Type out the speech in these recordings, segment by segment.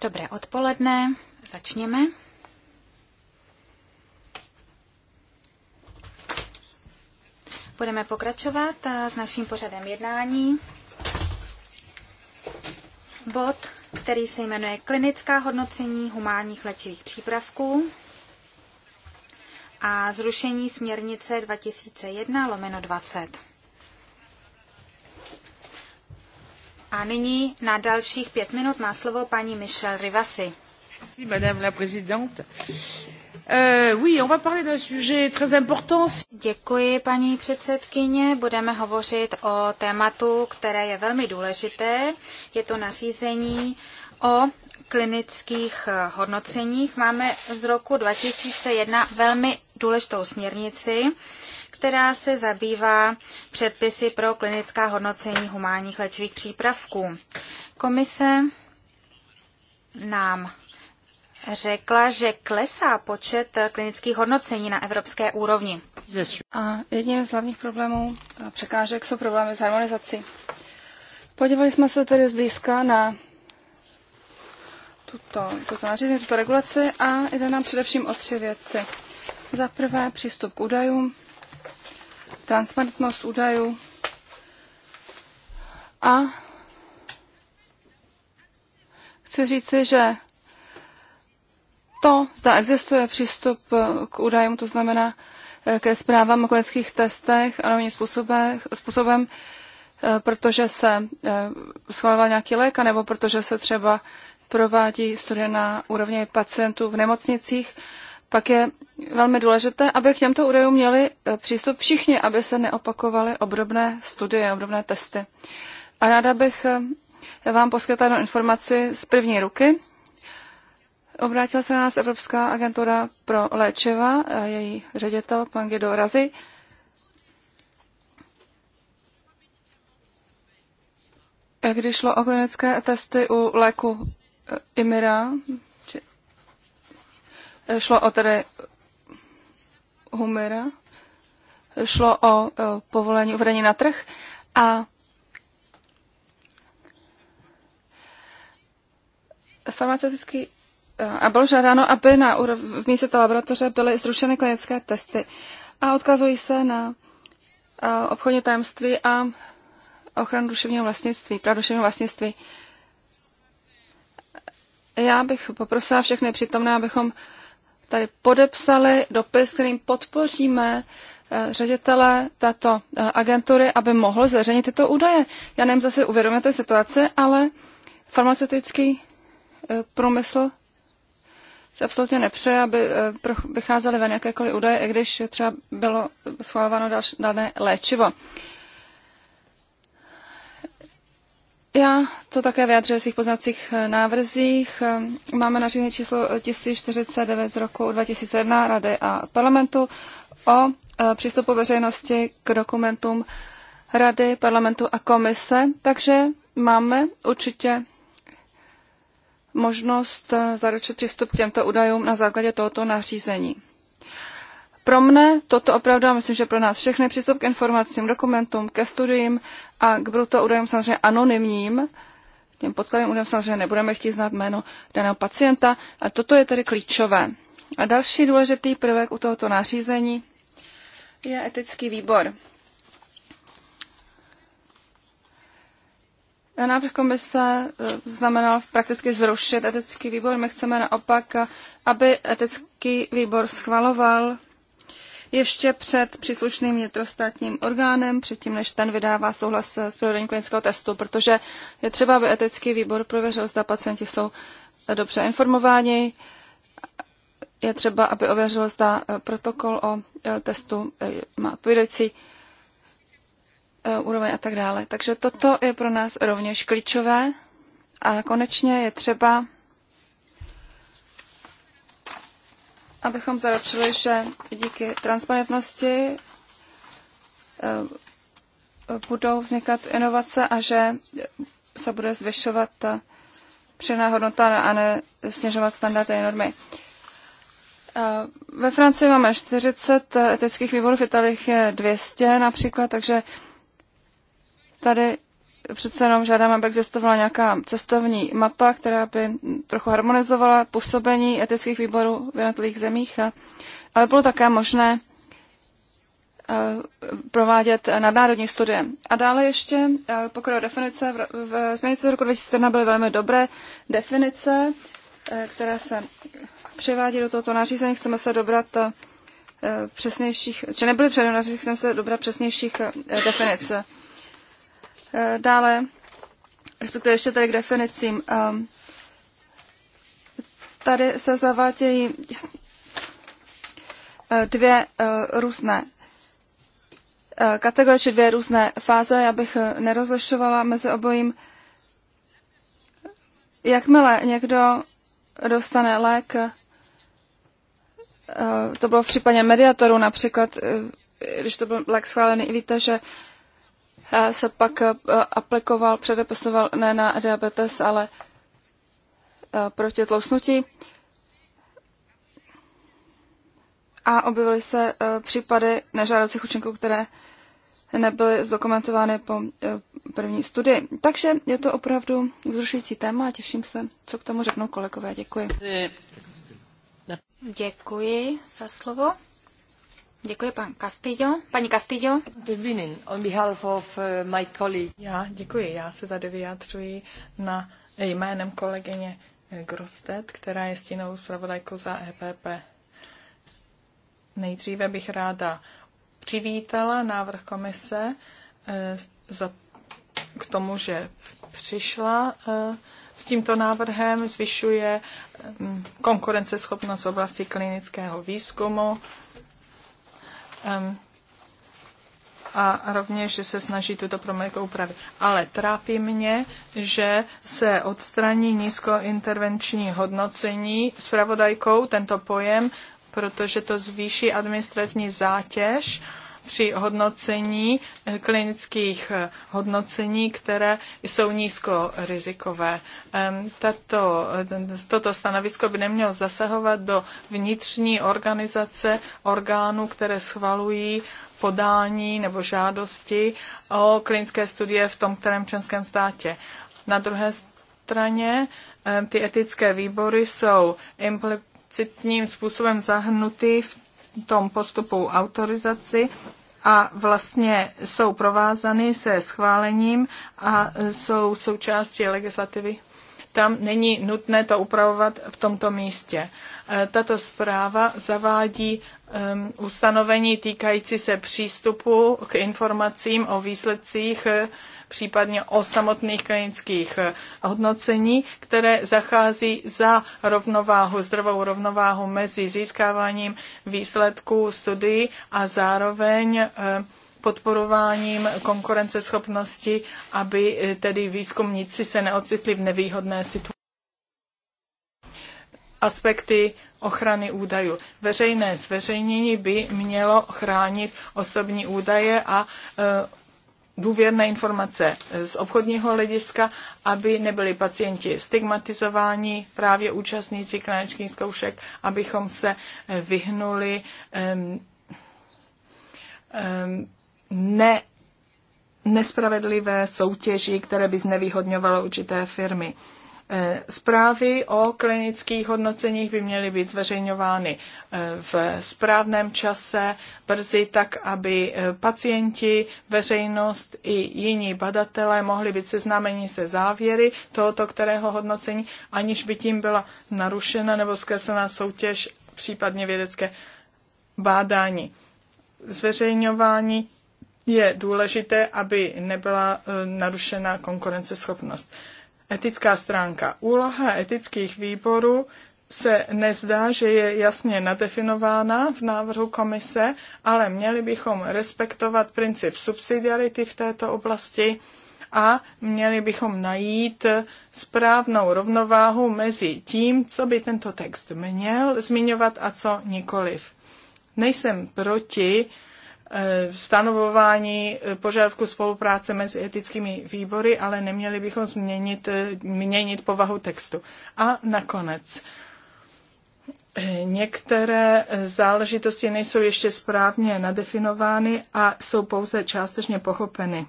Dobré odpoledne, začněme. Budeme pokračovat eh, s naším pořadem jednání. Bod, který se jmenuje Klinická hodnocení humánních léčivých přípravků a zrušení směrnice 2001 lomeno 20. A nyní na dalších pět minut má slovo paní Michel Rivasi. Madame la présidente. Euh, Děkuji, paní předsedkyně. Budeme hovořit o tématu, které je velmi důležité. Je to nařízení o klinických hodnoceních. Máme z roku 2001 velmi důležitou směrnici, která se zabývá předpisy pro klinická hodnocení humánních léčivých přípravků. Komise nám řekla, že klesá počet klinických hodnocení na evropské úrovni. A jedním z hlavních problémů a překážek jsou problémy s harmonizací. Podívali jsme se tedy zblízka na tuto, tuto nařízení, tuto regulaci a jde nám především o tři věci. Za prvé přístup k údajům, transparentnost údajů a chci říci, že to, zda existuje přístup k údajům, to znamená eh, ke zprávám o klinických testech a způsobem, způsobem, eh, protože se eh, schvaloval nějaký lék, nebo protože se třeba provádí studie na úrovni pacientů v nemocnicích, pak je velmi důležité, aby k těmto údajům měli eh, přístup všichni, aby se neopakovaly obdobné studie, obdobné testy. A ráda bych eh, vám poskytla jednu informaci z první ruky. Obrátila se na nás Evropská agentura pro léčiva, a její ředitel pan Gido Razi. Eh, když šlo o klinické testy u léku Imira, Šlo o tedy Humira, šlo o eh, povolení uvedení na trh a farmaceutický eh, a bylo žádáno, aby na v místě té laboratoře byly zrušeny klinické testy. A odkazují se na eh, obchodní tajemství a ochranu duševního vlastnictví, práv duševního vlastnictví. Já bych poprosila všechny přítomné, abychom tady podepsali dopis, kterým podpoříme eh, ředitele této eh, agentury, aby mohl zveřejnit tyto údaje. Já nevím, zase té situaci, ale farmaceutický eh, průmysl se absolutně nepřeje, aby vycházely ven jakékoliv údaje, i když třeba bylo schválováno další dané léčivo. Já to také vyjadřuji v svých poznacích eh, návrzích. Eh, máme nařízení číslo 1049 z roku 2001 Rady a parlamentu o eh, přístupu veřejnosti k dokumentům Rady, parlamentu a komise, takže máme určitě možnost zaručit přístup k těmto údajům na základě tohoto nařízení. Pro mne toto opravdu, a myslím, že pro nás všechny, přístup k informacím, dokumentům, ke studiím a k bruto údajům samozřejmě anonymním, těm podkladům údajům samozřejmě nebudeme chtít znát jméno daného pacienta, a toto je tedy klíčové. A další důležitý prvek u tohoto nařízení je etický výbor. Návrh komise eh, znamenal prakticky zrušit etický výbor. My chceme naopak, eh, aby etický výbor schvaloval ještě před příslušným vnitrostátním orgánem, předtím než ten vydává souhlas s provedením klinického testu, protože je třeba, aby etický výbor prověřil, zda pacienti jsou dobře informováni, je třeba, aby ověřil, zda eh, protokol o eh, testu eh, má odpovídající úroveň a tak dále. Takže toto je pro nás rovněž klíčové. A konečně je třeba abychom zaručili, že díky transparentnosti eh, budou vznikat inovace a že se bude zvyšovat přidaná hodnota a ne snižovat standardy a normy. Eh, ve Francii máme 40 etických výborů, v Italích je 200 například, takže tady přece jenom žádám, aby existovala nějaká cestovní mapa, která by trochu harmonizovala působení etických výborů v jednotlivých zemích, ale bylo také možné e, provádět nadnárodní studie. A dále ještě, e, pokud o definice, v, v změnice roku 2001 byly velmi dobré definice, e, které se převádí do tohoto nařízení. Chceme se dobrat přesnějších, či nebyly předem nařízení, chceme se dobrat přesnějších definice. Eh, dále, respektive ještě tady k definicím. Ehm, tady se zavádějí eh, dvě eh, různé kategorie, či dvě různé fáze. Já bych nerozlišovala mezi obojím. Jakmile někdo dostane lék, to bylo v případě mediatorů například, když to byl lék schválený, víte, že Eh, se pak eh, aplikoval, předepisoval ne na diabetes, ale eh, proti tlousnutí. A objevily se případy nežádoucích účinků, které nebyly zdokumentovány po první studii. Takže je to opravdu vzrušující téma a těším se, co k tomu řeknou kolegové. Děkuji. Děkuji za slovo. Děkuji, pan Castillo. Paní Castillo. On behalf of uh, my colleague. Já děkuji, já se tady vyjádřuji na jménem kolegyně eh, Grostet, která je stínovou zpravodajkou za EPP. Nejdříve bych ráda přivítala návrh komise eh, za, k tomu, že přišla eh, s tímto návrhem, zvyšuje mm, konkurenceschopnost v oblasti klinického výzkumu a rovněž, že se snaží tuto promlku upravit. Ale trápí mě, že se odstraní nízkointervenční hodnocení s pravodajkou, tento pojem, protože to zvýší administrativní zátěž. Uh, při hodnocení eh, klinických eh, hodnocení, které jsou nízkorizikové. Tato, eh, toto stanovisko by nemělo zasahovat do vnitřní organizace orgánů, které schvalují podání nebo žádosti o klinické studie v tom kterém členském státě. Na druhé straně ty etické výbory jsou implicitním způsobem zahnuty v tom postupu autorizaci a vlastně jsou provázany se schválením a jsou součástí legislativy. Tam není nutné to upravovat v tomto místě. E, tato zpráva zavádí um, ustanovení týkající se přístupu k informacím o výsledcích uh, případně o samotných klinických eh, hodnocení, které zachází za rovnováhu, zdravou rovnováhu mezi získáváním výsledků studií a zároveň eh, podporováním konkurenceschopnosti, aby eh, tedy výzkumníci se neocitli v nevýhodné situaci. Aspekty ochrany údajů. Veřejné zveřejnění by mělo chránit osobní údaje a důvěrné informace z obchodního hlediska, aby nebyli pacienti stigmatizováni, právě účastníci klinických zkoušek, abychom se eh, vyhnuli um, um, ne nespravedlivé soutěži, které by znevýhodňovalo určité firmy. Eh, zprávy o klinických hodnoceních by měly být zveřejňovány eh, v správném čase, brzy tak, aby eh, pacienti, veřejnost i jiní badatelé mohli být seznámeni se závěry tohoto kterého hodnocení, aniž by tím byla narušena nebo zkreslená soutěž, případně vědecké bádání. Zveřejňování je důležité, aby nebyla narušena konkurenceschopnost etická stránka. Úloha etických výborů se nezdá, že je jasně nadefinována v návrhu komise, ale měli bychom respektovat princip subsidiarity v této oblasti a měli bychom najít správnou rovnováhu mezi tím, co by tento text měl zmiňovat a co nikoliv. Nejsem proti Eh, stanovování eh, požadavku spolupráce mezi etickými výbory, ale neměli bychom změnit, eh, měnit povahu textu. A nakonec. Některé záležitosti nejsou ještě správně nadefinovány a jsou pouze částečně pochopeny.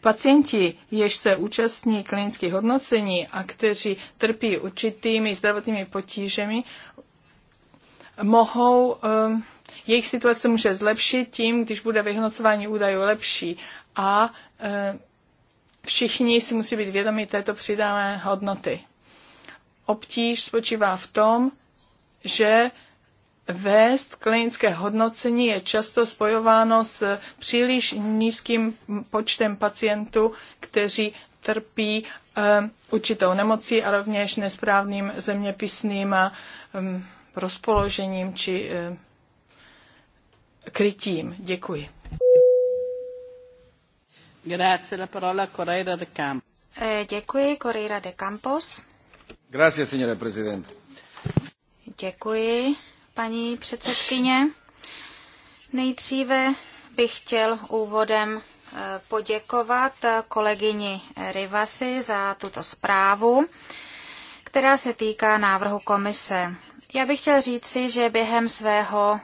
Pacienti, jež se účastní klinických hodnocení a kteří trpí určitými zdravotními potížemi, mohou um, jejich situace může zlepšit tím, když bude vyhnocování údajů lepší a e, všichni si musí být vědomi této přidané hodnoty. Obtíž spočívá v tom, že vést klinické hodnocení je často spojováno s příliš nízkým počtem pacientů, kteří trpí um, určitou nemocí a rovněž nesprávným zeměpisným um, rozpoložením či um, krytím. Děkuji. Grazie la parola Correira de Campos. Eh, děkuji, Correira de Campos. Grazie, signore prezident. Děkuji, paní předsedkyně. Nejdříve bych chtěl úvodem eh, poděkovat kolegyni Rivasi za tuto zprávu, která se týká návrhu komise. Já bych chtěl říci, že během svého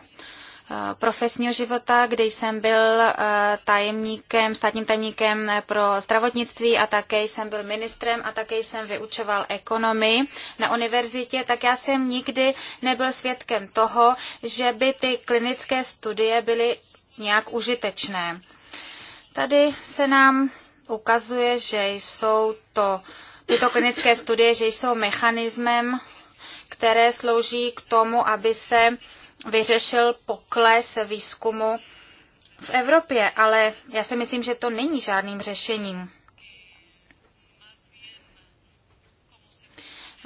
Eh, profesního života, kde jsem byl eh, tajemníkem, státním tajemníkem pro zdravotnictví a také jsem byl ministrem a také jsem vyučoval ekonomii na univerzitě, tak já jsem nikdy nebyl svědkem toho, že by ty klinické studie byly nějak užitečné. Tady se nám ukazuje, že jsou to tyto klinické studie, že jsou mechanismem, které slouží k tomu, aby se vyřešil pokles výzkumu v Evropě, ale já si myslím, že to není žádným řešením.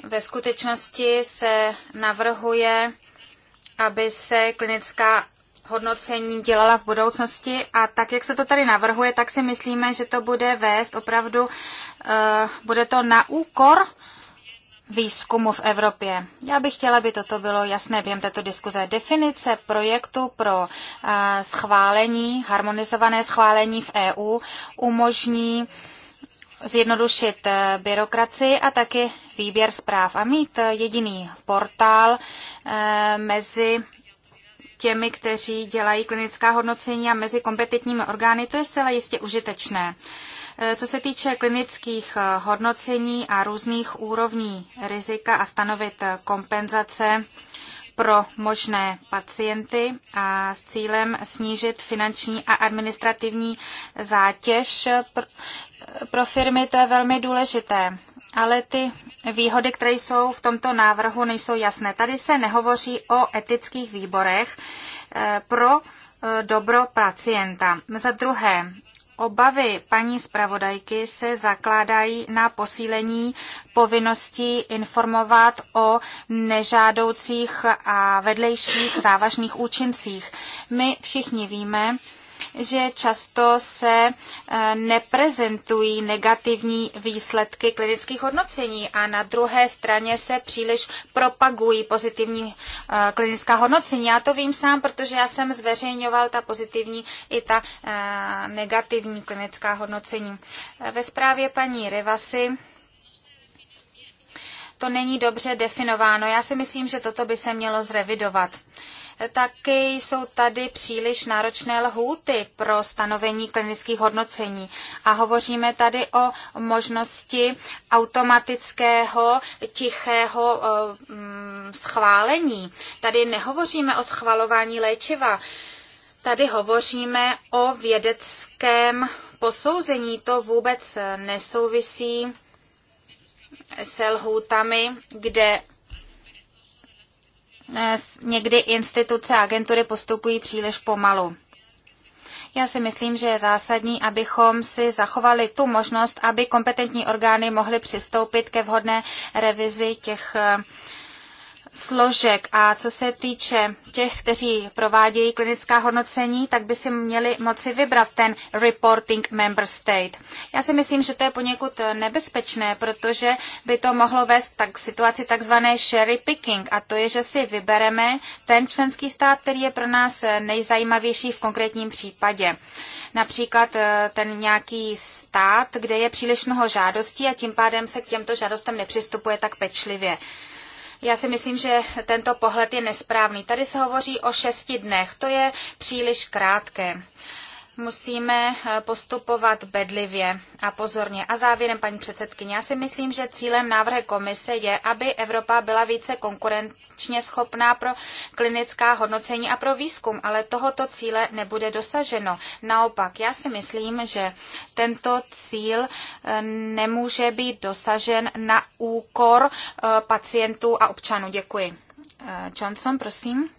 Ve skutečnosti se navrhuje, aby se klinická hodnocení dělala v budoucnosti a tak, jak se to tady navrhuje, tak si myslíme, že to bude vést opravdu, uh, bude to na úkor výzkumu v Evropě. Já bych chtěla, aby toto bylo jasné během této diskuze. Definice projektu pro schválení, harmonizované schválení v EU umožní zjednodušit e, byrokracii a taky výběr zpráv a mít e, jediný portál e, mezi těmi, kteří dělají klinická hodnocení a mezi kompetentními orgány, to je zcela jistě užitečné. Eh, co se týče klinických eh, hodnocení a různých úrovní rizika a stanovit eh, kompenzace pro možné pacienty a s cílem snížit finanční a administrativní zátěž pro firmy, to je velmi důležité. Ale ty výhody, které jsou v tomto návrhu, nejsou jasné. Tady se nehovoří o etických výborech eh, pro eh, dobro pacienta. Za druhé, Obavy paní zpravodajky se zakládají na posílení povinností informovat o nežádoucích a vedlejších závažných účincích. My všichni víme, že často se eh, neprezentují negativní výsledky klinických hodnocení a na druhé straně se příliš propagují pozitivní eh, klinická hodnocení. Já to vím sám, protože já jsem zveřejňoval ta pozitivní i ta eh, negativní klinická hodnocení. Ve zprávě paní Rivasy to není dobře definováno. Já si myslím, že toto by se mělo zrevidovat. Uh, taky jsou tady příliš náročné lhůty pro stanovení klinických hodnocení. A hovoříme tady o možnosti automatického tichého eh, mm, schválení. Tady nehovoříme o schvalování léčiva. Tady hovoříme o vědeckém posouzení. To vůbec nesouvisí se lhůtami, kde Eh, někdy instituce a agentury postupují příliš pomalu. Já si myslím, že je zásadní, abychom si zachovali tu možnost, aby kompetentní orgány mohly přistoupit ke vhodné revizi těch eh, složek a co se týče těch, kteří provádějí klinická hodnocení, tak by si měli moci vybrat ten reporting member state. Já si myslím, že to je poněkud nebezpečné, protože by to mohlo vést tak k situaci takzvané sherry picking a to je, že si vybereme ten členský stát, který je pro nás nejzajímavější v konkrétním případě. Například eh, ten nějaký stát, kde je příliš mnoho žádostí a tím pádem se k těmto žádostem nepřistupuje tak pečlivě. Já si myslím, že tento pohled je nesprávný. Tady se hovoří o šesti dnech. To je příliš krátké musíme eh, postupovat bedlivě a pozorně. A závěrem, paní předsedkyně, já si myslím, že cílem návrhu komise je, aby Evropa byla více konkurenčně schopná pro klinická hodnocení a pro výzkum, ale tohoto cíle nebude dosaženo. Naopak, já si myslím, že tento cíl eh, nemůže být dosažen na úkor eh, pacientů a občanů. Děkuji. Johnson, prosím.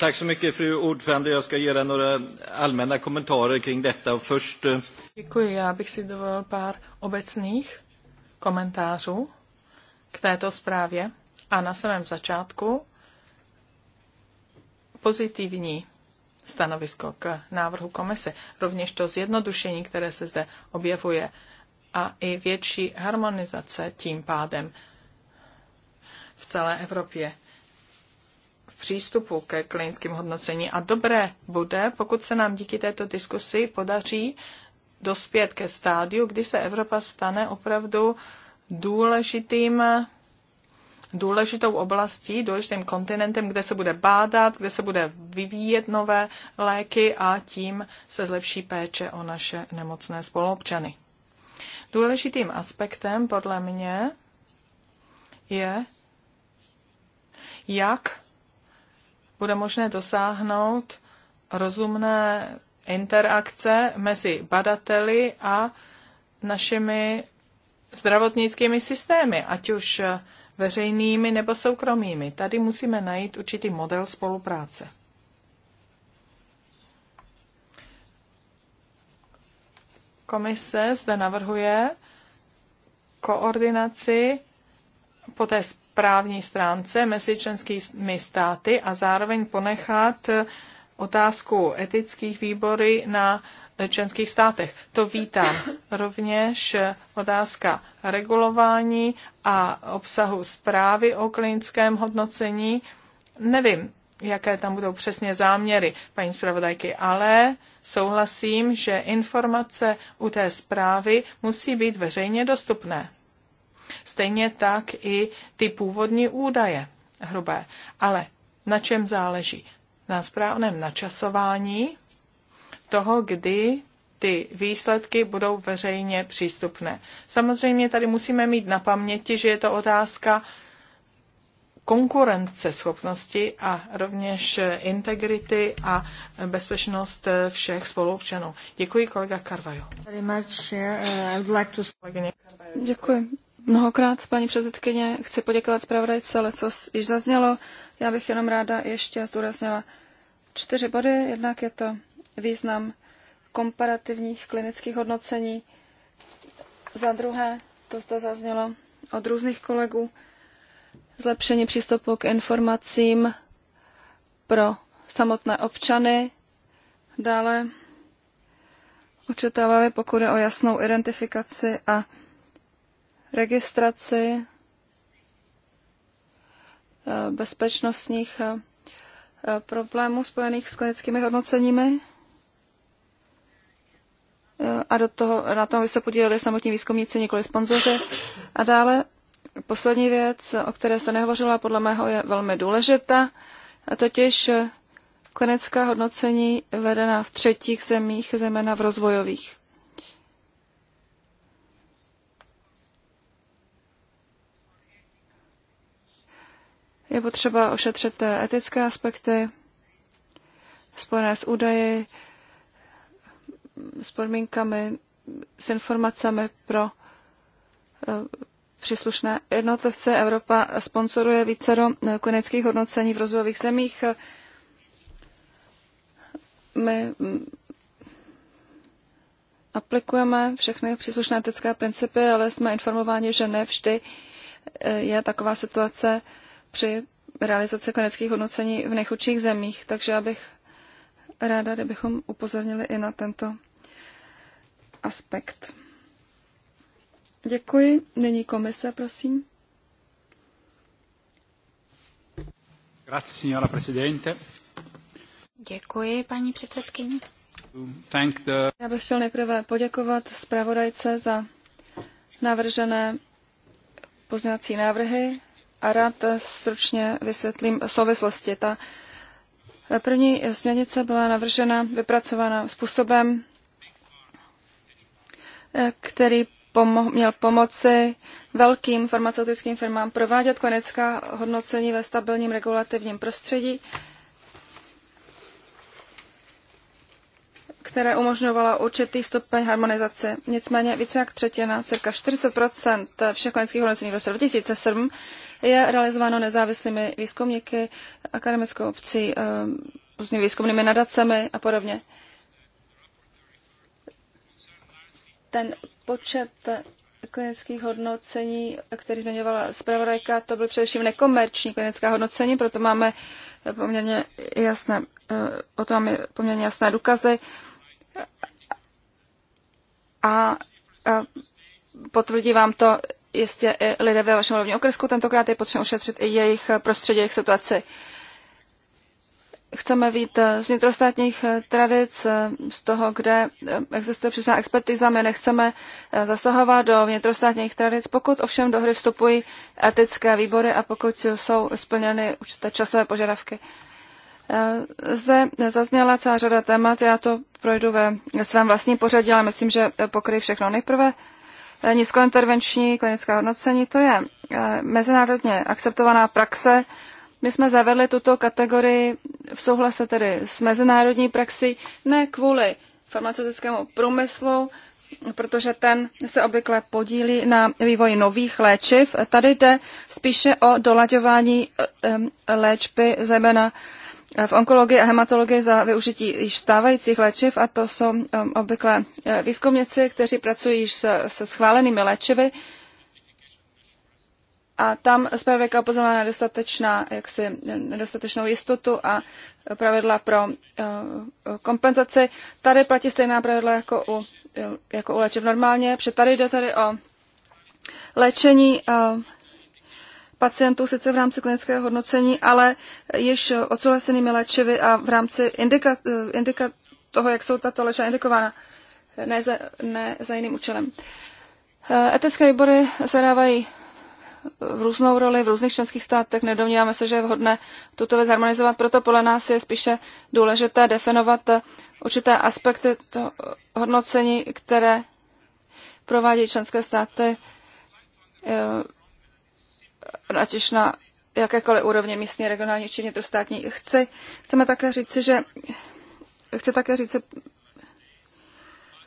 Tack så mycket, fru ordförande. Jag ska göra några allmänna kommentarer kring detta. Och först... Eh, Děkuji, já bych si dovolil pár obecných komentářů k této zprávě. A na samém začátku pozitivní stanovisko k návrhu komise. Rovněž to zjednodušení, které se zde objevuje a i větší harmonizace tím pádem v celé Evropě přístupu ke klinickým hodnocení. A dobré bude, pokud se nám díky této diskusi podaří dospět ke stádiu, kdy se Evropa stane opravdu důležitým důležitou oblastí, důležitým kontinentem, kde se bude bádat, kde se bude vyvíjet nové léky a tím se zlepší péče o naše nemocné spoluobčany. Důležitým aspektem podle mě je, jak bude možné dosáhnout rozumné interakce mezi badateli a našimi zdravotnickými systémy, ať už veřejnými nebo soukromými. Tady musíme najít určitý model spolupráce. Komise zde navrhuje koordinaci po té právní stránce mezi členskými státy a zároveň ponechat otázku etických výbory na členských státech. To vítám. Rovněž otázka regulování a obsahu zprávy o klinickém hodnocení. Nevím, jaké tam budou přesně záměry paní zpravodajky, ale souhlasím, že informace u té zprávy musí být veřejně dostupné. Stejně tak i ty původní údaje hrubé. Ale na čem záleží? Na správném načasování toho, kdy ty výsledky budou veřejně přístupné. Samozřejmě tady musíme mít na paměti, že je to otázka konkurence schopnosti a rovněž integrity a bezpečnost všech spoluobčanů. Děkuji, kolega Carvajo. Uh, Děkuji mnohokrát, paní předsedkyně. Chci poděkovat zpravodajce, ale co již zaznělo, já bych jenom ráda ještě zdůraznila čtyři body. Jednak je to význam komparativních klinických hodnocení. Za druhé, to zde zaznělo od různých kolegů, zlepšení přístupu k informacím pro samotné občany. Dále určité obavy, pokud je o jasnou identifikaci a registraci eh, bezpečnostních eh, problémů spojených s klinickými hodnoceními eh, a do toho, na tom, aby se podíleli samotní výzkumníci, nikoli sponzoři. A dále poslední věc, o které se nehovořila, podle mého je velmi důležitá, a totiž klinická hodnocení vedená v třetích zemích, zejména v rozvojových. Je potřeba ošetřit etické aspekty spojené s údaji, s podmínkami, s informacemi pro eh, příslušné jednotlivce. Evropa sponsoruje více do eh, klinických hodnocení v rozvojových zemích. My mm, aplikujeme všechny příslušné etické principy, ale jsme informováni, že ne vždy eh, je taková situace při realizaci klinických hodnocení v nejchudších zemích. Takže já bych ráda, kdybychom upozornili i na tento aspekt. Děkuji. Nyní komise, prosím. Grazie, signora Presidente. Děkuji, paní předsedkyně. Já bych chtěl nejprve poděkovat zpravodajce za navržené pozměňovací návrhy a rád stručně vysvětlím souvislosti. Ta první směrnice byla navržena, vypracována způsobem, který pomo- měl pomoci velkým farmaceutickým firmám provádět klinická hodnocení ve stabilním regulativním prostředí, které umožňovalo určitý stupeň harmonizace. Nicméně více jak třetina, cirka 40 všech klinických hodnocení v roce 2007 je realizováno nezávislými výzkumníky, akademickou obcí, eh, různými výzkumnými nadacemi a podobně. Ten počet klinických hodnocení, který zmiňovala zpravodajka, to byly především nekomerční klinická hodnocení, proto máme poměrně jasné, eh, o tom máme poměrně jasné důkazy. A, a potvrdí vám to jistě i lidé ve vašem hlavním okresku, tentokrát je potřeba ušetřit i jejich prostředí, jejich situaci. Chceme vít eh, z vnitrostátních eh, tradic, eh, z toho, kde existuje přesná expertiza. My nechceme zasahovat do vnitrostátních tradic, pokud ovšem do hry vstupují etické výbory a pokud jsou splněny určité časové požadavky. Zde zazněla celá řada témat, já to projdu ve svém vlastním pořadí, ale myslím, že pokryji všechno. Nejprve Eh, nízkointervenční klinická hodnocení, to je eh, mezinárodně akceptovaná praxe. My jsme zavedli tuto kategorii v souhlase tedy s mezinárodní praxí, ne kvůli farmaceutickému průmyslu, protože ten se obvykle podílí na vývoji nových léčiv. Tady jde spíše o dolaďování eh, léčby, zejména v onkologii a hematologii za využití již stávajících léčiv a to jsou um, obvykle uh, výzkumníci, kteří pracují již se, se schválenými léčivy a tam zpravodajka upozornila na jaksi, nedostatečnou jistotu a pravidla pro uh, kompenzaci. Tady platí stejná pravidla jako u, uh, jako u léčiv normálně, protože tady jde tady o léčení pacientů sice v rámci klinického hodnocení, ale již odsouhlasenými léčivy a v rámci indika, eh, indika toho, jak jsou tato léčiva indikována, ne za, ne za jiným účelem. Eh, etické výbory dávají v různou roli v různých členských státech. Nedomníváme se, že je vhodné tuto věc harmonizovat, proto podle nás je spíše důležité definovat eh, určité aspekty to hodnocení, které provádějí členské státy ať už na jakékoliv úrovně místní, regionální či vnitrostátní. Chci, chceme také říct, že chci také říci,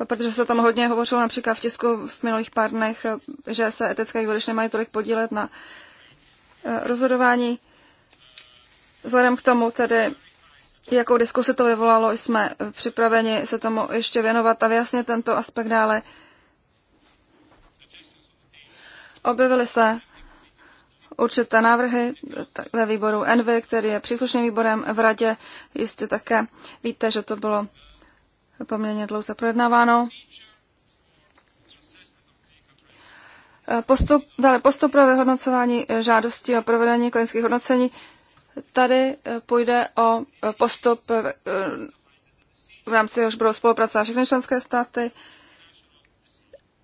protože se tam hodně hovořilo například v tisku v minulých pár dnech, že se etické výbory nemají tolik podílet na eh, rozhodování. Vzhledem k tomu tedy, jakou diskusi to vyvolalo, jsme připraveni se tomu ještě věnovat a vyjasnit tento aspekt dále. Objevily se určité návrhy ve výboru ENVY, který je příslušným výborem v radě. Jistě také víte, že to bylo poměrně dlouze projednáváno. Postup, dále postup pro vyhodnocování žádostí o provedení klinických hodnocení. Tady půjde o postup v rámci jehož budou spolupracovat všechny členské státy.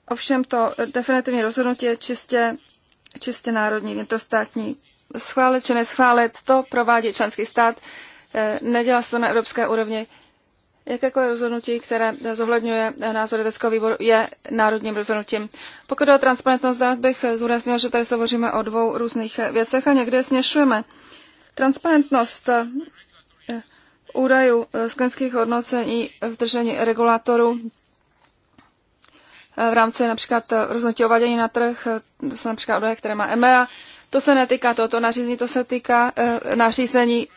Ovšem to definitivní rozhodnutí je čistě čistě národní, vnitrostátní. Schválit či neschválit, to provádí členský stát, eh, nedělá se to na evropské úrovni. Jakékoliv rozhodnutí, které zohledňuje eh, názor leteckého výboru, je národním rozhodnutím. Pokud o transparentnost dát, bych eh, zúraznil, že tady se hovoříme o dvou různých věcech a někde směšujeme. Transparentnost údajů z klinických hodnocení v držení regulatoru v rámci například rozhodnutí ovadění na trh, to jsou například údaje, které má EMEA. To se netýká tohoto nařízení, to se týká eh, nařízení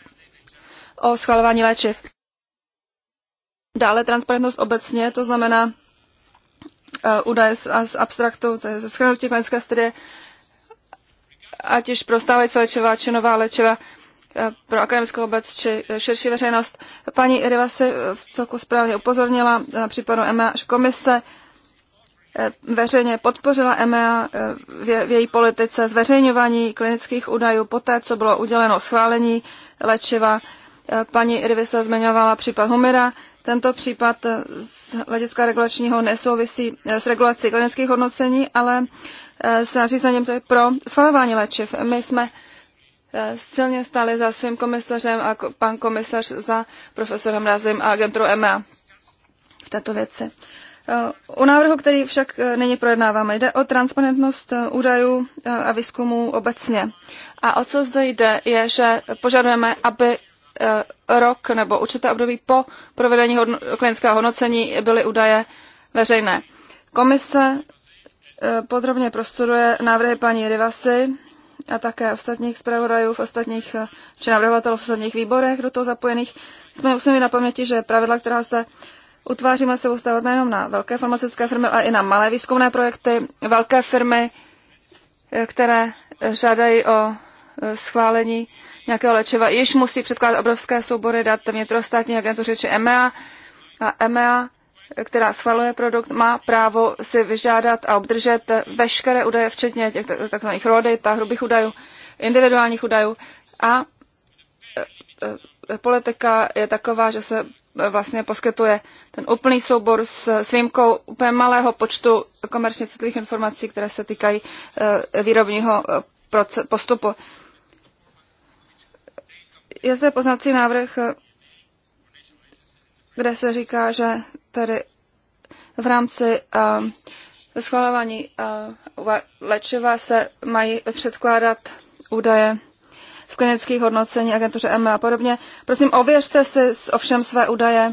o schvalování léčiv. Dále transparentnost obecně, to znamená eh, údaje z, z abstraktu, to je ze schrnutí klinické studie, ať již pro stávající léčiva, či nová léčiva, eh, pro akademickou obec či širší veřejnost. Paní Iriva si v celku správně upozornila na případu e e až komise Eh, veřejně podpořila EMEA eh, v její politice zveřejňování klinických údajů poté, co bylo uděleno schválení léčiva. Eh, paní se zmiňovala případ Humira. Tento případ z hlediska regulačního nesouvisí s regulací klinických hodnocení, ale s nařízením to je pro schvalování léčiv. My jsme silně stali za svým komisařem a pan komisař za profesorem Razim a agenturu EMEA v této věci. O eh, návrhu, který však eh, nyní projednáváme, jde o transparentnost eh, údajů a výzkumu obecně. A o co zde jde, je, že požadujeme, aby rok nebo určité období po provedení hodno- klinického hodnocení byly údaje veřejné. Komise podrobně prostuduje návrhy paní Rivasy a také ostatních zpravodajů v ostatních, či navrhovatelů v ostatních výborech do toho zapojených. Jsme musíme na paměti, že pravidla, která se Utváříme se vztahovat nejenom na velké farmaceutické firmy, ale i na malé výzkumné projekty, velké firmy, eh, které žádají o eh, schválení nějakého léčiva, již musí předkládat obrovské soubory dat vnitrostátní agentuře či EMEA. A EMEA, e eh, která schvaluje produkt, má právo si vyžádat a obdržet veškeré údaje, včetně těch tzv. rodit a hrubých údajů, individuálních údajů. A politika je taková, že se E, vlastně poskytuje ten úplný soubor s, s výjimkou úplně malého počtu komerčně citlivých informací, které se týkají e, výrobního e, postupu. Je zde poznací návrh, kde se říká, že tady v rámci schvalování léčiva se mají předkládat údaje v klinických hodnocení agentuře EMA a podobně. Prosím, ověřte si ovšem své údaje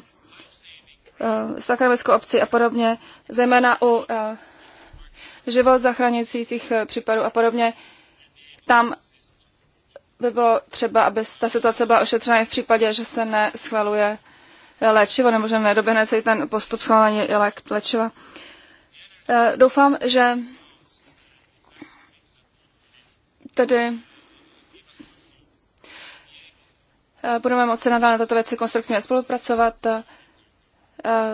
eh, s akademickou obcí a podobně, zejména u eh, život zachraňujících eh, případů a podobně. Tam by bylo třeba, aby ta situace byla ošetřena i v případě, že se neschvaluje léčivo nebo že nedoběhne celý ten postup schválení léčiva. Doufám, že tedy Eh, budeme moci nadále na této věci konstruktivně spolupracovat. Eh,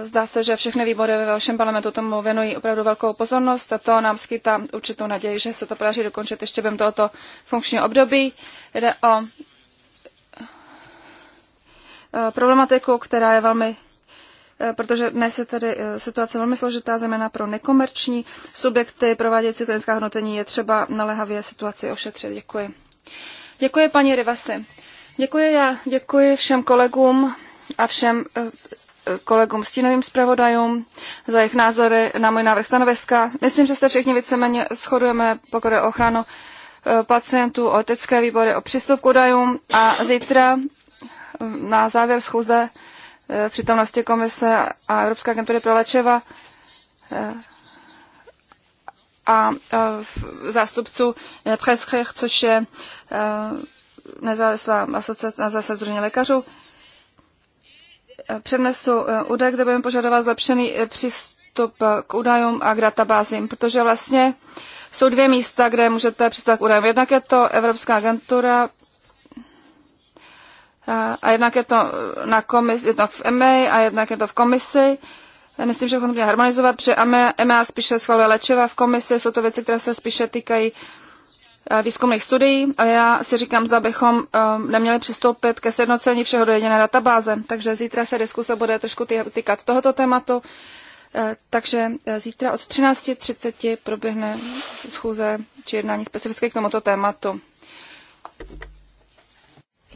zdá se, že všechny výbory ve vašem parlamentu tomu věnují opravdu velkou pozornost a to nám skýtá určitou naději, že se to podaří dokončit ještě během tohoto funkčního období. Jde o eh, problematiku, která je velmi protože dnes je tedy situace velmi složitá, zejména pro nekomerční subjekty provádějící klinická hodnotení je třeba naléhavě situaci ošetřit. Děkuji. Děkuji paní Rivasi. Děkuji já, děkuji všem kolegům a všem eh, eh, kolegům stínovým zpravodajům za jejich názory na můj návrh stanoviska. Myslím, že se všichni víceméně shodujeme, pokud je o ochranu eh, pacientů, o etické výbory, o přístup k údajům a zítra na závěr schůze v přítomnosti komise a Evropské agentury pro léčeva a zástupců Preskrych, což je nezávislá asociace na zase Združení lékařů, přednesu eh, údaj, kde budeme požadovat zlepšený eh, přístup eh, k údajům a k databázím, protože vlastně jsou dvě místa, kde můžete přístup k údajům. Jednak je to Evropská agentura a jednak je to na komisi, jednak v EMA a jednak je to v komisi. Myslím, že bychom to měli harmonizovat, protože EMA spíše schvaluje léčiva v komisi, jsou to věci, které se spíše týkají uh, Eh, výzkumných studií, ale já si říkám, zda bychom eh, neměli přistoupit ke sjednocení všeho do jediné databáze. Takže zítra se diskuse bude trošku týkat tohoto tématu. Eh, takže zítra od 13.30 proběhne schůze či jednání specificky k tomuto tématu.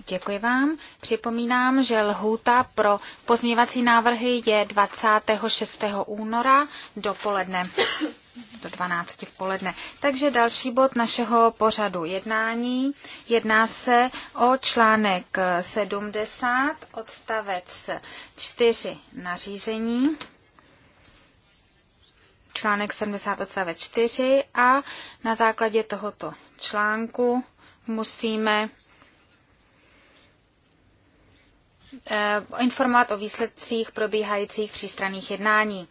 Děkuji vám. Připomínám, že lhůta pro pozměňovací návrhy je 26. února dopoledne do 12 v poledne. Takže další bod našeho pořadu jednání. Jedná se o článek 70, odstavec 4 nařízení. Článek 70 odstavec 4 a na základě tohoto článku musíme eh, informovat o výsledcích probíhajících třístranných jednání.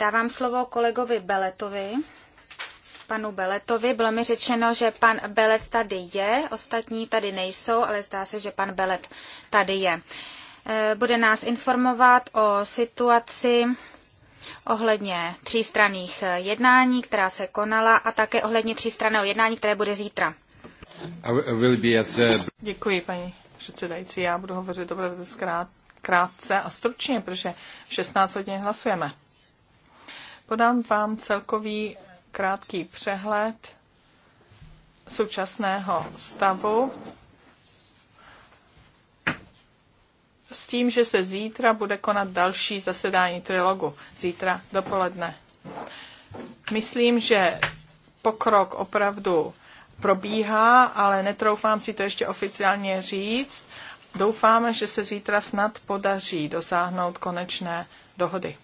Dávám slovo kolegovi Beletovi. Panu Beletovi bylo mi řečeno, že pan Belet tady je, ostatní tady nejsou, ale zdá se, že pan Belet tady je. Eh, bude nás informovat o situaci ohledně třístranných eh, jednání, která se konala, a také ohledně třístranného jednání, které bude zítra. Děkuji, paní předsedající. Já budu hovořit opravdu zkrát, krátce a stručně, protože v 16 hodin hlasujeme. Podám vám celkový krátký přehled současného stavu s tím, že se zítra bude konat další zasedání trilogu. Zítra dopoledne. Myslím, že pokrok opravdu probíhá, ale netroufám si to ještě oficiálně říct. Doufáme, že se zítra snad podaří dosáhnout konečné dohody.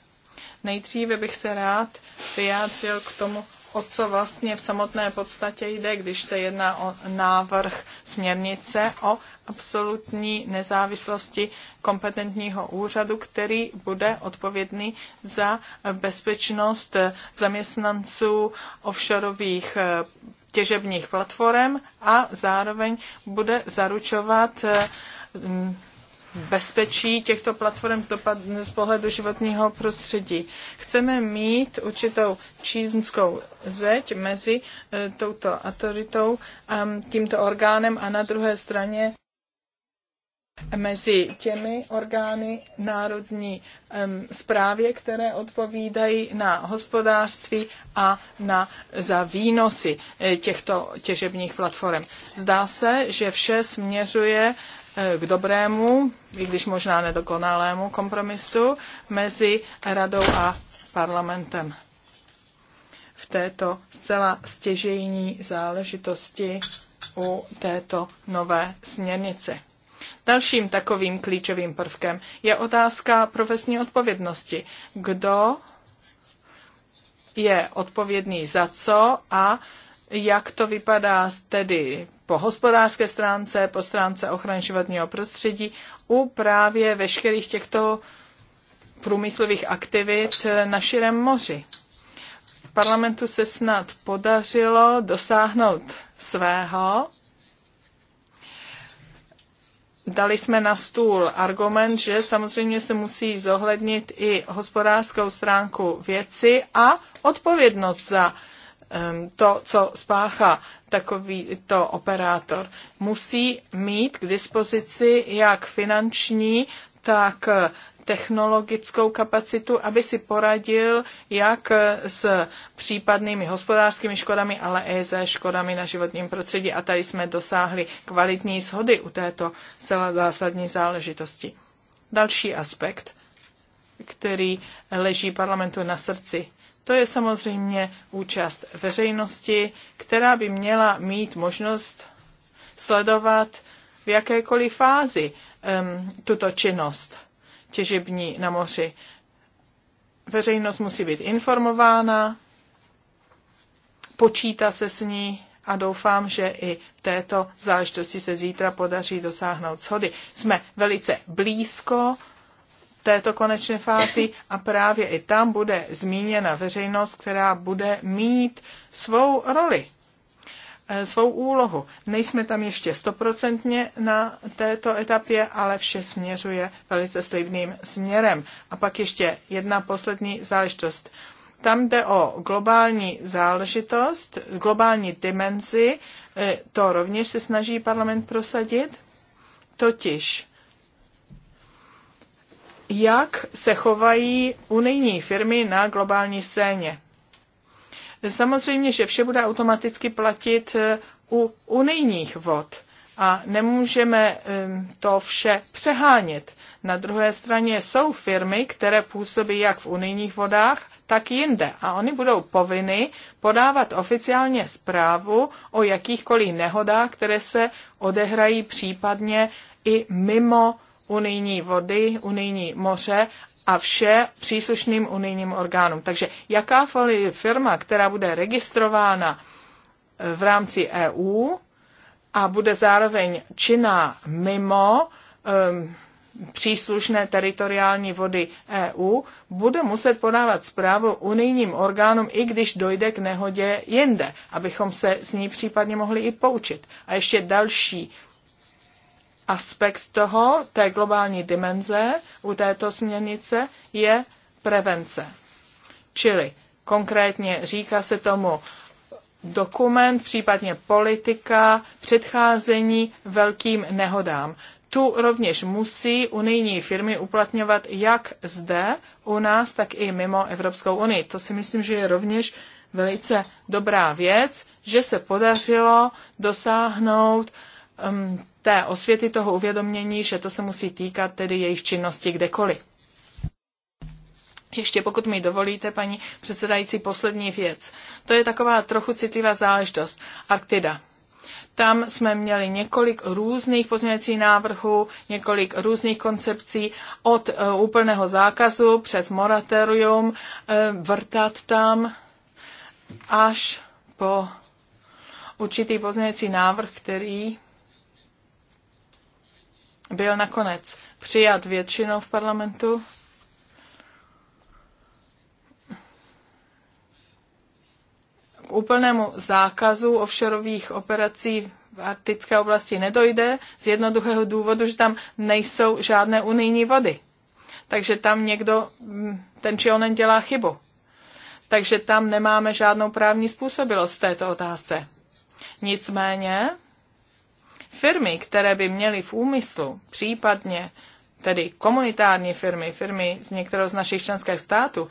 Nejdříve bych se rád vyjádřil k tomu, o co vlastně v samotné podstatě jde, když se jedná o návrh směrnice o absolutní nezávislosti kompetentního úřadu, který bude odpovědný za bezpečnost zaměstnanců offshoreových eh, těžebních platform a zároveň bude zaručovat eh, bezpečí těchto platform z, dopad, z pohledu životního prostředí. Chceme mít určitou čínskou zeď mezi e, touto autoritou, e, tímto orgánem a na druhé straně mezi těmi orgány národní um, zprávě, které odpovídají na hospodářství a na, za výnosy e, těchto těžebních platform. Zdá se, že vše směřuje k dobrému, i když možná nedokonalému kompromisu mezi radou a parlamentem v této zcela stěžejní záležitosti u této nové směrnice. Dalším takovým klíčovým prvkem je otázka profesní odpovědnosti. Kdo je odpovědný za co a jak to vypadá tedy po hospodářské stránce, po stránce ochrany životního prostředí, u právě veškerých těchto průmyslových aktivit na širém moři. V parlamentu se snad podařilo dosáhnout svého. Dali jsme na stůl argument, že samozřejmě se musí zohlednit i hospodářskou stránku věci a odpovědnost za Ehm, to, co spáchá to operátor, musí mít k dispozici jak finanční, tak technologickou kapacitu, aby si poradil jak s případnými hospodářskými škodami, ale i se škodami na životním prostředí. A tady jsme dosáhli kvalitní shody u této celé zásadní záležitosti. Další aspekt, který leží parlamentu na srdci, to je samozřejmě účast veřejnosti, která by měla mít možnost sledovat v jakékoliv fázi um, tuto činnost těžební na moři. Veřejnost musí být informována, počítá se s ní a doufám, že i v této záležitosti se zítra podaří dosáhnout shody. Jsme velice blízko této konečné fázi a právě i tam bude zmíněna veřejnost, která bude mít svou roli, eh, svou úlohu. Nejsme tam ještě stoprocentně na této etapě, ale vše směřuje velice slibným směrem. A pak ještě jedna poslední záležitost. Tam jde o globální záležitost, globální dimenzi, eh, to rovněž se snaží parlament prosadit, totiž jak se chovají unijní firmy na globální scéně. Samozřejmě, že vše bude automaticky platit eh, u unijních vod a nemůžeme to vše přehánět. Na druhé straně jsou firmy, které působí jak v unijních vodách, tak jinde a oni budou povinny podávat oficiálně zprávu o jakýchkoliv nehodách, které se odehrají případně i mimo unijní vody, unijní moře a vše příslušným unijním orgánům. Takže jaká firma, která bude registrována eh, v rámci EU a bude zároveň činná mimo um, příslušné teritoriální vody EU, bude muset podávat zprávu unijním orgánům, i když dojde k nehodě jinde, abychom se s ní případně mohli i poučit. A ještě další aspekt toho, té globální dimenze u této směrnice je prevence. Čili konkrétně říká se tomu dokument, případně politika, předcházení velkým nehodám. Tu rovněž musí unijní firmy uplatňovat jak zde u nás, tak i mimo Evropskou unii. To si myslím, že je rovněž velice dobrá věc, že se podařilo dosáhnout um, té osvěty, toho uvědomění, že to se musí týkat tedy jejich činnosti kdekoliv. Ještě pokud mi dovolíte, paní předsedající, poslední věc. To je taková trochu citlivá záležitost. Arktida. Tam jsme měli několik různých pozměňovacích návrhů, několik různých koncepcí od e, úplného zákazu přes moratorium, e, vrtat tam až po určitý pozměňovací návrh, který byl nakonec přijat většinou v parlamentu. K úplnému zákazu offshoreových operací v arktické oblasti nedojde z jednoduchého důvodu, že tam nejsou žádné unijní vody. Takže tam někdo, mm, ten či onen dělá chybu. Takže tam nemáme žádnou právní způsobilost v této otázce. Nicméně Firmy, které by měly v úmyslu, případně tedy komunitární firmy, firmy z některého z našich členských států,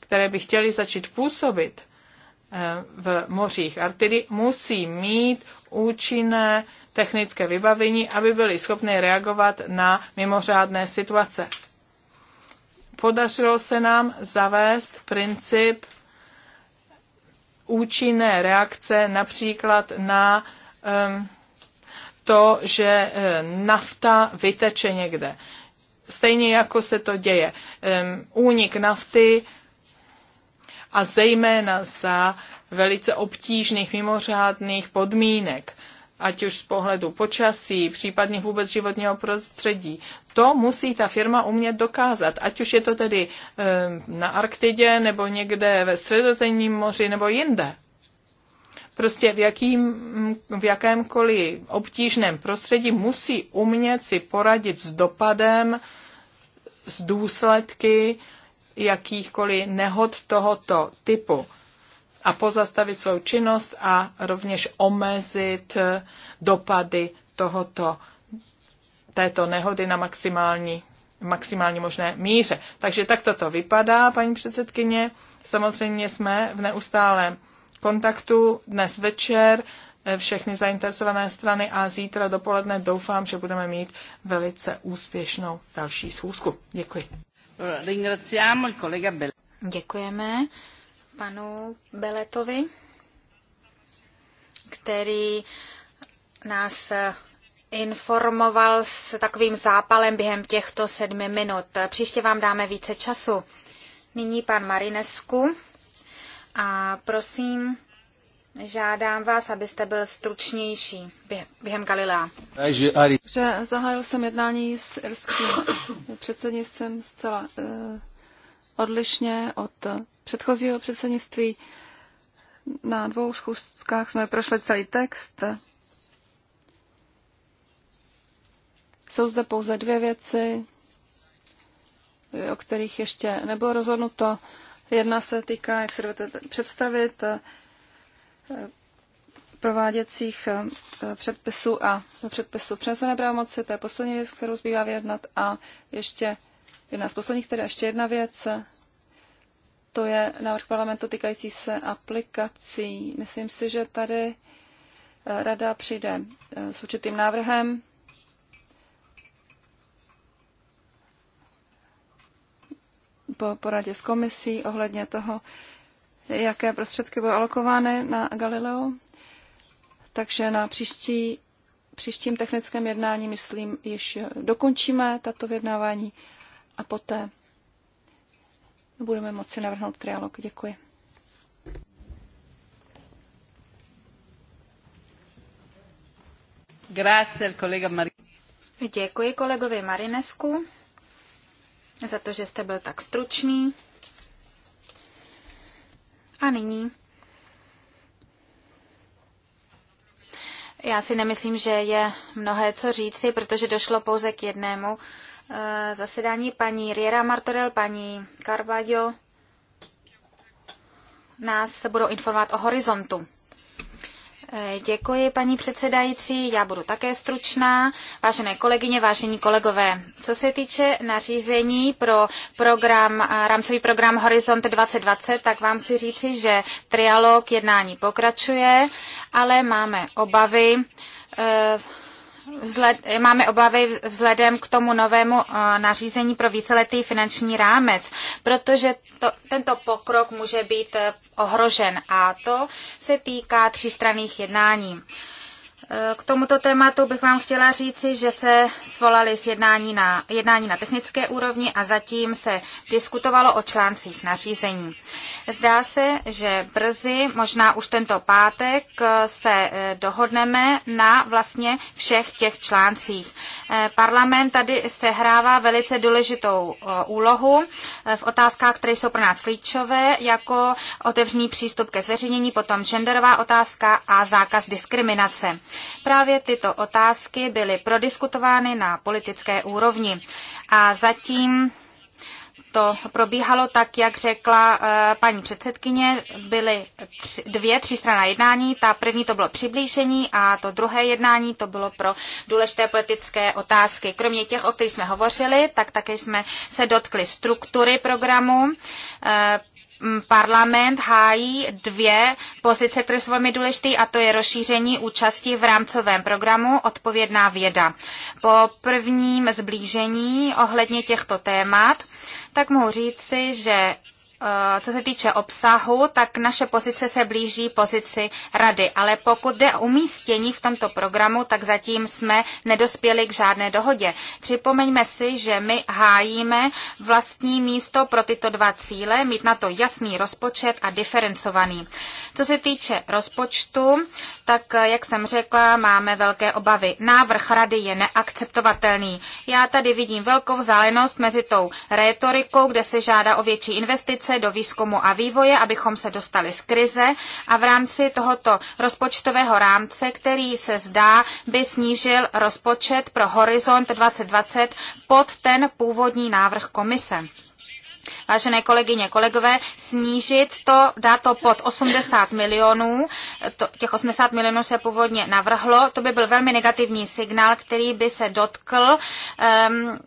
které by chtěly začít působit eh, v mořích Artidy, musí mít účinné technické vybavení, aby byly schopny reagovat na mimořádné situace. Podařilo se nám zavést princip účinné reakce například na um, to, že e, nafta vyteče někde. Stejně jako se to děje. Únik nafty a zejména za velice obtížných, mimořádných podmínek, ať už z pohledu počasí, případně vůbec životního prostředí. To musí ta firma umět dokázat, ať už je to tedy na Arktidě, nebo někde ve Středozemním moři, nebo jinde. Prostě v, jakým, v jakémkoliv obtížném prostředí musí umět si poradit s dopadem, s důsledky jakýchkoliv nehod tohoto typu a pozastavit svou činnost a rovněž omezit dopady tohoto, této nehody na maximální, maximální možné míře. Takže tak to vypadá, paní předsedkyně. Samozřejmě jsme v neustálém kontaktu dnes večer eh, všechny zainteresované strany a zítra dopoledne doufám, že budeme mít velice úspěšnou další schůzku. Děkuji. Děkujeme panu Beletovi, který nás informoval s takovým zápalem během těchto sedmi minut. Příště vám dáme více času. Nyní pan Marinescu. A prosím, žádám vás, abyste byl stručnější během Galilea. Že zahájil jsem jednání s irským předsednictvím zcela eh, odlišně od předchozího předsednictví. Na dvou schůzkách jsme prošli celý text. Jsou zde pouze dvě věci, o kterých ještě nebylo rozhodnuto. Eh, Jedna se týká, jak se dovedete představit, eh, prováděcích eh, předpisů a předpisů přenesené pravomoci, to je poslední věc, kterou zbývá vyjednat. A ještě jedna z posledních, tedy ještě jedna věc, to je návrh parlamentu týkající se aplikací. Myslím si, že tady eh, rada přijde s určitým návrhem, po poradě s komisí ohledně toho, jaké prostředky budou alokovány na Galileo. Takže na příští, příštím technickém jednání, myslím, již dokončíme tato vyjednávání a poté budeme moci navrhnout trialog. Děkuji. Grazie, Mar- Děkuji kolegovi Marinesku za to, že jste byl tak stručný. A nyní. Já si nemyslím, že je mnohé co říci, protože došlo pouze k jednému eh, zasedání paní Riera Martorel, paní Carvalho nás budou informovat o horizontu. Eh, děkuji, paní předsedající. Já budu také stručná. Vážené kolegyně, vážení kolegové, co se týče nařízení pro program, eh, rámcový program Horizont 2020, tak vám chci říci, že trialog jednání pokračuje, ale máme obavy eh, Vzhled, máme obavy vzhledem k tomu novému eh, nařízení pro víceletý finanční rámec, protože to, tento pokrok může být eh, ohrožen a to se týká třístranných jednání. K tomuto tématu bych vám chtěla říci, že se svolali jednání na, jednání na technické úrovni a zatím se diskutovalo o článcích nařízení. Zdá se, že brzy, možná už tento pátek, se eh, dohodneme na vlastně všech těch článcích. Eh, parlament tady sehrává velice důležitou eh, úlohu v otázkách, které jsou pro nás klíčové, jako otevřený přístup ke zveřejnění, potom genderová otázka a zákaz diskriminace. Právě tyto otázky byly prodiskutovány na politické úrovni a zatím to probíhalo tak, jak řekla eh, paní předsedkyně, byly tři, dvě třístranná jednání. Ta první to bylo přiblížení a to druhé jednání to bylo pro důležité politické otázky. Kromě těch, o kterých jsme hovořili, tak také jsme se dotkli struktury programu, eh, parlament hájí dvě pozice, které jsou velmi důležité, a to je rozšíření účasti v rámcovém programu Odpovědná věda. Po prvním zblížení ohledně těchto témat, tak mohu říci, že Eh, co se týče obsahu, tak naše pozice se blíží pozici rady, ale pokud jde o umístění v tomto programu, tak zatím jsme nedospěli k žádné dohodě. Připomeňme si, že my hájíme vlastní místo pro tyto dva cíle, mít na to jasný rozpočet a diferencovaný. Co se týče rozpočtu, tak eh, jak jsem řekla, máme velké obavy. Návrh rady je neakceptovatelný. Já tady vidím velkou vzdálenost mezi tou rétorikou, kde se žádá o větší investice, investice do výzkumu a vývoje, abychom se dostali z krize a v rámci tohoto rozpočtového rámce, který se zdá, by snížil rozpočet pro Horizont 2020 pod ten původní návrh komise vážené kolegyně, kolegové, snížit to, dá to pod 80 milionů, to, těch 80 milionů se původně navrhlo, to by byl velmi negativní signál, který by se dotkl um,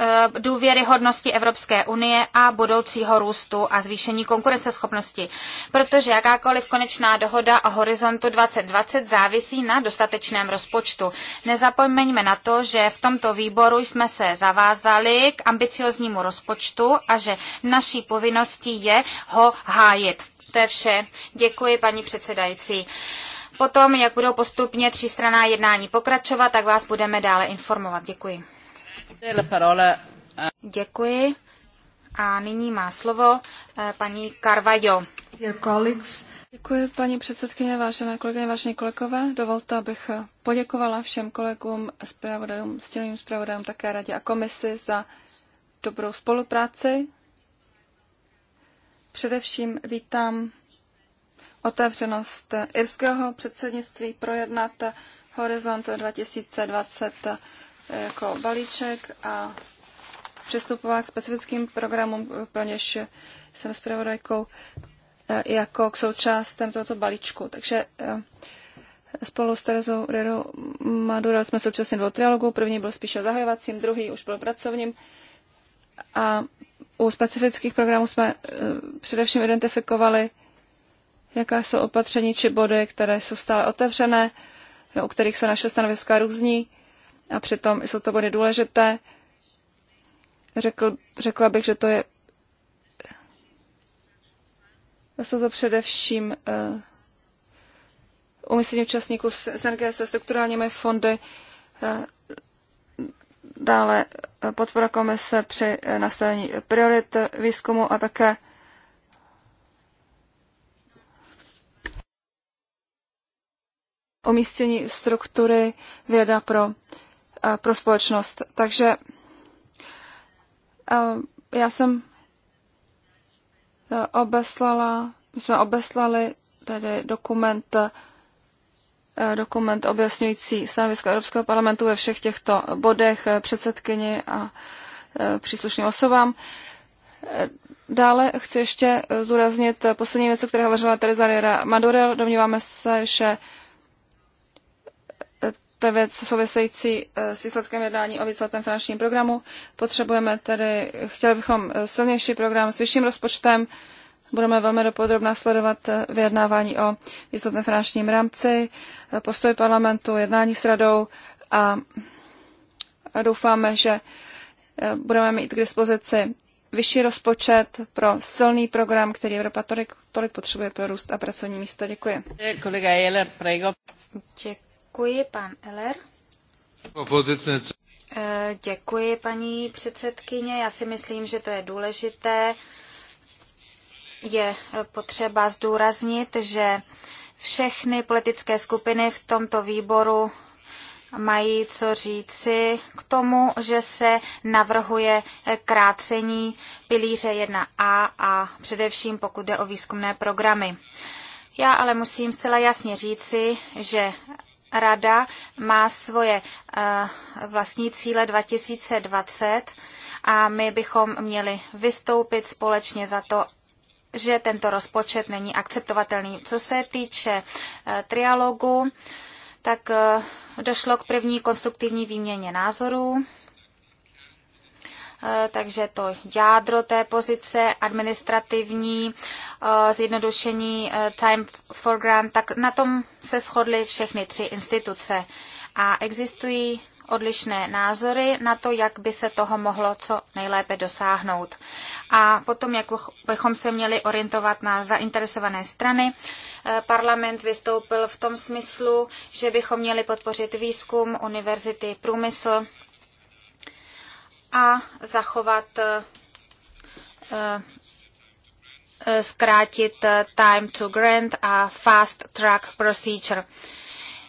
Eh, důvěryhodnosti Evropské unie a budoucího růstu a zvýšení konkurenceschopnosti, protože jakákoliv konečná dohoda o horizontu 2020 závisí na dostatečném rozpočtu. Nezapomeňme na to, že v tomto výboru jsme se zavázali k ambicioznímu rozpočtu a že naší povinností je ho hájit. To je vše. Děkuji, paní předsedající. Potom, jak budou postupně třístraná jednání pokračovat, tak vás budeme dále informovat. Děkuji. Děkuji. A nyní má slovo eh, paní Carvajo. Děkuji, paní předsedkyně, vážené kolegyně, vážení kolegové. Dovolte, abych eh, poděkovala všem kolegům, zpravodajům, stěleným zpravodajům, také radě a komisi za dobrou spolupráci. Především vítám otevřenost irského předsednictví projednat Horizont 2020 jako balíček a přistupovala k specifickým programům, pro něž jsem zpravodajkou, eh, jako k součástem tohoto balíčku. Takže eh, spolu s Terezou Rero Madurel jsme současně dvou trialogů. První byl spíše zahajovacím, druhý už byl pracovním. A u specifických programů jsme eh, především identifikovali, jaká jsou opatření či body, které jsou stále otevřené, u kterých se naše stanoviska různí a přitom jsou to body důležité. Řekl, řekla bych, že to je jsou to především uh, umístění účastníků SNG se strukturálními fondy, eh, dále eh, podpora komise při nastavení priorit výzkumu a také umístění struktury věda pro pro společnost. Takže eh, já jsem eh, obeslala, my jsme obeslali tady dokument, eh, dokument objasňující stanovisko Evropského parlamentu ve všech těchto bodech předsedkyni a příslušným osobám. Dále chci ještě zúraznit poslední věc, o které hovořila Teresa Madurel. Domníváme se, že věc související eh, s výsledkem jednání o výsledném finančním programu. Potřebujeme tedy, chtěli bychom eh, silnější program s vyšším rozpočtem. Budeme velmi dopodrobná sledovat eh, vyjednávání o výsledném finančním rámci, postoj parlamentu, jednání s radou a doufáme, že budeme mít k dispozici vyšší rozpočet pro silný program, který Evropa tolik, tolik potřebuje pro růst a pracovní místa. Děkuji. Kolega Jeler, prego. Děkuji Děkuji, pan Eller. Eh, děkuji, paní předsedkyně. Já si myslím, že to je důležité. Je potřeba zdůraznit, že všechny politické skupiny v tomto výboru mají co říci k tomu, že se navrhuje krácení pilíře 1a a především pokud jde o výzkumné programy. Já ale musím zcela jasně říci, že Rada má svoje eh, vlastní cíle 2020 a my bychom měli vystoupit společně za to, že tento rozpočet není akceptovatelný. Co se týče eh, trialogu, tak eh, došlo k první konstruktivní výměně názorů. Eh, takže to jádro té pozice, administrativní eh, zjednodušení eh, time for grant, tak na tom se shodly všechny tři instituce. A existují odlišné názory na to, jak by se toho mohlo co nejlépe dosáhnout. A potom, jak bychom se měli orientovat na zainteresované strany, parlament vystoupil v tom smyslu, že bychom měli podpořit výzkum, univerzity, průmysl a zachovat, eh, eh, zkrátit eh, time to grant a fast track procedure.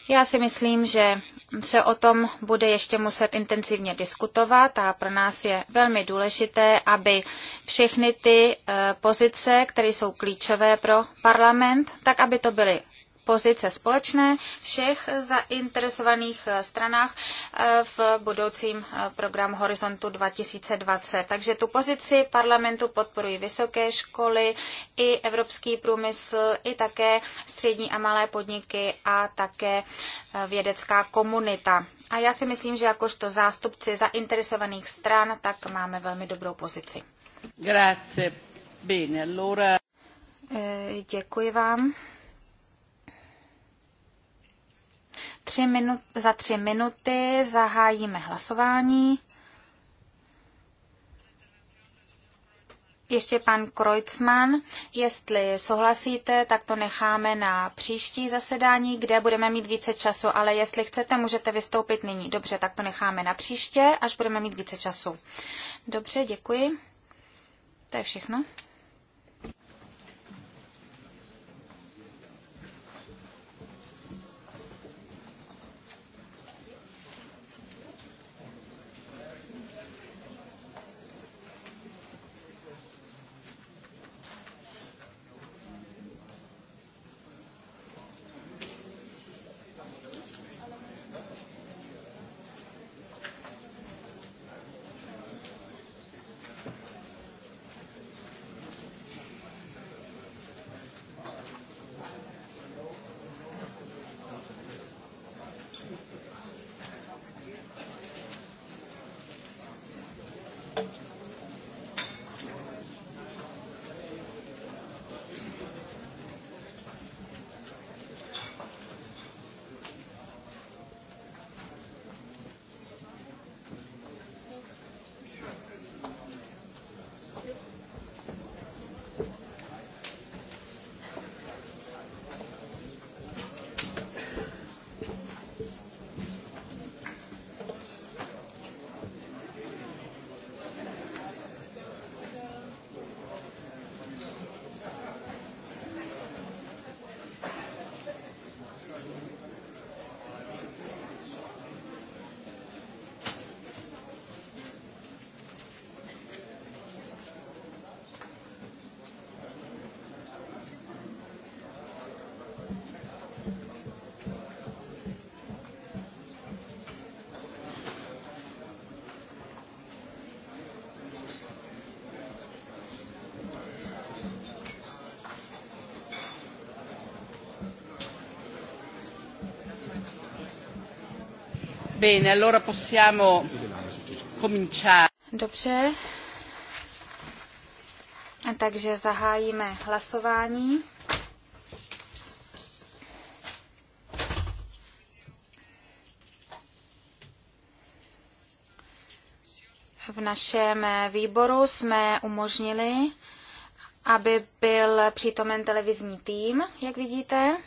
Já si myslím, že se o tom bude ještě muset intenzivně diskutovat a pro nás je velmi důležité, aby všechny ty pozice, které jsou klíčové pro parlament, tak aby to byly pozice společné všech zainteresovaných eh, stranách eh, v budoucím eh, programu Horizontu 2020. Takže tu pozici parlamentu podporují vysoké školy, i evropský průmysl, i také střední a malé podniky a také vědecká komunita. A já si myslím, že jakožto zástupci zainteresovaných stran, tak máme velmi dobrou pozici. Grazie. Bene, allora... Děkuji vám. tři minut, za tři minuty zahájíme hlasování. Ještě pan Kreutzmann, jestli souhlasíte, tak to necháme na příští zasedání, kde budeme mít více času, ale jestli chcete, můžete vystoupit nyní. Dobře, tak to necháme na příště, až budeme mít více času. Dobře, děkuji. To je všechno. Bene, allora possiamo cominciare. Dobře. Takže zahájíme hlasování. V našem výboru jsme umožnili, aby byl přítomen televizní tým, jak vidíte.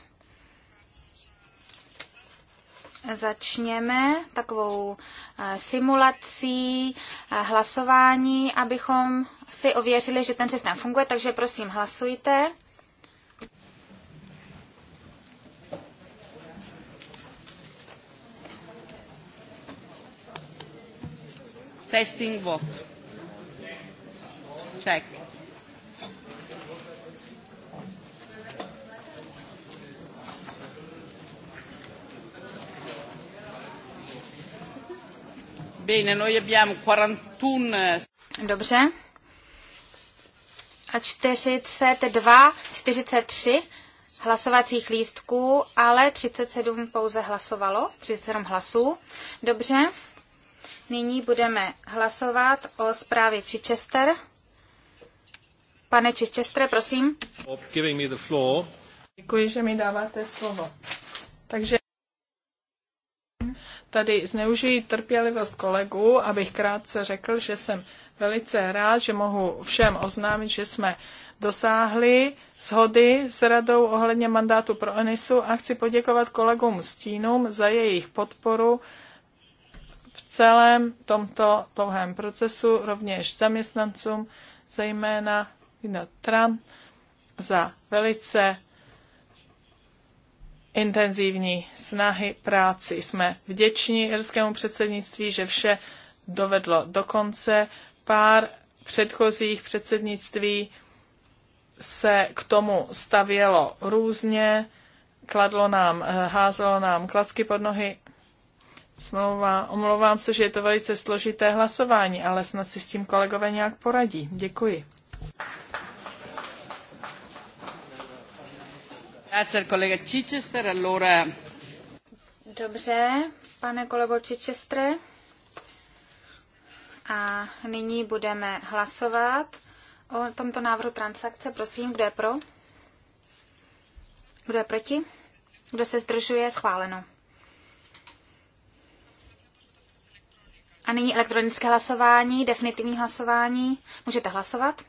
začněme takovou eh, simulací eh, hlasování, abychom si ověřili, že ten systém funguje, takže prosím hlasujte. Testing vote. Check. Dobře. A 42, 43 hlasovacích lístků, ale 37 pouze hlasovalo, 37 hlasů. Dobře. Nyní budeme hlasovat o zprávě Chichester. Pane Chichester, prosím. Děkuji, že mi dáváte slovo. Takže Tady zneužiji trpělivost kolegů, abych krátce řekl, že jsem velice rád, že mohu všem oznámit, že jsme dosáhli shody s radou ohledně mandátu pro Enisu a chci poděkovat kolegům Stínům za jejich podporu v celém tomto dlouhém procesu, rovněž zaměstnancům, zejména Vina Tran, za velice intenzivní snahy, práci. Jsme vděční irskému předsednictví, že vše dovedlo do konce. Pár předchozích předsednictví se k tomu stavělo různě, kladlo nám, eh, házelo nám klacky pod nohy. Smlouvá, omlouvám se, že je to velice složité hlasování, ale snad si s tím kolegové nějak poradí. Děkuji. Dobře, pane kolego Chichester, A nyní budeme hlasovat o tomto návrhu transakce. Prosím, kdo je pro? Kdo je proti? Kdo se zdržuje? Schváleno. A nyní elektronické hlasování, definitivní hlasování. Můžete hlasovat.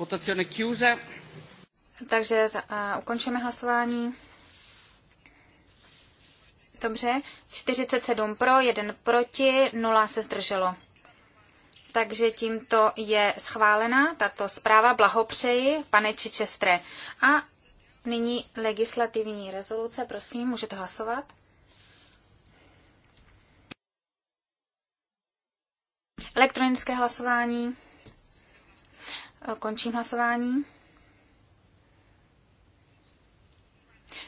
Votazione chiusa. Takže uh, ukončíme hlasování. Dobře, 47 pro, 1 proti, 0 se zdrželo. Takže tímto je schválena tato zpráva. Blahopřeji, pane Čičestre. A nyní legislativní rezoluce, prosím, můžete hlasovat. Elektronické hlasování. Končím hlasování.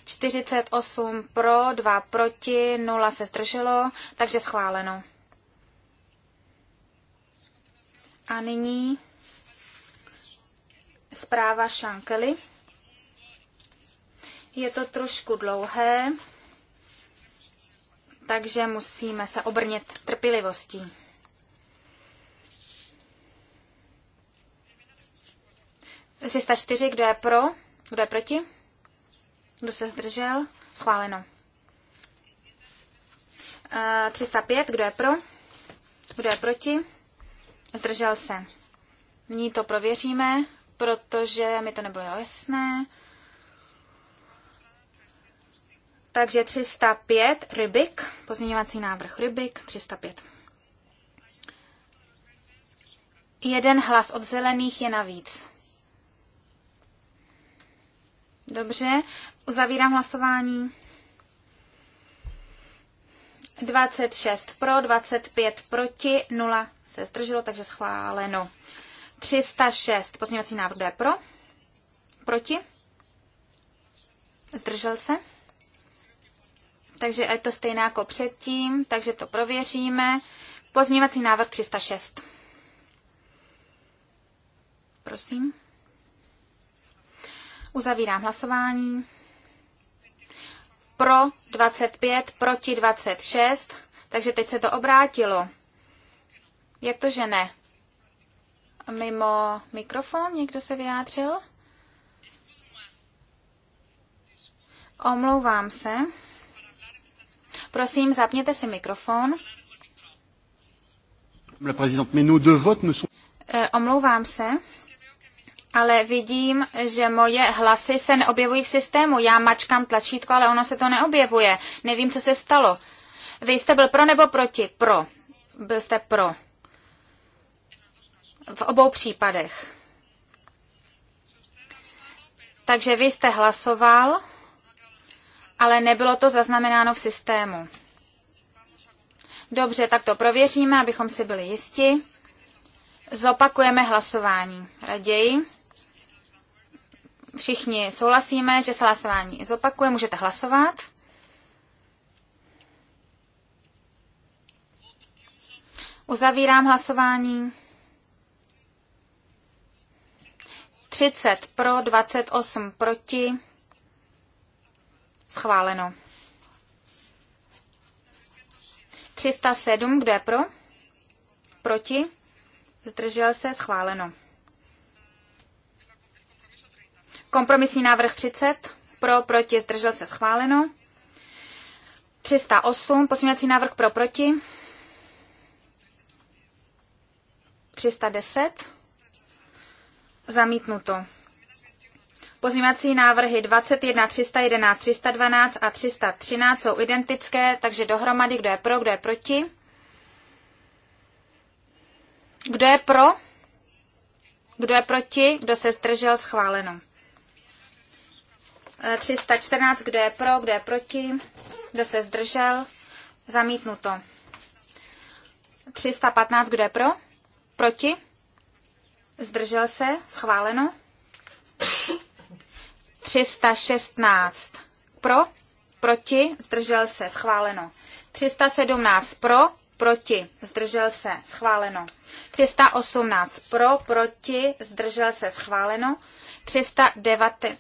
48 pro, 2 proti, 0 se zdrželo, takže schváleno. A nyní zpráva Šankely. Je to trošku dlouhé, takže musíme se obrnit trpělivostí. 304, kdo je pro, kdo je proti, kdo se zdržel, schváleno. 305, eh, kdo je pro, kdo je proti, zdržel se. Nyní to prověříme, protože mi to nebylo jasné. Takže 305, Rybik, pozměňovací návrh Rybik, 305. Jeden hlas od zelených je navíc. Dobře, uzavírám hlasování. 26 pro, 25 proti, 0 se zdrželo, takže schváleno. 306, pozměňovací návrh, kdo je pro? Proti? Zdržel se? Takže je to stejné jako předtím, takže to prověříme. Pozměňovací návrh 306. Prosím. Uzavírám hlasování. Pro 25, proti 26, takže teď se to obrátilo. Jak to, že ne? Mimo mikrofon někdo se vyjádřil? Omlouvám se. Prosím, zapněte si mikrofon. Eh, omlouvám se. Ale vidím, že moje hlasy se neobjevují v systému. Já mačkám tlačítko, ale ono se to neobjevuje. Nevím, co se stalo. Vy jste byl pro nebo proti? Pro. Byl jste pro. V obou případech. Takže vy jste hlasoval, ale nebylo to zaznamenáno v systému. Dobře, tak to prověříme, abychom si byli jisti. Zopakujeme hlasování. Raději všichni souhlasíme, že se hlasování zopakuje, můžete hlasovat. Uzavírám hlasování. 30 pro, 28 proti. Schváleno. 307, kdo je pro? Proti? Zdržel se, schváleno. Kompromisní návrh 30. Pro, proti, zdržel se schváleno. 308. Pozměňovací návrh pro, proti. 310. Zamítnuto. Pozměňovací návrhy 21, 311, 312 a 313 jsou identické, takže dohromady, kdo je pro, kdo je proti. Kdo je pro? Kdo je proti? Kdo se zdržel? Schváleno. 314, kdo je pro, kdo je proti, kdo se zdržel, zamítnuto. 315, kdo je pro, proti, zdržel se, schváleno. 316 pro, proti, zdržel se, schváleno. 317 pro, proti, zdržel se, schváleno. 318 pro, proti, zdržel se, schváleno. 319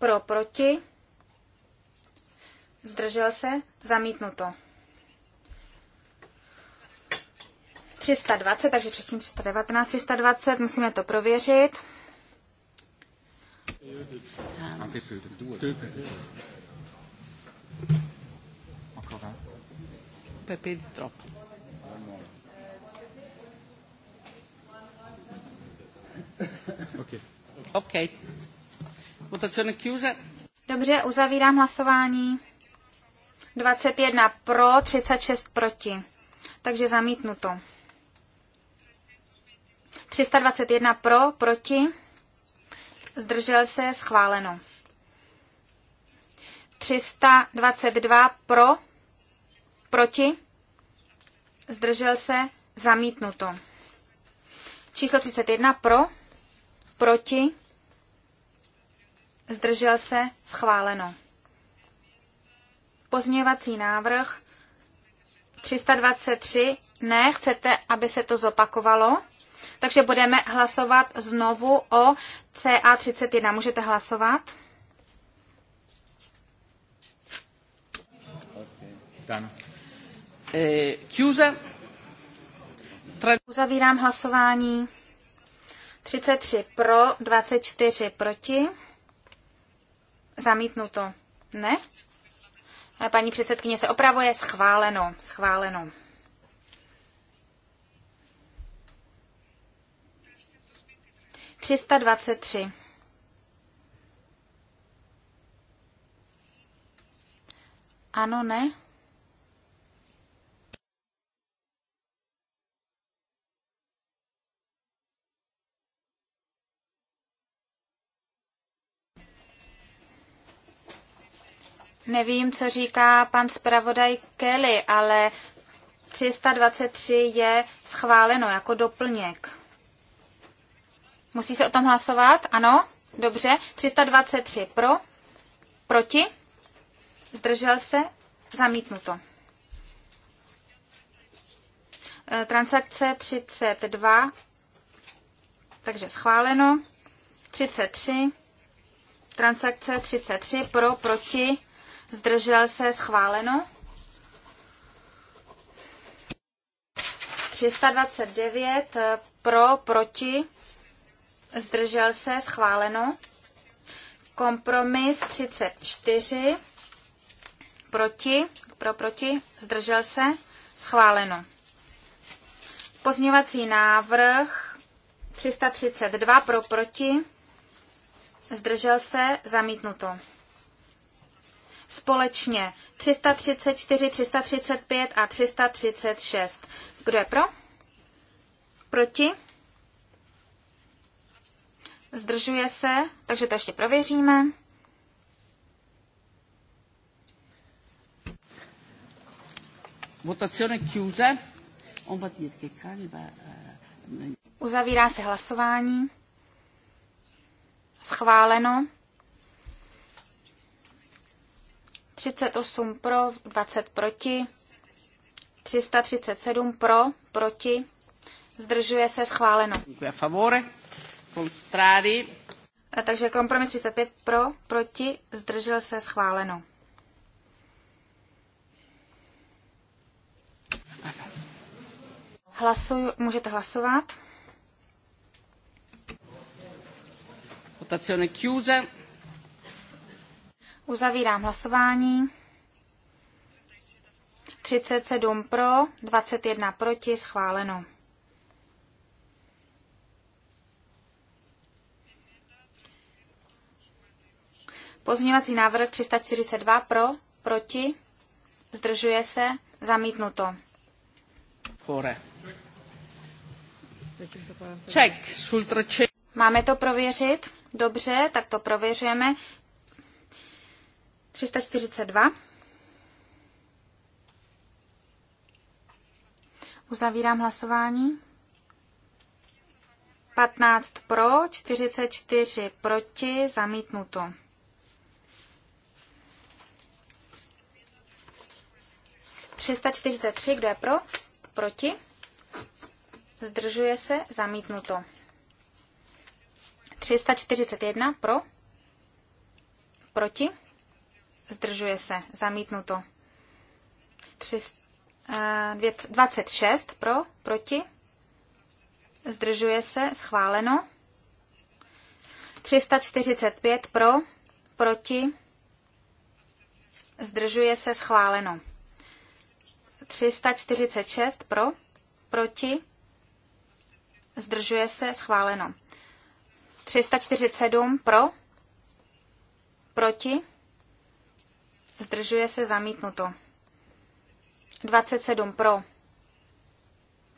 pro, proti. Zdržel se? Zamítnuto. 320, takže předtím 319, 320, musíme to prověřit. Pepe drop. Okay. Okay. Votazione chiusa. Dobře, uzavírám hlasování. 21 pro, 36 proti. Takže zamítnuto. 321 pro, proti. Zdržel se, schváleno. 322 pro, proti. Zdržel se, zamítnuto. Číslo 31 pro, proti zdržel se, schváleno. Pozměvací návrh 323, ne, chcete, aby se to zopakovalo? Takže budeme hlasovat znovu o CA31. Můžete hlasovat? Eh, Uzavírám hlasování. 33 pro, 24 proti. Zamítnuto. Ne? Paní předsedkyně se opravuje. Schváleno. Schváleno. Třista dvacet tři. Ano, ne? Nevím, co říká pan zpravodaj Kelly, ale 323 je schváleno jako doplněk. Musí se o tom hlasovat? Ano? Dobře. 323 pro, proti, zdržel se, zamítnuto. E, transakce 32, takže schváleno. 33, transakce 33 pro, proti, zdržel se, schváleno. 329 eh, pro, proti, zdržel se, schváleno. Kompromis 34 proti, pro, proti, zdržel se, schváleno. Pozměňovací návrh 332 pro, proti, zdržel se, zamítnuto společně 334, 335 a 336. Kdo je pro? Proti? Zdržuje se, takže to ještě prověříme. Votazione chiusa. Eh, Uzavírá se hlasování. Schváleno. 38 pro, 20 proti, 337 pro, proti, zdržuje se schváleno. Favore, contrari. Takže kompromis 35 pro, proti, zdržel se schváleno. Hlasuj, můžete hlasovat. Votazione chiusa. Uzavírám hlasování. 37 pro, 21 proti, schváleno. Pozměňovací návrh 342 pro, proti, zdržuje se, zamítnuto. Fore. Máme to prověřit? Dobře, tak to prověřujeme. 342. Uzavírám hlasování. 15 pro, 44 proti, zamítnuto. Třista čtyřicet tři, kdo je pro? Proti? Zdržuje se, zamítnuto. 341 pro? Proti? zdržuje se, zamítnuto. 26 eh, pro, proti, zdržuje se, schváleno. 345 pro, proti, zdržuje se, schváleno. 346 pro, proti, zdržuje se, schváleno. 347 pro, proti, zdržuje se zamítnuto. 27 pro,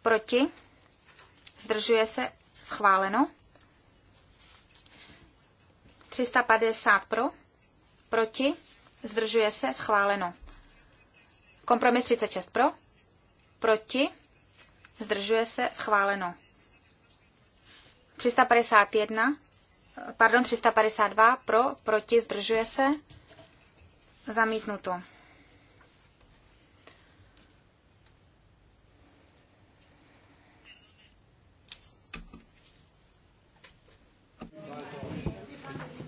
proti, zdržuje se schváleno. 350 pro, proti, zdržuje se schváleno. Kompromis 36 pro, proti, zdržuje se schváleno. 351, pardon, 352 pro, proti, zdržuje se Zamítnuto.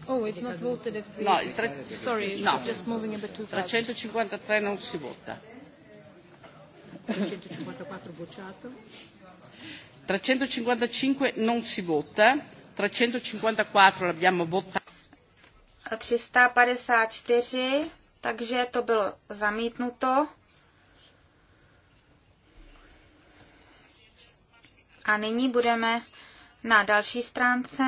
Oh, it's not voted if we... No, il tre... Sorry, no. just moving a bit too fast. 353 non si vota. 354 bocciato. 355 non si vota. 354 l'abbiamo votato. 354 takže to bylo zamítnuto. A nyní budeme na další stránce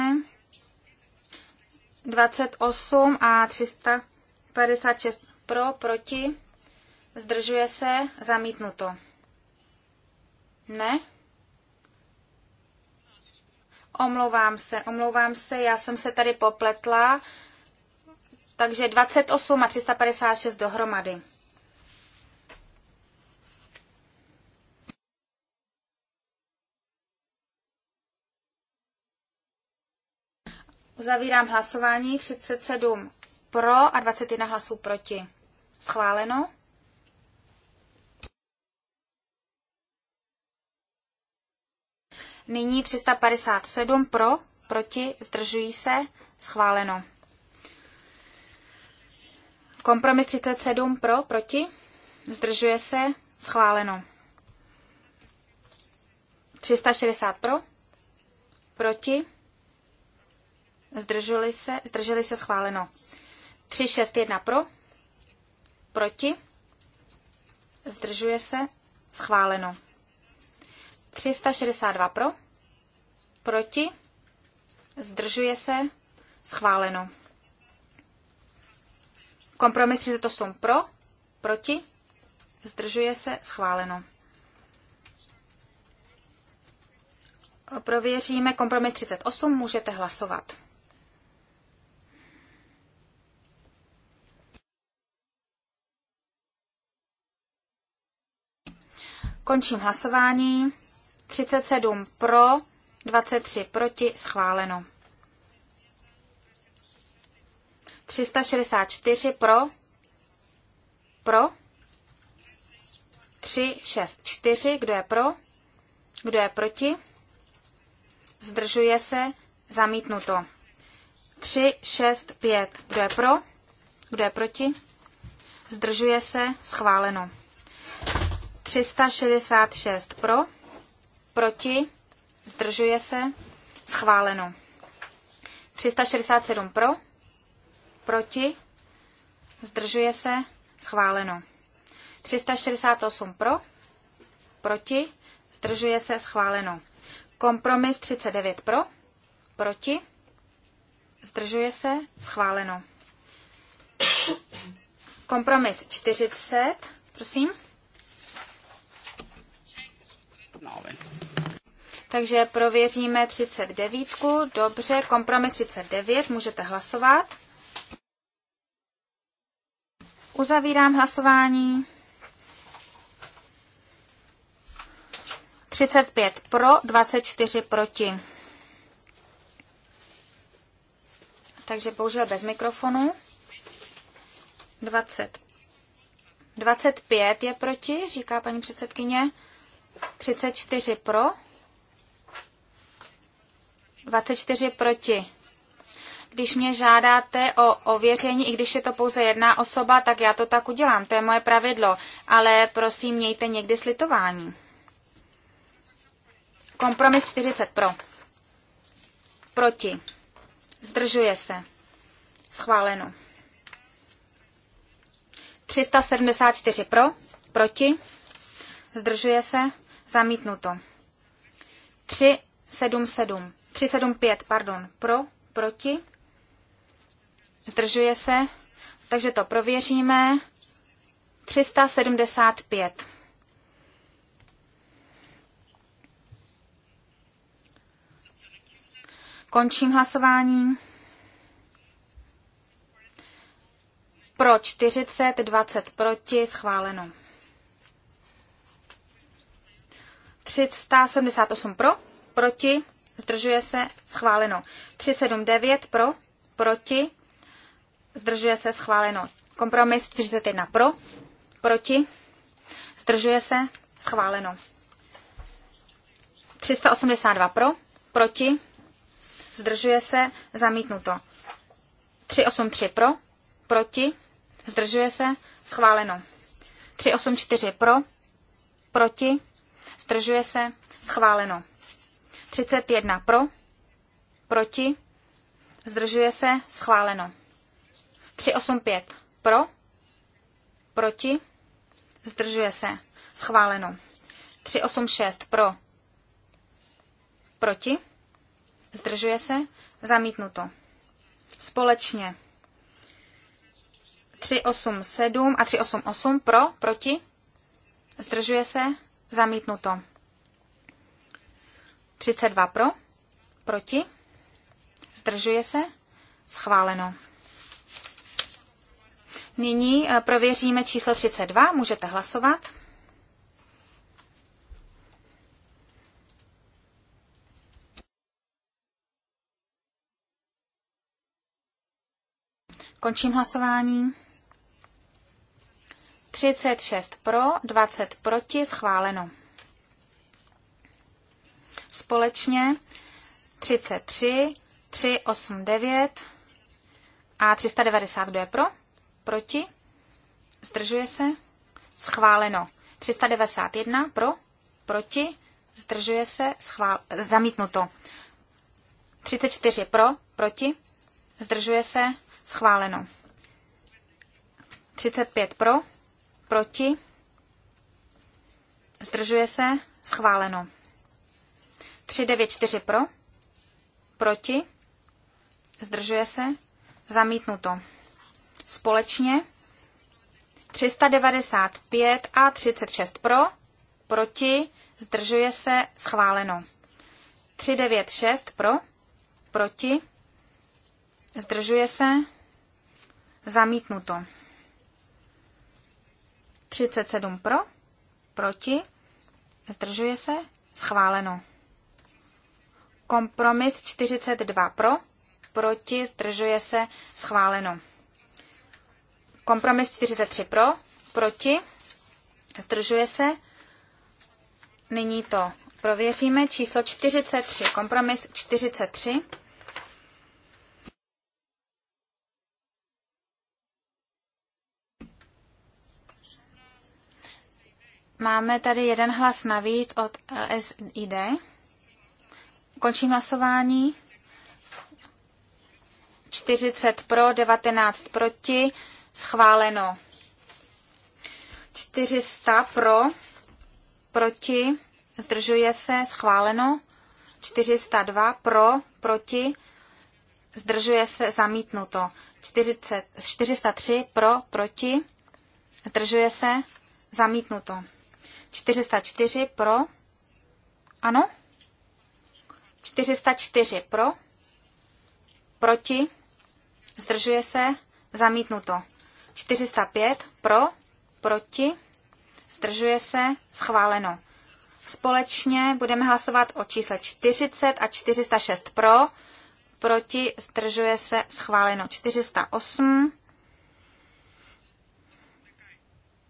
28 a 356 pro, proti, zdržuje se, zamítnuto. Ne? Omlouvám se, omlouvám se, já jsem se tady popletla. Takže 28 a 356 dohromady. Uzavírám hlasování 37 pro a 21 hlasů proti. Schváleno. Nyní 357 pro, proti, zdržují se, schváleno. Kompromis 37 pro, proti, zdržuje se, schváleno. 360 pro, proti, zdrželi se, zdrželi se, schváleno. 361 pro, proti, zdržuje se, schváleno. 362 pro, proti, zdržuje se, schváleno. Kompromis 38 pro, proti, zdržuje se, schváleno. Prověříme kompromis 38, můžete hlasovat. Končím hlasování. 37 pro, 23 proti, schváleno. 364 pro, pro, 3, 6, 4, kdo je pro, kdo je proti, zdržuje se, zamítnuto. 3, 6, 5, kdo je pro, kdo je proti, zdržuje se, schváleno. 366 pro, proti, zdržuje se, schváleno. 367 pro, proti, zdržuje se, schváleno. 368 pro, proti, zdržuje se, schváleno. Kompromis 39 pro, proti, zdržuje se, schváleno. Kompromis 40, prosím. Takže prověříme 39. Dobře, kompromis 39, můžete hlasovat. Uzavírám hlasování. 35 pro, 24 proti. Takže bohužel bez mikrofonu. 20. 25 je proti, říká paní předsedkyně. 34 pro. 24 proti. Když mě žádáte o ověření, i když je to pouze jedna osoba, tak já to tak udělám, to je moje pravidlo. Ale prosím, mějte někdy slitování. Kompromis 40 pro. Proti. Zdržuje se. Schváleno. 374 pro. Proti. Zdržuje se. Zamítnuto. 377. 375, pardon. Pro. Proti zdržuje se, takže to prověříme. 375. Končím hlasování. Pro 40, 20 proti, schváleno. 378 pro, proti, zdržuje se, schváleno. 379 pro, proti, zdržuje se schváleno. Kompromis 41 pro, proti, zdržuje se schváleno. 382 pro, proti, zdržuje se zamítnuto. 383 pro, proti, zdržuje se schváleno. 384 pro, proti, zdržuje se schváleno. 31 pro, proti, zdržuje se schváleno. 385 pro, proti, zdržuje se, schváleno. 386 pro, proti, zdržuje se, zamítnuto. Společně 387 a 388 pro, proti, zdržuje se, zamítnuto. 32 pro, proti, zdržuje se, schváleno. Nyní eh, prověříme číslo 32, můžete hlasovat. Končím hlasování. 36 pro, 20 proti, schváleno. Společně 33, 389 a 390, kdo je pro? proti, zdržuje se, schváleno. 391 pro, proti, zdržuje se, schvál, zamítnuto. 34 pro, proti, zdržuje se, schváleno. 35 pro, proti, zdržuje se, schváleno. 394 pro, proti, zdržuje se, zamítnuto společně 395 a 36 pro, proti, zdržuje se, schváleno. 396 pro, proti, zdržuje se, zamítnuto. 37 pro, proti, zdržuje se, schváleno. Kompromis 42 pro, proti, zdržuje se, schváleno. Kompromis 43 pro, proti, zdržuje se. Nyní to prověříme. Číslo 43, kompromis 43. Máme tady jeden hlas navíc od SID. Končím hlasování. 40 pro, 19 proti schváleno. 400 pro, proti, zdržuje se, schváleno. 402 pro, proti, zdržuje se, zamítnuto. 40, 403 pro, proti, zdržuje se, zamítnuto. 404 pro, ano. 404 pro, proti, zdržuje se, zamítnuto. 405 pro, proti, zdržuje se, schváleno. Společně budeme hlasovat o čísle 40 a 406 pro, proti, zdržuje se, schváleno. 408,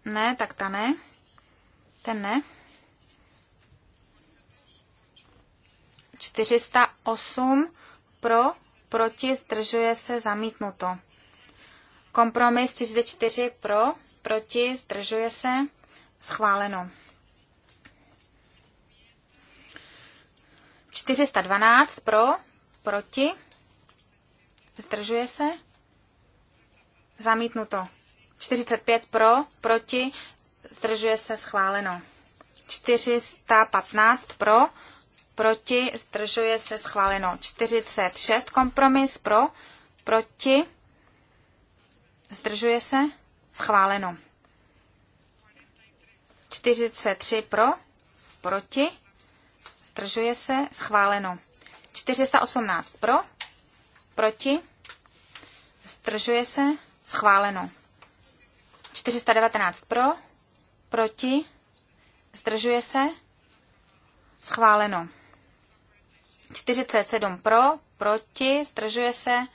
ne, tak ta ne, ten ne. 408 pro, proti, zdržuje se, zamítnuto. Kompromis 34 pro, proti, zdržuje se, schváleno. 412 pro, proti, zdržuje se, zamítnuto. 45 pro, proti, zdržuje se, schváleno. 415 pro, proti, zdržuje se, schváleno. 46 kompromis pro, proti, zdržuje se, schváleno. 43 pro, proti, zdržuje se, schváleno. 418 pro, proti, zdržuje se, schváleno. 419 pro, proti, zdržuje se, schváleno. 47 pro, proti, zdržuje se,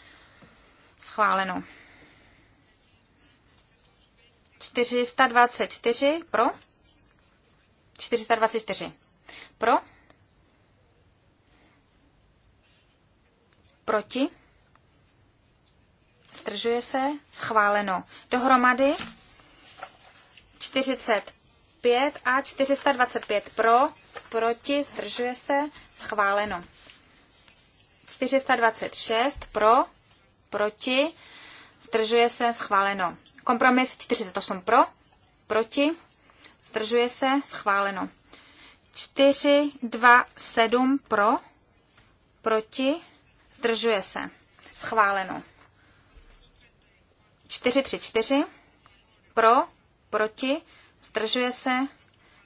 schváleno. 424 pro. 424 pro. Proti. Stržuje se. Schváleno. Dohromady 45 a 425 pro. Proti. Zdržuje se. Schváleno. 426 pro. Proti. Zdržuje se. Schváleno. Kompromis 48 pro, proti, zdržuje se, schváleno. 4, 2, 7 pro, proti, zdržuje se, schváleno. 4, 3, 4 pro, proti, zdržuje se,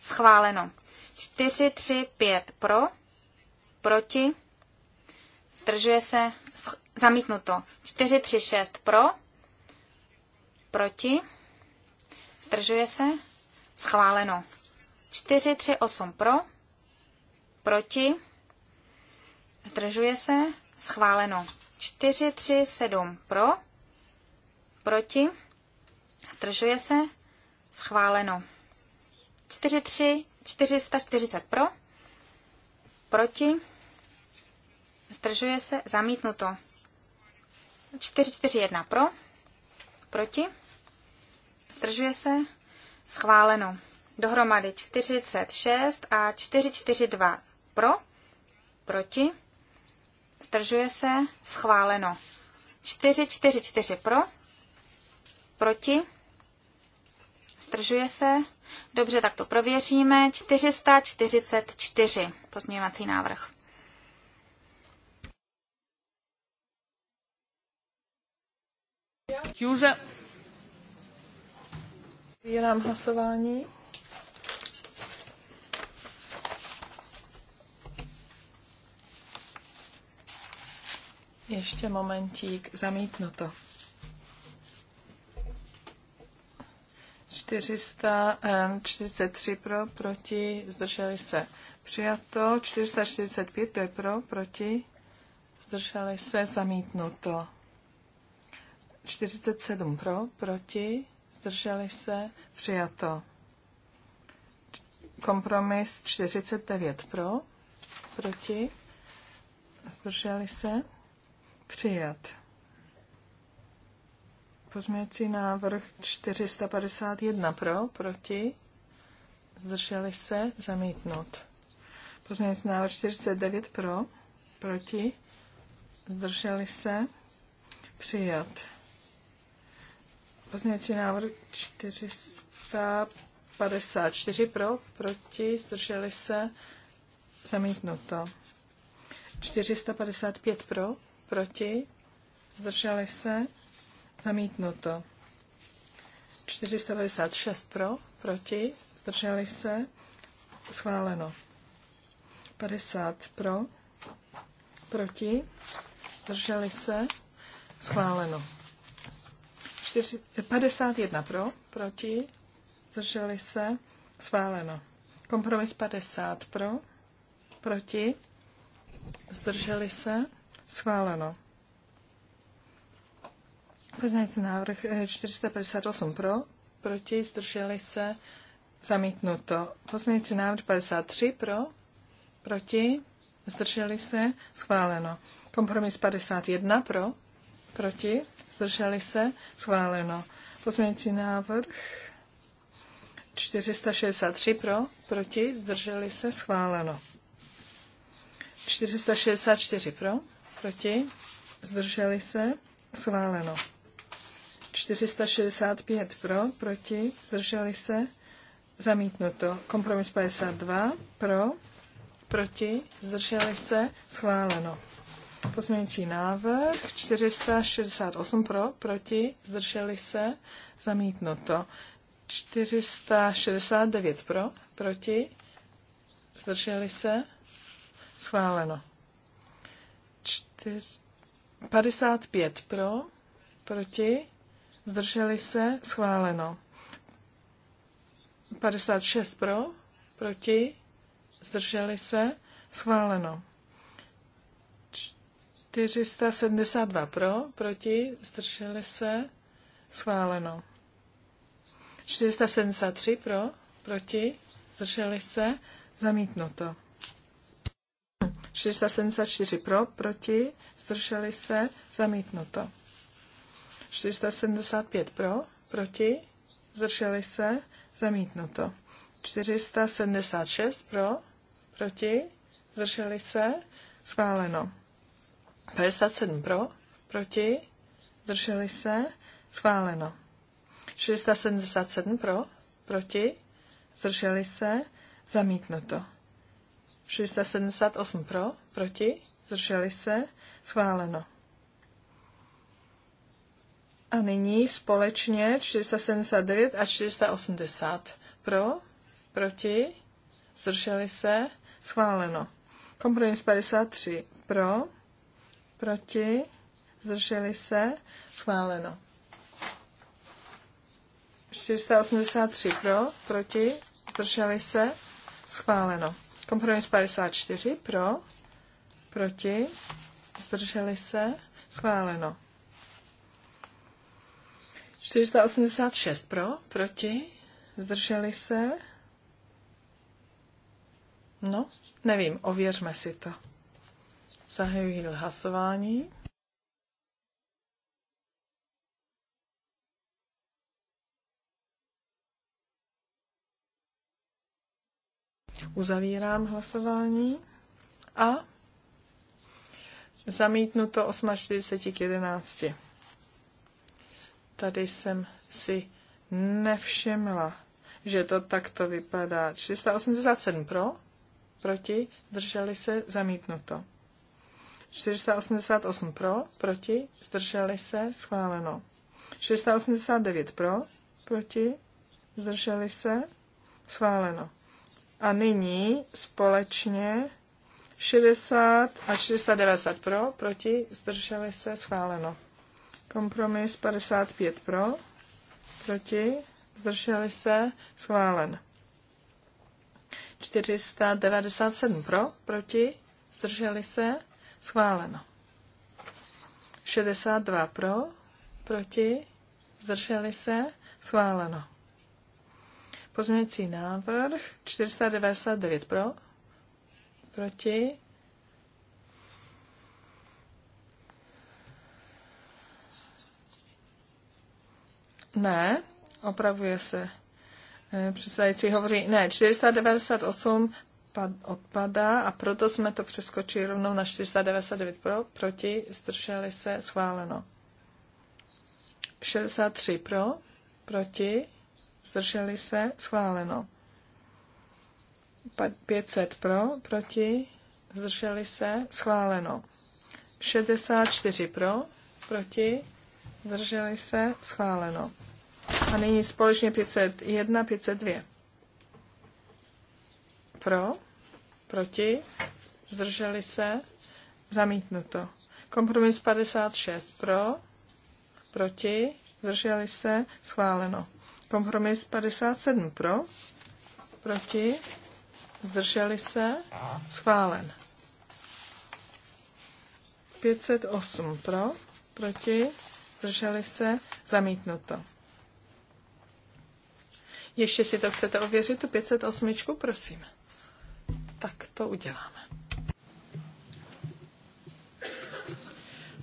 schváleno. 4, 3, 5 pro, proti, zdržuje se, zamítnuto. 4, 3, 6 pro, Proti? Zdržuje se? Schváleno. 8 pro? Proti? Zdržuje se? Schváleno. 7 pro? Proti? Zdržuje se? Schváleno. 3, 440 pro? Proti? Zdržuje se? Zamítnuto. 1 pro? Proti? Zdržuje se? Schváleno. Dohromady 46 a 442 pro, proti, zdržuje se, schváleno. 444 pro, proti, zdržuje se. Dobře, tak to prověříme. 444 pozměňovací návrh. Chiusa. Vybírám hlasování. Ještě momentík, zamítno to. 443 pro, proti, zdrželi se. Přijato 445, to je pro, proti, zdrželi se, zamítnuto. 47 pro, proti, zdrželi se, přijato. Kompromis 49 pro, proti, zdrželi se, přijat. Pozměňující návrh 451 pro, proti, zdrželi se, zamítnout. Pozměňující návrh 49 pro, proti, zdrželi se, přijat. Pozměňovací návrh 454 pro, proti, zdrželi se, zamítnuto. 455 pro, proti, zdrželi se, zamítnuto. 496 pro, proti, zdrželi se, schváleno. 50 pro, proti, zdrželi se, schváleno. 4, 51 pro, proti, zdrželi se, schváleno. Kompromis 50 pro, proti, zdrželi se, schváleno. Poznající návrh 458 eh, pro, proti, zdrželi se, zamítnuto. Pozměňující návrh 53 pro, proti, zdrželi se, schváleno. Kompromis 51 pro, proti, zdrželi se, schváleno. Pozměňující návrh 463 pro, proti, zdrželi se, schváleno. 464 pro, proti, zdrželi se, schváleno. 465 pro, proti, zdrželi se, zamítnuto. Kompromis 52 pro, proti, zdrželi se, schváleno. Pozměňující návrh 468 pro, proti, zdrželi se, zamítnuto. 469 pro, proti, zdrželi se, schváleno. 55 pro, proti, zdrželi se, schváleno. 56 pro, proti, zdrželi se, schváleno. 472 pro, proti, zdrželi se, schváleno. 473 pro, proti, zdrželi se, zamítnuto. 474 pro, proti, zdrželi se, zamítnuto. 475 pro, proti, zdrželi se, zamítnuto. 476 pro, proti, zdrželi se, schváleno. 57 pro, proti, drželi se, schváleno. 677 pro, proti, zdrželi se, zamítnuto. 678 pro, proti, zdrželi se, schváleno. A nyní společně 479 a 480 pro, proti, zdrželi se, schváleno. Kompromis 53 pro, proti, zdrželi se, schváleno. 483 pro, proti, zdrželi se, schváleno. Kompromis 54 pro, proti, zdrželi se, schváleno. 486 pro, proti, zdrželi se. No, nevím, ověřme si to. Zahajuji hlasování. Uzavírám hlasování a zamítnu to 8.40 k 11. Tady jsem si nevšimla, že to takto vypadá. 487 pro, proti, zdrželi se, zamítnuto. 488 pro, proti, zdrželi se, schváleno. 689 pro, proti, zdrželi se, schváleno. A nyní společně 60 a 490 pro, proti, zdrželi se, schváleno. Kompromis 55 pro, proti, zdrželi se, schválen. 497 pro, proti, zdrželi se, Schváleno. 62 pro, proti, zdrželi se, schváleno. Pozměňující návrh 499 pro, proti, Ne, opravuje se. Eh, předsedající hovoří, ne, 498 odpadá a proto jsme to přeskočili rovnou na 499 pro, proti, zdrželi se, schváleno. 63 pro, proti, zdrželi se, schváleno. 500 pro, proti, zdrželi se, schváleno. 64 pro, proti, zdrželi se, schváleno. A nyní společně 501, 502. Pro, proti, zdrželi se, zamítnuto. Kompromis 56 pro, proti, zdrželi se, schváleno. Kompromis 57 pro, proti, zdrželi se, schválen. 508 pro, proti, zdrželi se, zamítnuto. Ještě si to chcete ověřit, tu 508, prosím tak to uděláme.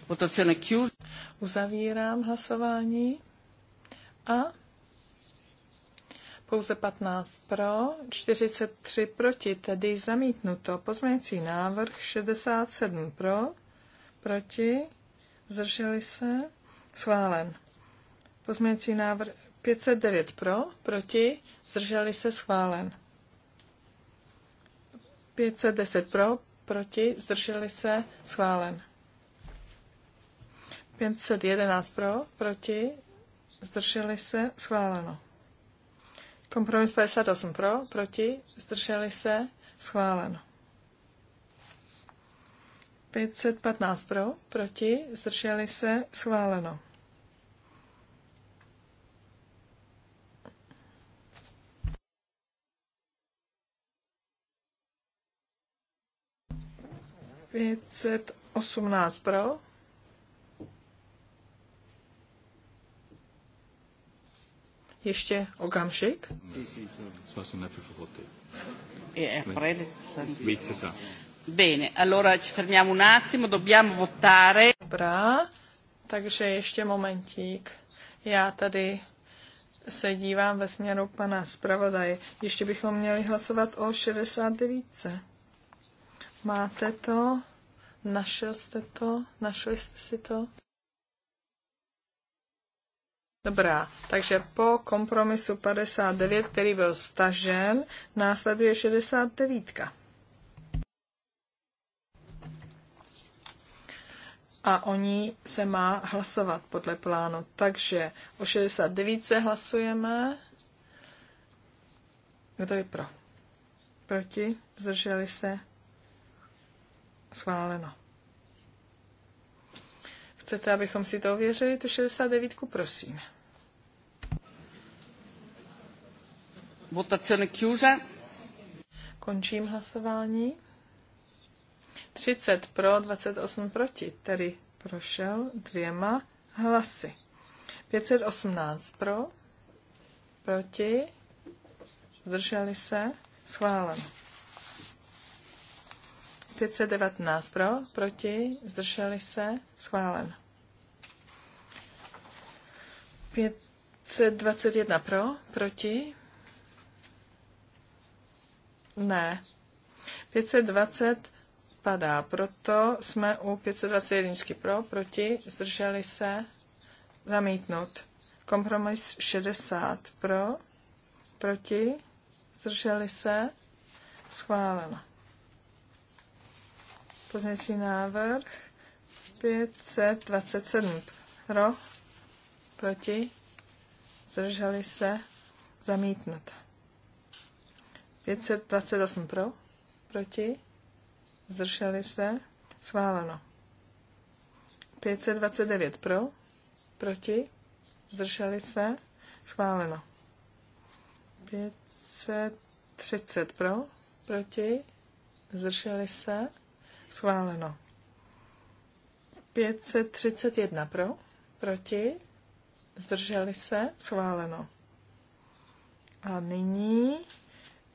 Votazione chiusa. Uzavírám hlasování a pouze 15 pro, 43 proti, tedy zamítnuto. Pozměňující návrh 67 pro, proti, zdrželi se, schválen. Pozměňující návrh 509 pro, proti, zdrželi se, schválen. 510 pro, proti, zdrželi se, schválen. 511 pro, proti, zdrželi se, schváleno. Kompromis 58 pro, proti, zdrželi se, schváleno. 515 pro, proti, zdrželi se, schváleno. 518 pro. Ještě okamžik. Eh, eh, e aprile. Bene, allora ci fermiamo un attimo, dobbiamo votare. Dobrá, takže ještě momentík. Já tady se dívám ve směru pana zpravodaje. Ještě bychom měli hlasovat o 69. Máte to? Našel jste to? Našli jste si to? Dobrá, takže po kompromisu 59, který byl stažen, následuje 69. A o ní se má hlasovat podle plánu. Takže o 69 se hlasujeme. Kdo je pro? Proti? Zdrželi se? Schváleno. Chcete, abychom si to ověřili, tu 69, prosím. Votazione chiusa. Končím hlasování. 30 pro, 28 proti, tedy prošel dvěma hlasy. 518 pro, proti, zdrželi se, schváleno. 519 pro, proti, zdrželi se, schválen. 521 pro, proti, ne. 520 padá, proto jsme u 521 pro, proti, zdrželi se, zamítnut. Kompromis 60 pro, proti, zdrželi se, schváleno. Pozměňující návrh 527. Pro, proti, zdrželi se, zamítnut. 528 pro, proti, zdrželi se, schváleno. 529 pro, proti, zdrželi se, schváleno. 530 pro, proti, zdrželi se, Schváleno. 531 pro, proti, zdrželi se, schváleno. A nyní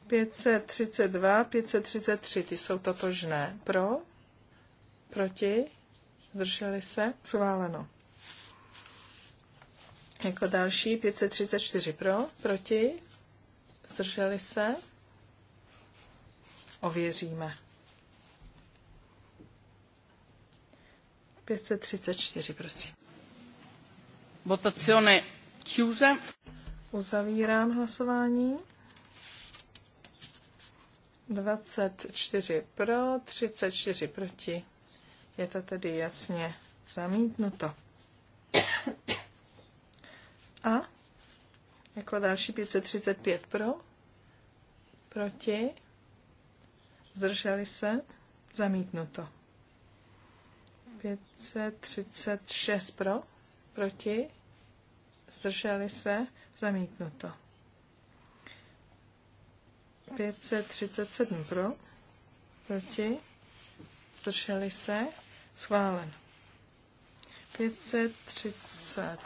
532, 533, ty jsou totožné. Pro, proti, zdrželi se, schváleno. Jako další 534 pro, proti, zdrželi se, ověříme. 534, prosím. Votazione chiusa. Uzavírám hlasování. 24 pro, 34 proti. Je to tedy jasně zamítnuto. A jako další 535 pro, proti, zdrželi se, zamítnuto. 536 pro, proti, zdrželi se, zamítnuto. 537 pro, proti, zdrželi se, schválen. 530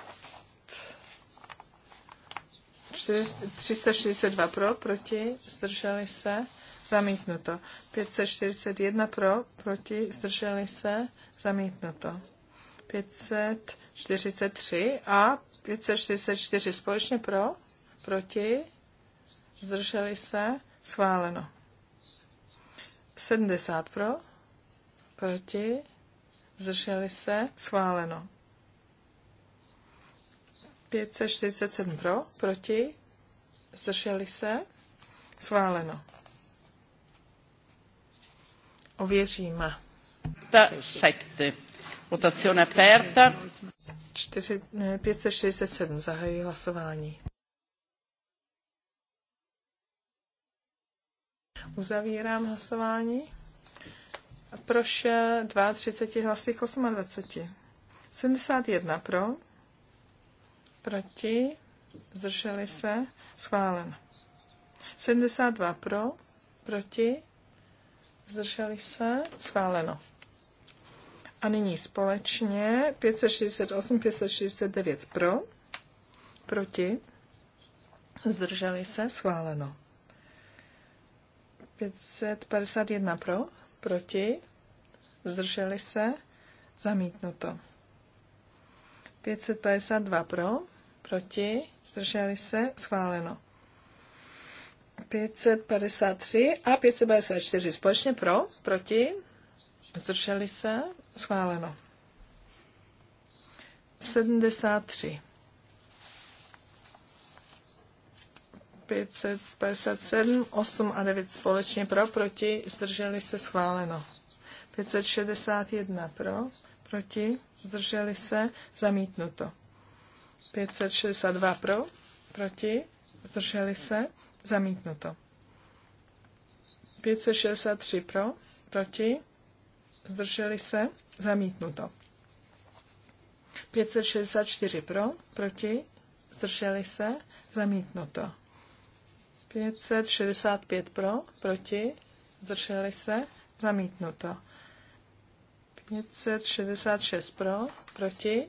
4, 362 pro, proti, zdrželi se, zamítnuto. 541 pro, proti, zdrželi se, zamítnuto. 543 a 544 společně pro, proti, zdrželi se, schváleno. 70 pro, proti, zdrželi se, schváleno. 547 pro, proti, zdrželi se, schváleno. Ověříme. Ta sette. Votazione aperta. 567 zahají hlasování. Uzavírám hlasování. Prošel 32 hlasy k 28. 71 pro, proti, zdrželi se, schválen. 72 pro, proti, zdrželi se, schváleno. A nyní společně 568, 569 pro, proti, zdrželi se, schváleno. 551 pro, proti, zdrželi se, zamítnuto. 552 pro, proti, zdrželi se, schváleno. 553 a 554 společně pro, proti, zdrželi se, schváleno. 73. 557, 8 a 9 společně pro, proti, zdrželi se, schváleno. 561 pro, proti, zdrželi se, zamítnuto. 562 pro, proti, zdrželi se, Zamítnuto. 563 pro, proti, zdrželi se, zamítnuto. 564 pro, proti, zdrželi se, zamítnuto. 565 pro, proti, zdrželi se, zamítnuto. 566 pro, proti,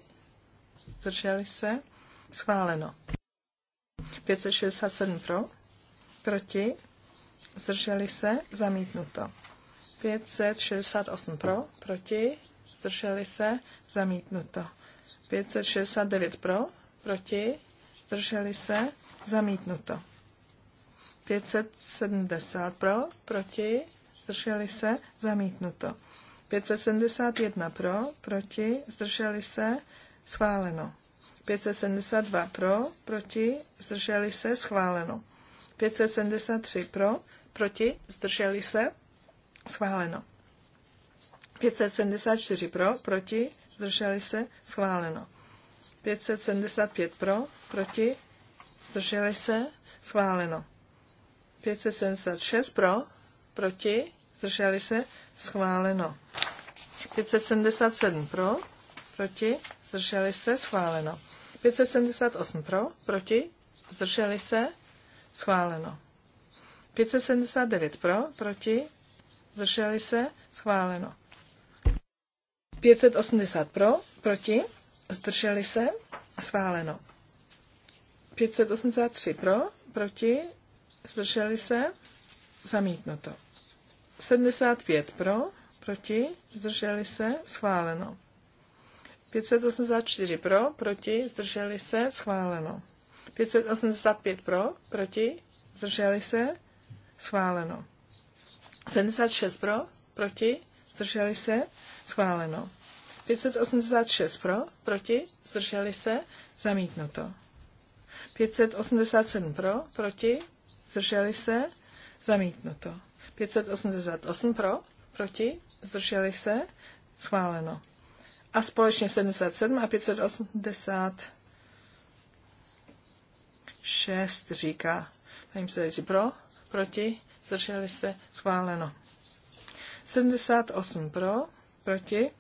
zdrželi se, schváleno. 567 pro, proti, zdrželi se, zamítnuto. 568 pro, proti, zdrželi se, zamítnuto. 569 pro, proti, zdrželi se, zamítnuto. 570 pro, proti, zdrželi se, zamítnuto. 571 pro, proti, zdrželi se, schváleno. 572 pro, proti, zdrželi se, schváleno. 573 pro, proti, zdrželi se, schváleno. 574 pro, proti, zdrželi se, schváleno. 575 pro, proti, zdrželi se, schváleno. 576 pro, proti, zdrželi se, schváleno. 577 pro, proti, zdrželi se, schváleno. 578 pro, proti, zdrželi se, Schváleno. 579 pro, proti, zdrželi se, schváleno. 580 pro, proti, zdrželi se, schváleno. 583 pro, proti, zdrželi se, zamítnuto. 75 pro, proti, zdrželi se, schváleno. 584 pro, proti, zdrželi se, schváleno. 585 pro, proti, zdrželi se, schváleno. 76 pro, proti, zdrželi se, schváleno. 586 pro, proti, zdrželi se, zamítnuto. 587 pro, proti, zdrželi se, zamítnuto. 588 pro, proti, zdrželi se, schváleno. A společně 77 a 580 6 říká paní předsedající pro, proti, zdrželi se, schváleno. 78 pro, proti.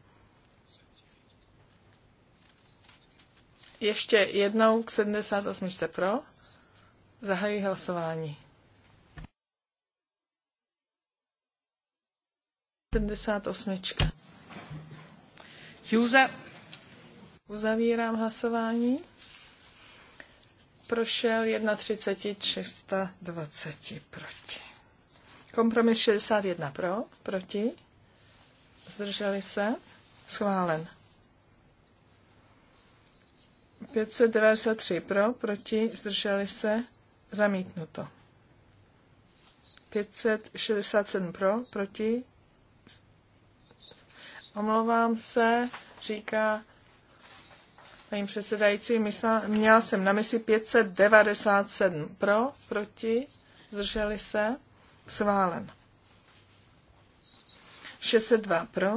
Ještě jednou k 78 pro. Zahají hlasování. 78. Juze. Uzavírám hlasování prošel 31 proti. Kompromis 61 pro, proti. Zdrželi se. Schválen. 593 pro, proti, zdrželi se, zamítnuto. 567 pro, proti, omlouvám se, říká paní předsedající. Myslela, měla jsem na mysli 597 pro, proti, zdrželi se, schválen. 602 pro,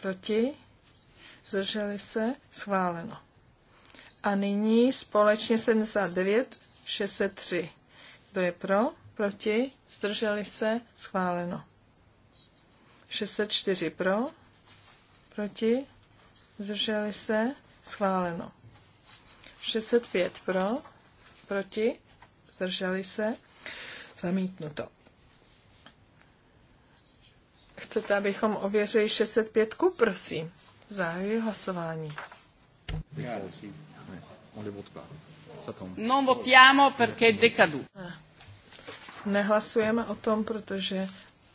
proti, zdrželi se, schváleno. A nyní společně 79, 603. Kdo je pro, proti, zdrželi se, schváleno. 604 pro, proti, zdrželi se, Schváleno. 605 pro, proti, zdrželi se, zamítnuto. Chcete, abychom ověřili 605, prosím. Zahajuji hlasování. Non votiamo perché è decadu. Nehlasujeme o tom, protože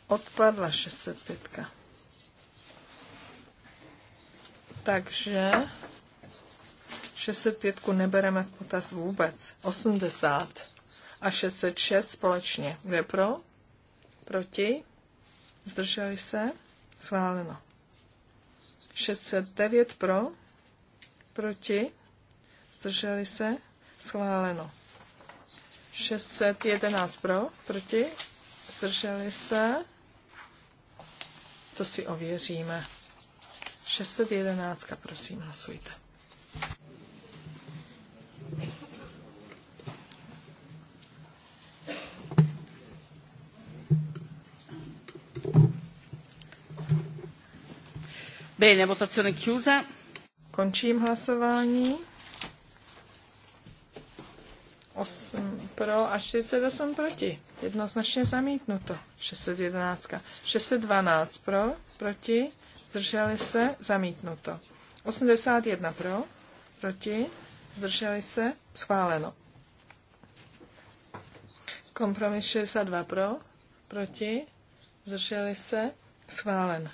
odpadla 605. Takže 605 nebereme v potaz vůbec. 80 a 606 společně. Kde pro? Proti? Zdrželi se? Schváleno. 609 pro? Proti? Zdrželi se? Schváleno. 611 pro? Proti? Zdrželi se? To si ověříme. 611, prosím, hlasujte. Bene, votazione chiusa. Končím hlasování. 8 pro a 48 proti. Jednoznačně zamítnuto. 611. 612 pro, proti, zdrželi se, zamítnuto. 81 pro, proti, zdrželi se, schváleno. Kompromis 62 pro, proti, zdrželi se, schválen.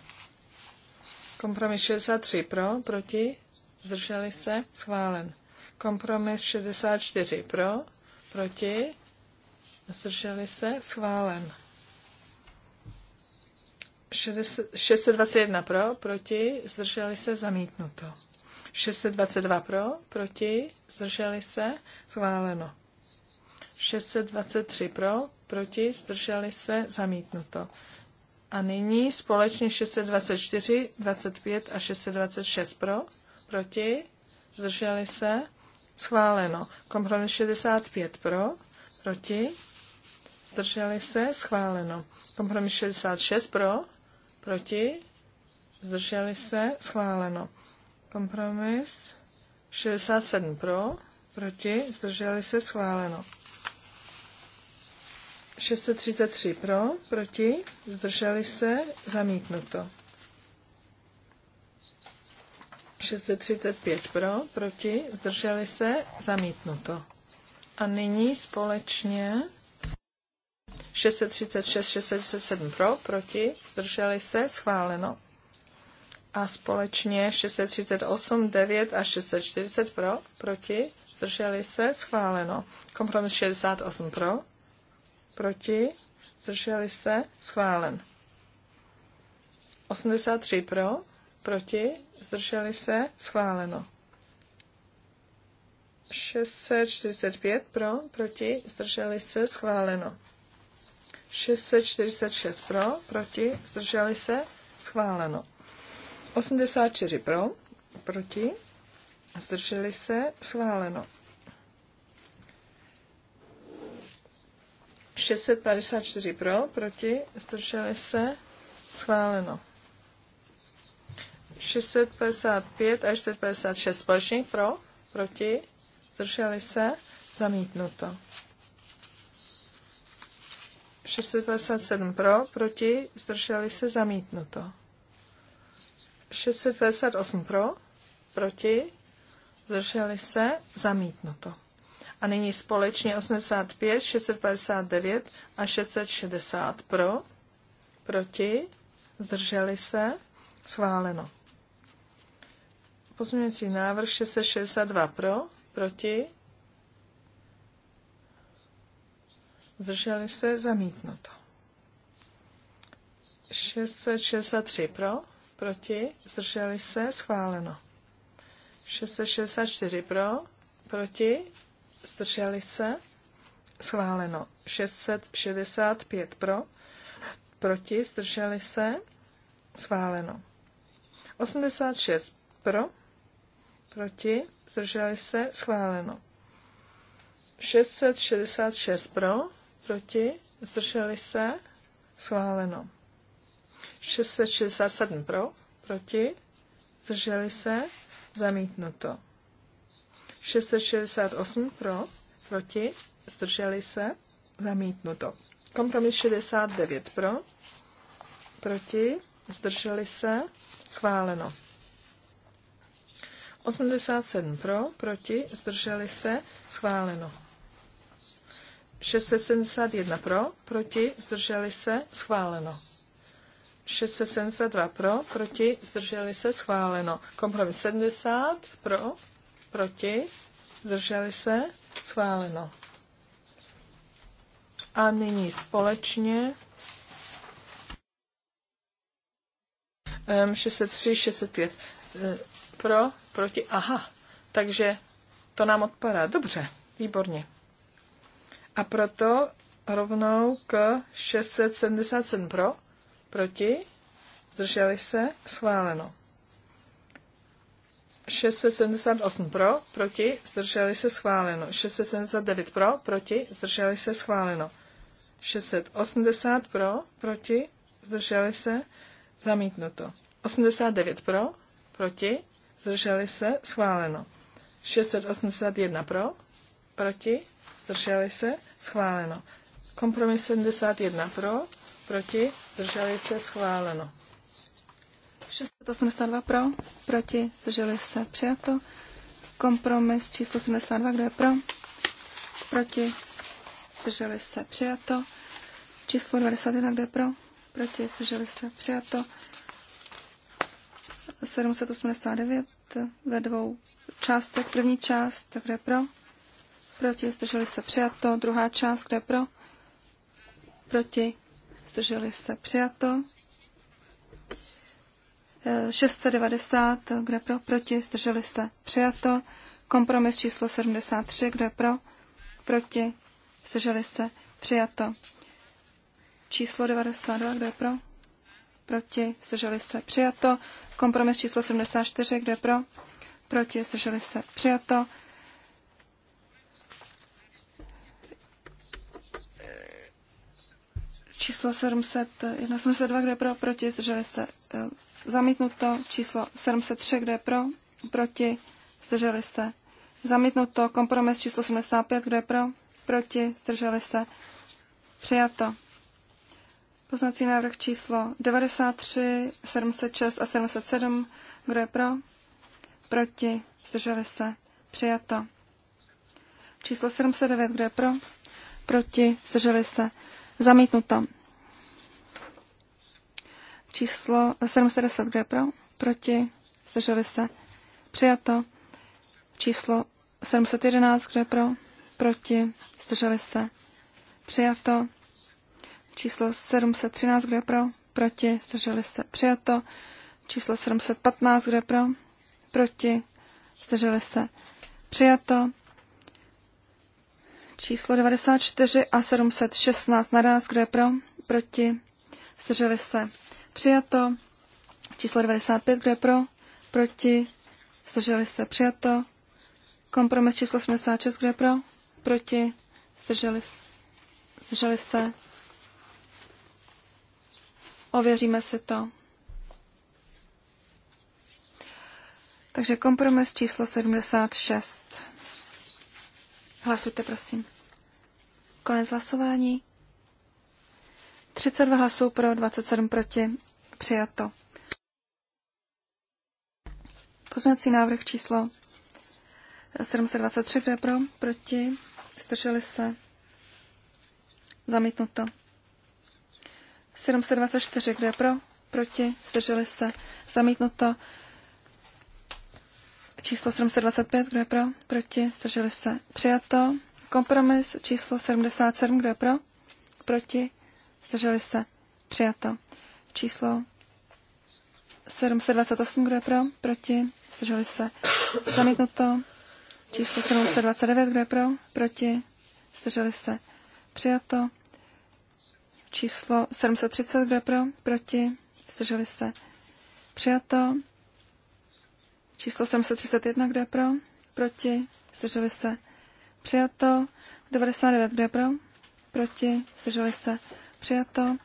Kompromis 63 pro, proti, zdrželi se, schválen. Kompromis 64 pro, proti, zdrželi se, schválen. 621 pro, proti, zdrželi se, zamítnuto. 622 pro, proti, zdrželi se, schváleno. 623 pro, proti, zdrželi se, zamítnuto. A nyní společně 624, 25 a 626 pro, proti, zdrželi se, schváleno. Kompromis 65 pro, proti, zdrželi se, schváleno. Kompromis 66 pro, proti, zdrželi se, schváleno. Kompromis 67 pro, proti, zdrželi se, schváleno. 633 pro, proti, zdrželi se, zamítnuto. 635 pro, proti, zdrželi se, zamítnuto. A nyní společně 636, 637 pro, proti, zdrželi se, schváleno. A společně 638, 9 a 640 pro, proti, zdrželi se, schváleno. Kompromis 68 pro, proti, zdrželi se, schválen. 83 pro, proti, zdrželi se, schváleno. 645 pro, proti, zdrželi se, schváleno. 646 pro, proti, zdrželi se, schváleno. 84 pro, proti, zdrželi se, schváleno. 654 pro, proti, zdrželi se, schváleno. 655 až 656 společných pro, proti, zdrželi se, zamítnuto. 657 pro, proti, zdrželi se, zamítnuto. 658 pro, proti, zdrželi se, zamítnuto. A nyní společně 85, 659 a 660 pro, proti, zdrželi se, schváleno. Pozměňující návrh 662 pro, proti, zdrželi se, zamítnuto. 663 pro, proti, zdrželi se, schváleno. 664 pro, proti, zdrželi se, schváleno 665 pro, proti, zdrželi se, schváleno 86 pro, proti, zdrželi se, schváleno 666 pro, proti, zdrželi se, schváleno 667 pro, proti, zdrželi se, zamítnuto. 668 pro, proti, zdrželi se, zamítnuto. Kompromis 69 pro, proti, zdrželi se, schváleno. 87 pro, proti, zdrželi se, schváleno. 671 pro, proti, zdrželi se, schváleno. 672 pro, proti, zdrželi se, schváleno. Kompromis 70 pro, Proti? Zdrželi se? Schváleno. A nyní společně 603, 605. E, pro, proti, aha. Takže to nám odpadá. Dobře, výborně. A proto rovnou k 677 pro, proti, zdrželi se, schváleno. 678 pro, proti, zdrželi se schváleno. 679 pro, proti, zdrželi se schváleno. 680 pro, proti, zdrželi se, zamítnuto. 89 pro, proti, zdrželi se, schváleno. 681 pro, proti, zdrželi se, schváleno. Kompromis 71 pro, proti, zdrželi se, schváleno. 682 pro, proti, zdrželi se, přijato. Kompromis číslo 72, kdo je pro, proti, zdrželi se, přijato. Číslo 91, kdo je pro, proti, zdrželi se, přijato. 789 ve dvou částech. První část, kdo je pro, proti, zdrželi se, přijato. Druhá část, kdo je pro, proti, zdrželi se, přijato. 690, kdo je pro, proti, zdrželi se, přijato. Kompromis číslo 73, kdo je pro, proti, zdrželi se, přijato. Číslo 92, kdo je pro, proti, zdrželi se, přijato. Kompromis číslo 74, kdo je pro, proti, zdrželi se, přijato. Číslo 701, kdo je pro, proti, zdrželi se, eh, Zamítnuto číslo 703, kdo je pro, proti, zdrželi se. Zamítnuto kompromis číslo 75, kdo je pro, proti, zdrželi se. Přijato. Poznací návrh číslo 93, 706 a 707, kdo je pro, proti, zdrželi se. Přijato. Číslo 709, kdo je pro, proti, zdrželi se. Zamítnuto. Číslo 710, kdo je pro? Proti? Zdrželi se? Přijato. Číslo 711, kdo je pro? Proti? Zdrželi se? Přijato. Číslo 713, kdo je pro? Proti? Zdrželi se? Přijato. Číslo 715, kdo je pro? Proti? Zdrželi se? Přijato číslo 94 a 716 naraz. Kdo je pro? Proti? Zdrželi se přijato. Číslo 95, kdo je pro, proti, zdrželi se, přijato. Kompromis číslo 76, kdo je pro, proti, zdrželi, zdrželi se. Ověříme si to. Takže kompromis číslo 76. Hlasujte, prosím. Konec hlasování. 32 hlasů pro, 27 proti. Přijato. Pozměňovací návrh číslo 723, kde pro, proti, zdrželi se, zamítnuto. 724, kde pro, proti, zdrželi se, zamítnuto. Číslo 725, je pro, proti, zdrželi se, přijato. Kompromis číslo 77, je pro, proti, zdrželi se, přijato. Číslo 728, kdo je pro, proti, zdrželi se, zamítnuto. Číslo 729, kdo je pro, proti, zdrželi se, přijato. Číslo 730, kdo je pro, proti, zdrželi se, přijato. Číslo 731, kdo je pro, proti, zdrželi se, přijato. 99, kdo je pro, proti, zdrželi se, Přijato.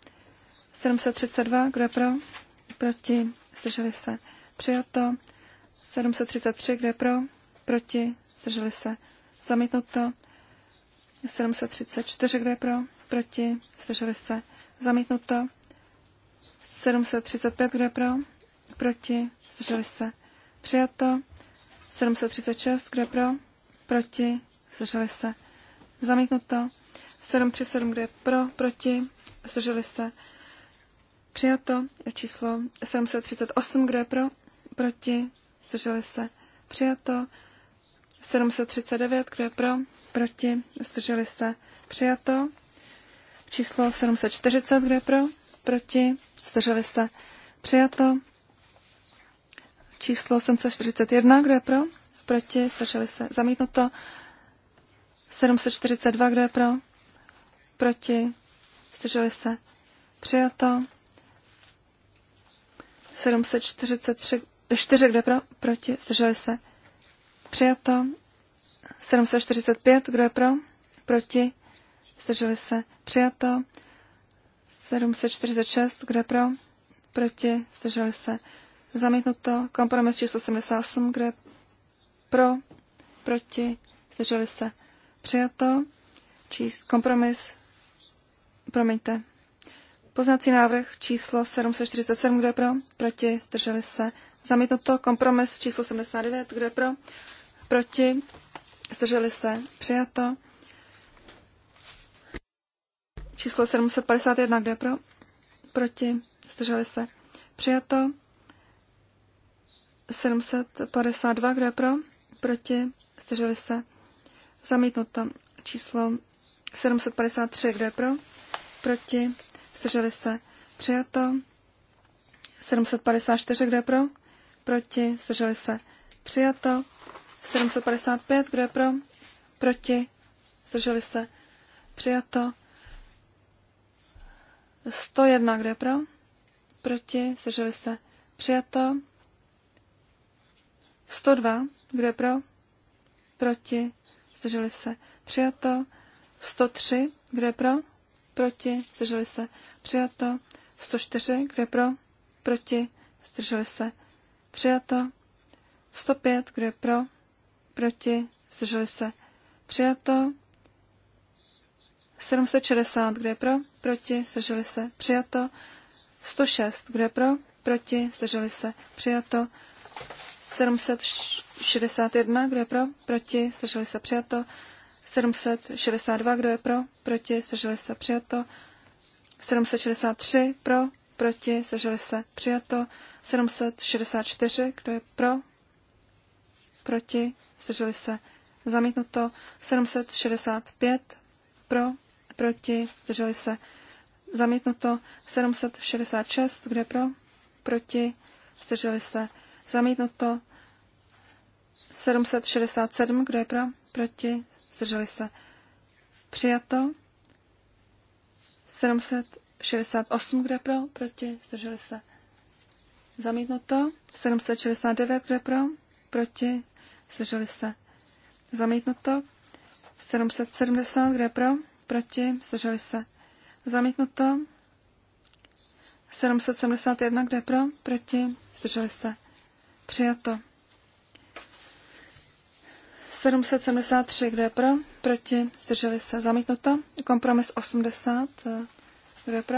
732. Kdo je pro? Proti. Zdrželi se. Přijato. 733. Kdo je pro? Proti. Zdrželi se. Zamítnuto. 734. Kdo je pro? Proti. Zdrželi se. Zamítnuto. 735. Kdo je pro? Proti. Zdrželi se. Přijato. 736. Kdo je pro? Proti. Zdrželi se. Zamítnuto. 737, kdo je pro, proti, zdrželi se, přijato. Číslo 738, kdo je pro, proti, zdrželi se, přijato. 739, kdo je pro, proti, zdrželi se, přijato. Číslo 740, kdo je pro, proti, zdrželi se, přijato. Číslo 741, kdo je pro, proti, zdrželi se, zamítnuto. 742, kdo je pro, proti, zdrželi se, přijato. 743, 4, kdo je pro, proti, zdrželi se, přijato. 745, kdo je pro, proti, zdrželi se, přijato. 746, kdo je pro, proti, zdrželi se, zamítnuto. Kompromis číslo 78, kdo je pro, proti, zdrželi se, přijato. Čís, kompromis promiňte, poznací návrh číslo 747, kdo je pro, proti, zdrželi se, zamítnuto, kompromis číslo 79, kdo je pro, proti, zdrželi se, přijato, číslo 751, kdo je pro, proti, zdrželi se, přijato, 752, kdo je pro, proti, zdrželi se, zamítnuto, číslo 753, kdo je pro, proti, zdrželi se, přijato. 754, kdo je pro, proti, zdrželi se, přijato. 755, kdo je pro, proti, zdrželi se, přijato. 101, kdo je pro, proti, zdrželi se, přijato. 102, kdo je pro, proti, zdrželi se, přijato. 103, kdo je pro, proti, zdrželi se, přijato. 104, kdo je pro, proti, zdrželi se, přijato. 105, kdo je pro, proti, zdrželi se, přijato. 760, kdo je pro, proti, zdrželi se, přijato. 106, kdo je pro, proti, zdrželi se, přijato. 761, kdo je pro, proti, zdrželi se, přijato. 762, kdo je pro, proti, zdrželi se, přijato. 763 pro, proti, zdrželi se, přijato. 764, kdo je pro, proti, zdrželi se, zamítnuto. 765 pro, proti, zdrželi se, zamítnuto. 766, kdo je pro, proti, zdrželi se, zamítnuto. 767, kdo je pro, proti, zdrželi se přijato. 768, kde pro, proti, zdrželi se zamítnuto. 769, kde pro, proti, zdrželi se zamítnuto. 770, kde pro, proti, zdrželi se zamítnuto. 771, kde pro, proti, zdrželi se přijato. 773, kdo je pro? Proti? Zdrželi se? Zamítnuto. Kompromis 80, eh, kdo je pro?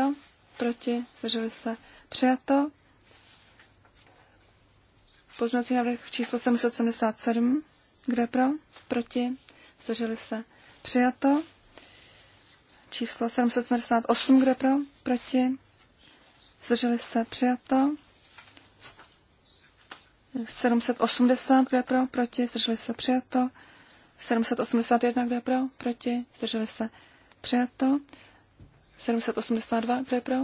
Proti? Zdrželi se? Přijato. Pozměňovací návrh číslo 777, kdo je pro? Proti? Zdrželi se? Přijato. Číslo 778, kdo je pro? Proti? Zdrželi se? Přijato. 780, kdo je pro, proti, zdrželi se, přijato. 781, kdo je pro, proti, zdrželi se, přijato. 782, kdo je pro,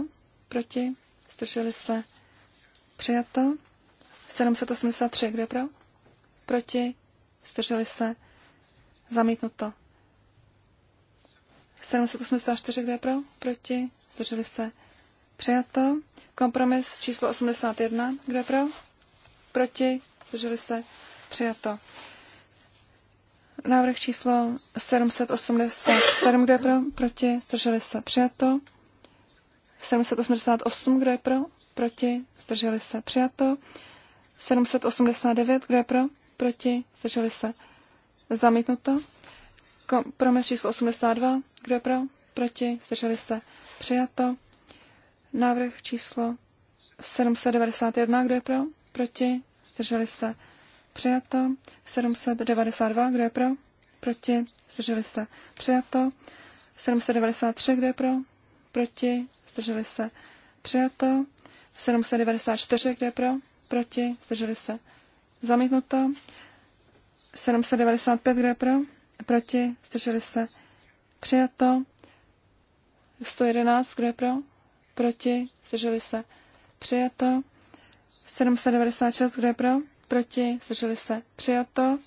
proti, zdrželi se, přijato. 783, kdo je pro, proti, zdrželi se, zamítnuto. 784, kdo je pro, proti, zdrželi se, přijato. Kompromis číslo 81, kdo je pro, Proti? Zdrželi se? Přijato. Návrh číslo 787, kdo je pro? Proti? Zdrželi se? Přijato. 788, kdo je pro? Proti? Zdrželi se? Přijato. 789, kdo je pro? Proti? Zdrželi se? Zamítnuto. Kompromis číslo 82, kdo je pro? Proti? Zdrželi se? Přijato. Návrh číslo 791, kdo je pro? proti, zdrželi se, přijato. 792, kdo je pro, proti, zdrželi se, přijato. 793, kdo je pro, proti, zdrželi se, přijato. 794, kdo je pro, proti, zdrželi se, zamítnuto. 795, kdo je pro, proti, zdrželi se, přijato. 111, kdo je pro, proti, zdrželi se, přijato. 796, kdo je pro? Proti, zdrželi se, přijato.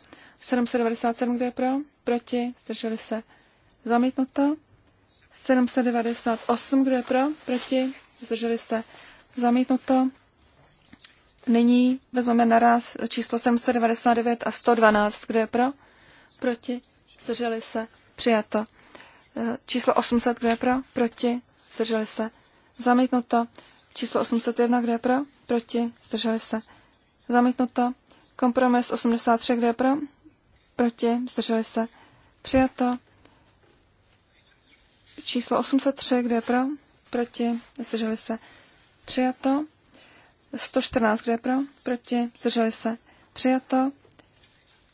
797, kdo je pro? Proti, zdrželi se, zamítnuto. 798, kdo je pro? Proti, zdrželi se, zamítnuto. Nyní vezmeme naraz číslo 799 a 112, kdo je pro? Proti, zdrželi se, přijato. E, číslo 800, kdo je pro? Proti, zdrželi se, zamítnuto. Číslo 801, kde je pro? Proti. Zdrželi se. Zamítnuto. Kompromis 83, kde je pro? Proti. Zdrželi se. Přijato. Číslo 803, kde je pro? Proti. Zdrželi se. Přijato. 114, kde je pro? Proti. Zdrželi se. Přijato.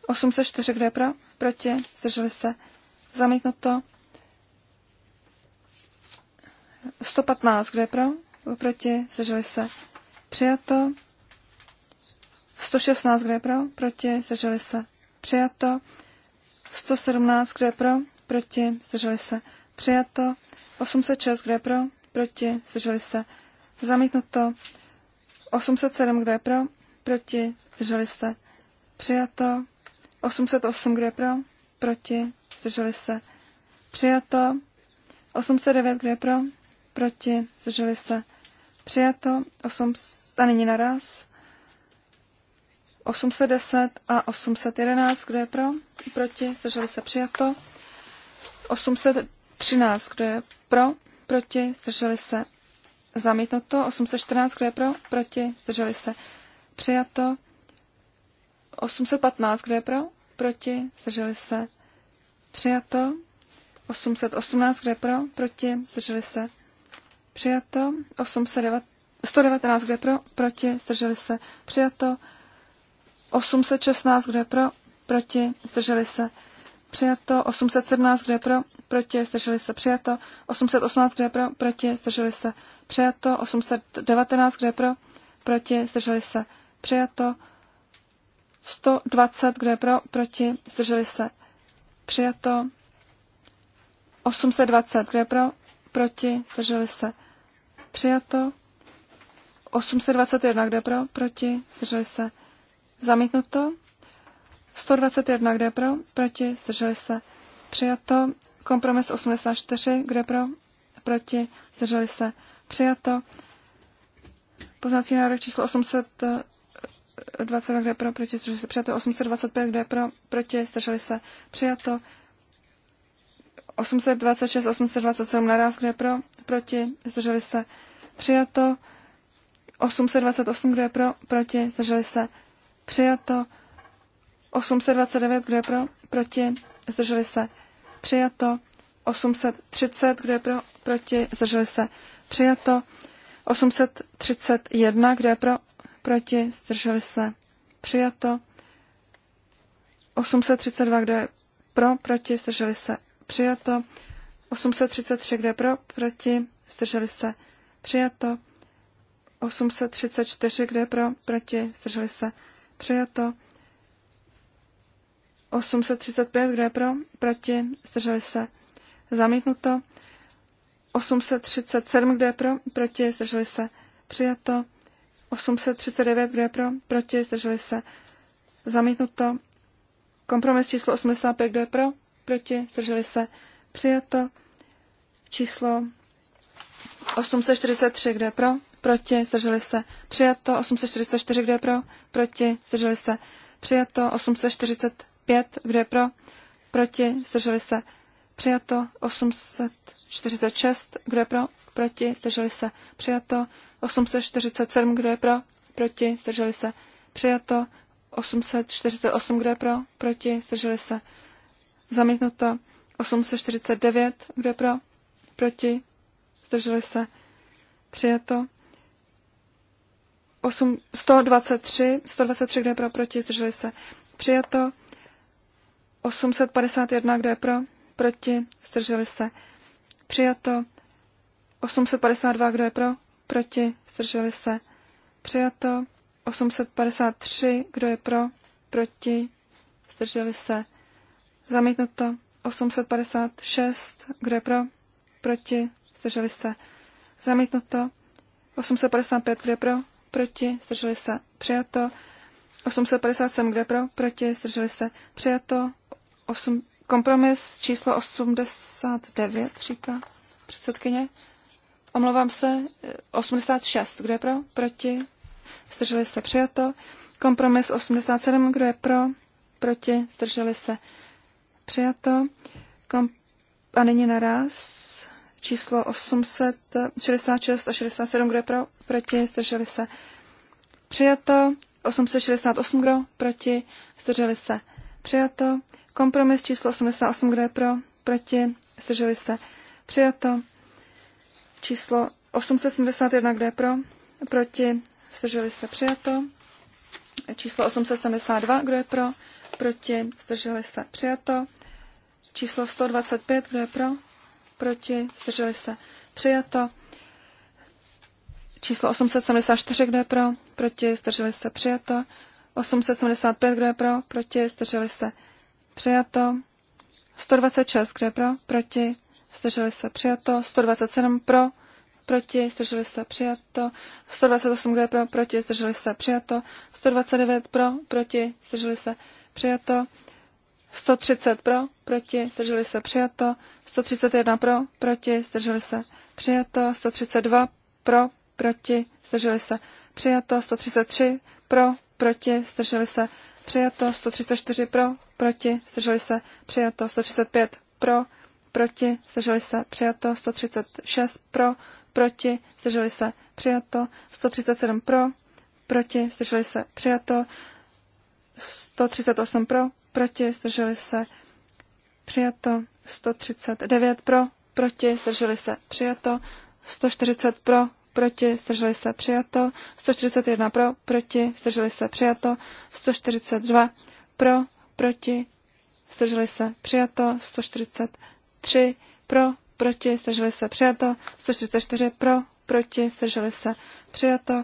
804, kde je pro? Proti. Zdrželi se. Zamítnuto. 115, kde je pro? proti, zdrželi se, přijato. 116, kdo je pro, proti, zdrželi se, přijato. 117, kdo je pro, proti, zdrželi se, přijato. 806, kdo je pro, proti, zdrželi se, zamítnuto. 807, kdo je pro, proti, zdrželi se, přijato. 808, kdo je pro, proti, zdrželi se, přijato. 809, kdo je pro, proti, zdrželi se, Přijato 8, a nyní naraz. 810 a 811, kdo je pro? Proti, zdrželi se přijato. 813, kdo je pro? Proti, zdrželi se zamítnuto. 814, kdo je pro? Proti, zdrželi se přijato. 815, kdo je pro? Proti, zdrželi se přijato. 818, kdo je pro? Proti, zdrželi se Přijato. 809, 119, je pro, proti, zdrželi se. Přijato. 816, kdo je pro, proti, zdrželi se. Přijato 817, kdo je pro, proti, zdrželi se přijato. 818, kdo je pro, proti, zdrželi se přijato. 819, kdo je pro, proti, zdrželi se přijato. 120, kdo je pro, proti, zdrželi se přijato. 820, kdo je pro, proti, zdrželi se Přijato. 821, kde pro? Proti. Zdrželi se. Zamítnuto. 121, kde pro? Proti. Zdrželi se. Přijato. Kompromis 84, kde pro? Proti. Zdrželi se. Přijato. Poznací návrh číslo 822, kde pro? Proti. Zdrželi se. Přijato. 825, kde pro? Proti. Zdrželi se. Přijato. 826, 827 naraz, kde pro? Proti. Zdrželi se přijato. 828, kdo je pro, proti, zdrželi se, přijato. 829, kdo je pro, proti, zdrželi se, přijato. 830, kdo je pro, proti, zdrželi se, přijato. 831, kdo je pro, proti, zdrželi se, přijato. 832, kdo je pro, proti, zdrželi se, přijato. 833, kdo je pro, proti, zdrželi se, Přijato, přijato. 834, kde je pro, proti, zdrželi se, přijato. 835, kde je pro, proti, zdrželi se, zamítnuto. 837, kde je pro, proti, zdrželi se, přijato. 839, kde je pro, proti, zdrželi se, zamítnuto. Kompromis číslo 85, kde je pro, proti, zdrželi se, přijato. Číslo 843, kdo je pro, proti, zdrželi se, přijato, 844, kdo je pro, proti, zdrželi se, přijato, 845, kdo je pro, proti, zdrželi se, přijato, 846, kdo je pro, proti, zdrželi se, přijato, 847, kdo je pro, proti, zdrželi se, přijato, 848, kdo je pro, proti, zdrželi se, zamítnuto, 849, kdo je pro, proti, zdrželi se, přijato. 8, 123, 123, kdo je pro, proti, zdrželi se, přijato. 851, kdo je pro, proti, zdrželi se, přijato. 852, kdo je pro, proti, zdrželi se, přijato. 853, kdo je pro, proti, zdrželi se, zamítnuto. 856, kdo je pro, proti, zdrželi se, zamítnuto. 855, kde pro, proti, zdrželi se, přijato. 857, kde pro, proti, zdrželi se, přijato. 8, kompromis číslo 89, říká předsedkyně. Omlouvám se, 86, kde pro, proti, zdrželi se, přijato. Kompromis 87, kdo je pro, proti, zdrželi se, přijato. Kom- a nyní naraz číslo 866 a 67, kdo je pro, proti, zdrželi se. Přijato. 868, kdo proti, zdrželi se. Přijato. Kompromis číslo 88, kdo je pro, proti, zdrželi se. Přijato. Číslo 871, kdo je pro, proti, zdrželi se. Přijato. Číslo 872, kdo je pro, proti, zdrželi se. Přijato. Číslo 125, kdo je pro, proti, zdrželi se, přijato. Číslo 874, kdo je pro, proti, zdrželi se, přijato. 875, kdo je pro, proti, zdrželi se, přijato. 126, kdo je pro, proti, zdrželi se, přijato. 127 pro, proti, zdrželi se, přijato. 128, kdo je pro, proti, zdrželi se, přijato. 129 pro, proti, zdrželi se, přijato. 130 pro, proti, zdrželi se přijato. 131 pro, proti, zdrželi se přijato. 132 pro, proti, zdrželi se přijato. 133 pro, proti, zdrželi se přijato. 134 pro, proti, zdrželi se přijato. 135 pro, proti, zdrželi se přijato. 136 pro, proti, zdrželi se přijato. 137 pro, proti, zdrželi se přijato. 138 pro, proti, zdrželi se, přijato. 139 pro, proti, zdrželi se, přijato. 140 pro, proti, zdrželi se, přijato. 141 pro, proti, zdrželi se, přijato. 142 pro, proti, zdrželi se, přijato. 143 pro, proti, zdrželi se, přijato. 144 pro, proti, zdrželi se, přijato.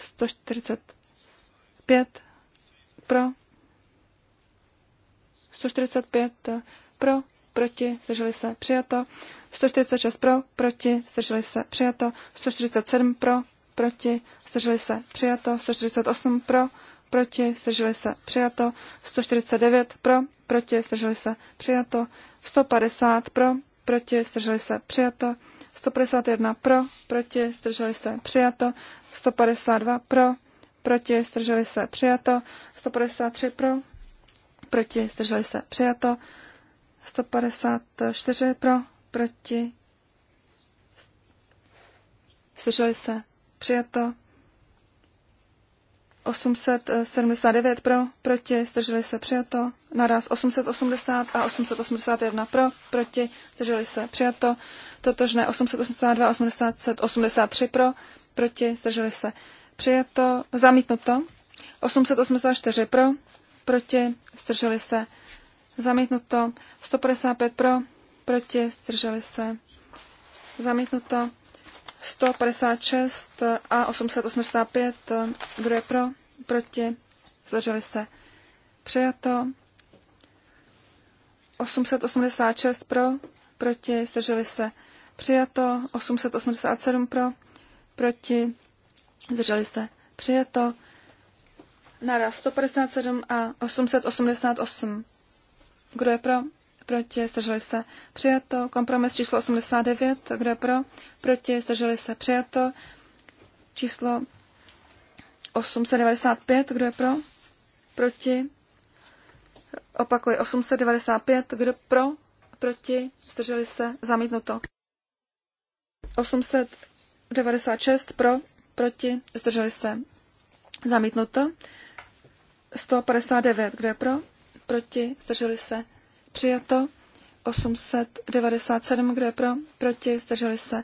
145 pro, 145 eh, pro, proti, zdrželi se, přijato, 146 pro, proti, zdrželi se, přijato, 147 pro, proti, zdrželi se, přijato, 148 pro, proti, zdrželi se, přijato, 149 pro, proti, zdrželi se, přijato, 150 pro, proti, zdrželi se, přijato, 151 pro, proti, zdrželi se, přijato, 152 pro, proti, zdrželi se, přijato. 153 pro, proti, zdrželi se, přijato. 154 pro, proti, zdrželi se, přijato. 879 pro, proti, zdrželi se, přijato. Naraz 880 a 881 pro, proti, zdrželi se, přijato. Totožné 882, 883 pro, proti, zdrželi se, přijato, zamítnuto. 884 pro, proti, zdrželi se. Zamítnuto. 155 pro, proti, zdrželi se. Zamítnuto. 156 a 885, kdo je pro, proti, zdrželi se. Přijato. 886 pro, proti, zdrželi se. Přijato. 887 pro, proti, zdrželi se, přijato. Naraz 157 a 888. Kdo je pro? Proti, zdrželi se, přijato. Kompromis číslo 89. Kdo je pro? Proti, zdrželi se, přijato. Číslo 895. Kdo je pro? Proti. Opakuji, 895. Kdo pro? Proti, zdrželi se, zamítnuto. 896 pro, proti, zdrželi se, zamítnuto. 159, kdo je pro, proti, zdrželi se, přijato. 897, kdo je pro, proti, zdrželi se,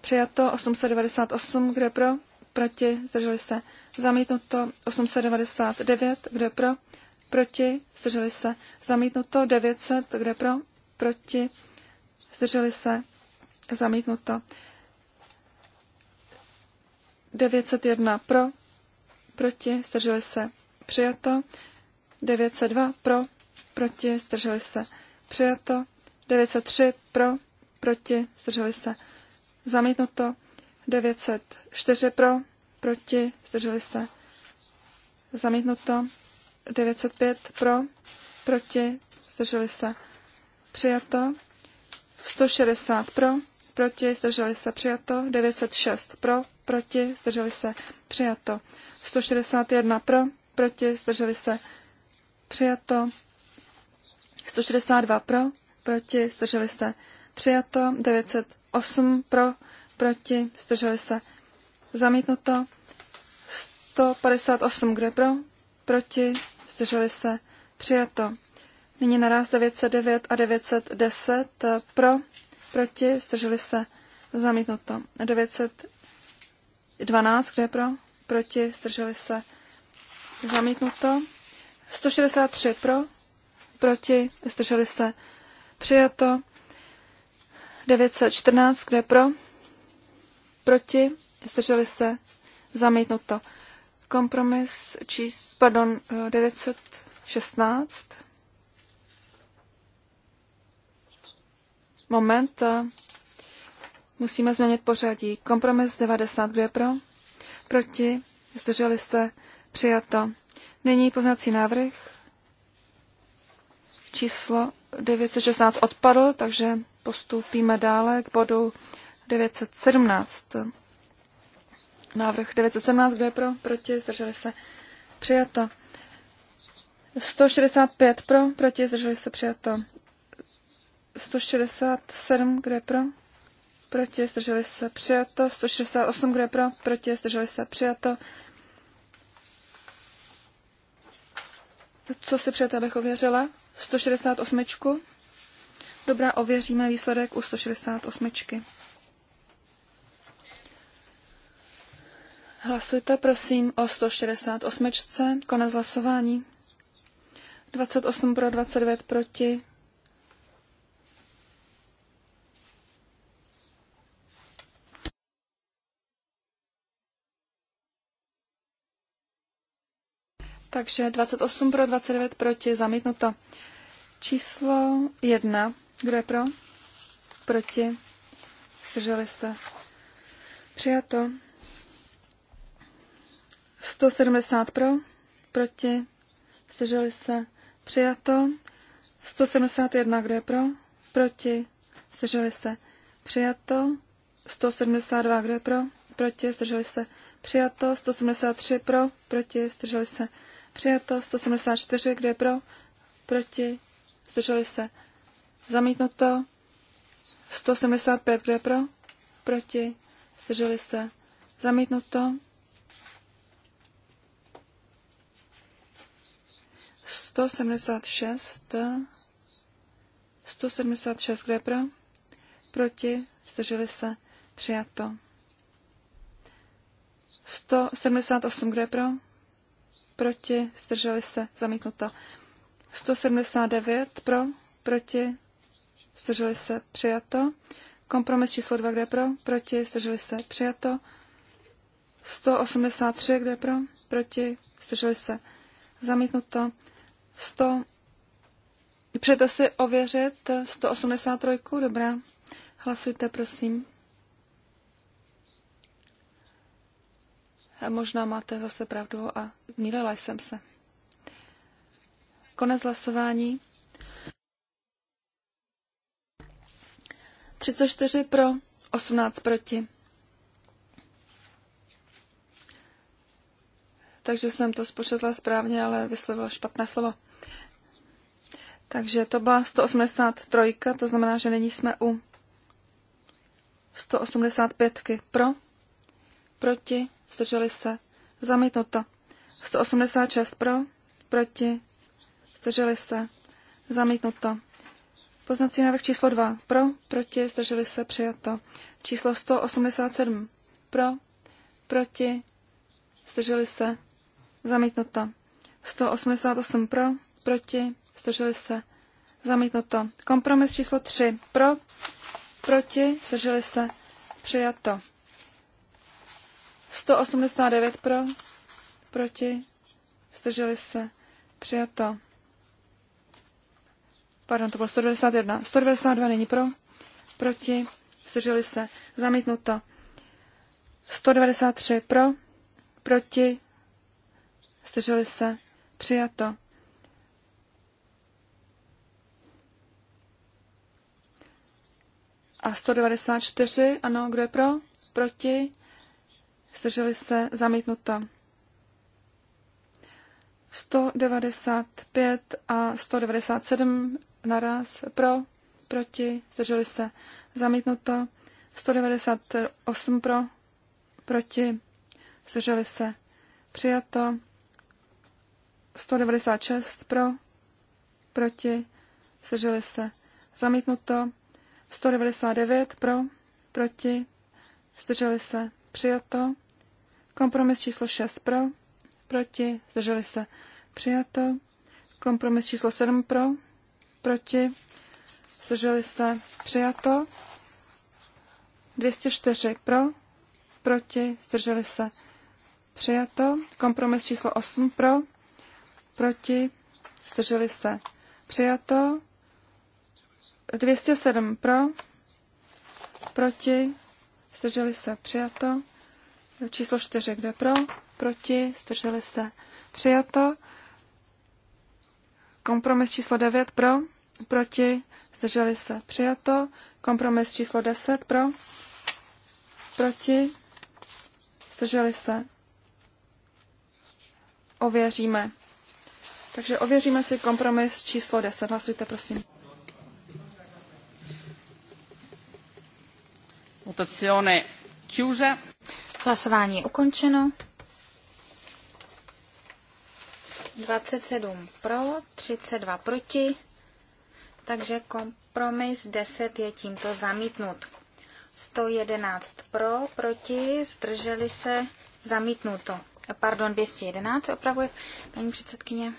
přijato. 898, kdo je pro, proti, zdrželi se, zamítnuto. 899, kdo je pro, proti, zdrželi se, zamítnuto. 900, kdo je pro, proti, zdrželi se, zamítnuto. 901 pro, proti, zdrželi se, přijato. 902 pro, proti, zdrželi se, přijato. 903 pro, proti, zdrželi se, zamítnuto. 904 pro, proti, zdrželi se, zamítnuto. 905 pro, proti, zdrželi se, přijato. 160 pro, proti, zdrželi se, přijato. 906 pro, proti, zdrželi se, přijato. 161 pro, proti, zdrželi se, přijato. 162 pro, proti, zdrželi se, přijato. 908 pro, proti, zdrželi se, zamítnuto. 158 kde pro, proti, zdrželi se, přijato. Nyní naraz 909 a 910 pro, proti, zdrželi se, zamítnuto. 900 12, kde je pro? Proti, zdrželi se. Zamítnuto. 163 pro, proti, zdrželi se. Přijato. 914, kde je pro? Proti, zdrželi se. Zamítnuto. Kompromis čís, pardon, 916. Moment, Musíme změnit pořadí. Kompromis 90, kdo je pro? Proti? Zdrželi se? Přijato. Nyní poznací návrh. Číslo 916 odpadl, takže postupíme dále k bodu 917. Návrh 917, kdo je pro? Proti? Zdrželi se? Přijato. 165 pro, proti, zdrželi se přijato. 167, kdo je pro? proti, zdrželi se, přijato. 168, kdo je pro, proti, zdrželi se, přijato. Co si přijete, abych ověřila? 168. Dobrá, ověříme výsledek u 168. Hlasujte prosím o 168. Konec hlasování. 28 pro, 29 proti. Takže 28 pro, 29 proti, zamítnuto. Číslo 1, kdo je pro? Proti, zdrželi se. Přijato. 170 pro, proti, zdrželi se. Přijato. 171, kdo je pro? Proti, zdrželi se. Přijato. 172, kdo je pro? Proti, zdrželi se. Přijato. 173 pro, proti, zdrželi se. Přijato 174, kde je pro? Proti? Zdrželi se. Zamítnuto 175, kde je pro? Proti? Zdrželi se. Zamítnuto 176. 176, kde je pro? Proti? Zdrželi se. Přijato. 178, kde je pro? proti, zdrželi se, zamítnuto. 179 pro, proti, zdrželi se, přijato. Kompromis číslo 2, kde pro, proti, zdrželi se, přijato. 183, kde pro, proti, zdrželi se, zamítnuto. 100, přijete si ověřit 183, dobrá. Hlasujte, prosím. Možná máte zase pravdu a zmílila jsem se. Konec hlasování. 34 pro, 18 proti. Takže jsem to spočetla správně, ale vyslovila špatné slovo. Takže to byla 183, to znamená, že nyní jsme u 185 pro, proti, zdrželi se, zamítnuto. 186 pro, proti, zdrželi se, zamítnuto. Poznací návrh číslo 2. Pro, proti, zdrželi se, přijato. Číslo 187. Pro, proti, zdrželi se, zamítnuto. 188 pro, proti, zdrželi se, zamítnuto. Kompromis číslo 3. Pro, proti, zdrželi se, přijato. 189 pro, proti, zdrželi se, přijato. Pardon, to bylo 191. 192 není pro, proti, zdrželi se, zamítnuto. 193 pro, proti, zdrželi se, přijato. A 194, ano, kdo je pro? Proti? Zdrželi se zamítnuto. 195 a 197 naraz pro, proti, zdrželi se zamítnuto. 198 pro, proti, zdrželi se přijato. 196 pro, proti, zdrželi se zamítnuto. 199 pro, proti, zdrželi se přijato. Kompromis číslo 6 pro, proti, zdrželi se, přijato. Kompromis číslo 7 pro, proti, zdrželi se, přijato. 204 pro, proti, zdrželi se, přijato. Kompromis číslo 8 pro, proti, zdrželi se, přijato. 207 pro, proti, zdrželi se, přijato. Číslo čtyři, kde pro, proti, zdrželi se, přijato. Kompromis číslo devět pro, proti, zdrželi se, přijato. Kompromis číslo deset pro, proti, zdrželi se. Ověříme. Takže ověříme si kompromis číslo 10. Hlasujte, prosím. Votazione chiusa. Hlasování je ukončeno. 27 pro, 32 proti, takže kompromis 10 je tímto zamítnut. 111 pro, proti, zdrželi se, zamítnuto. Pardon, 211 opravuje paní předsedkyně.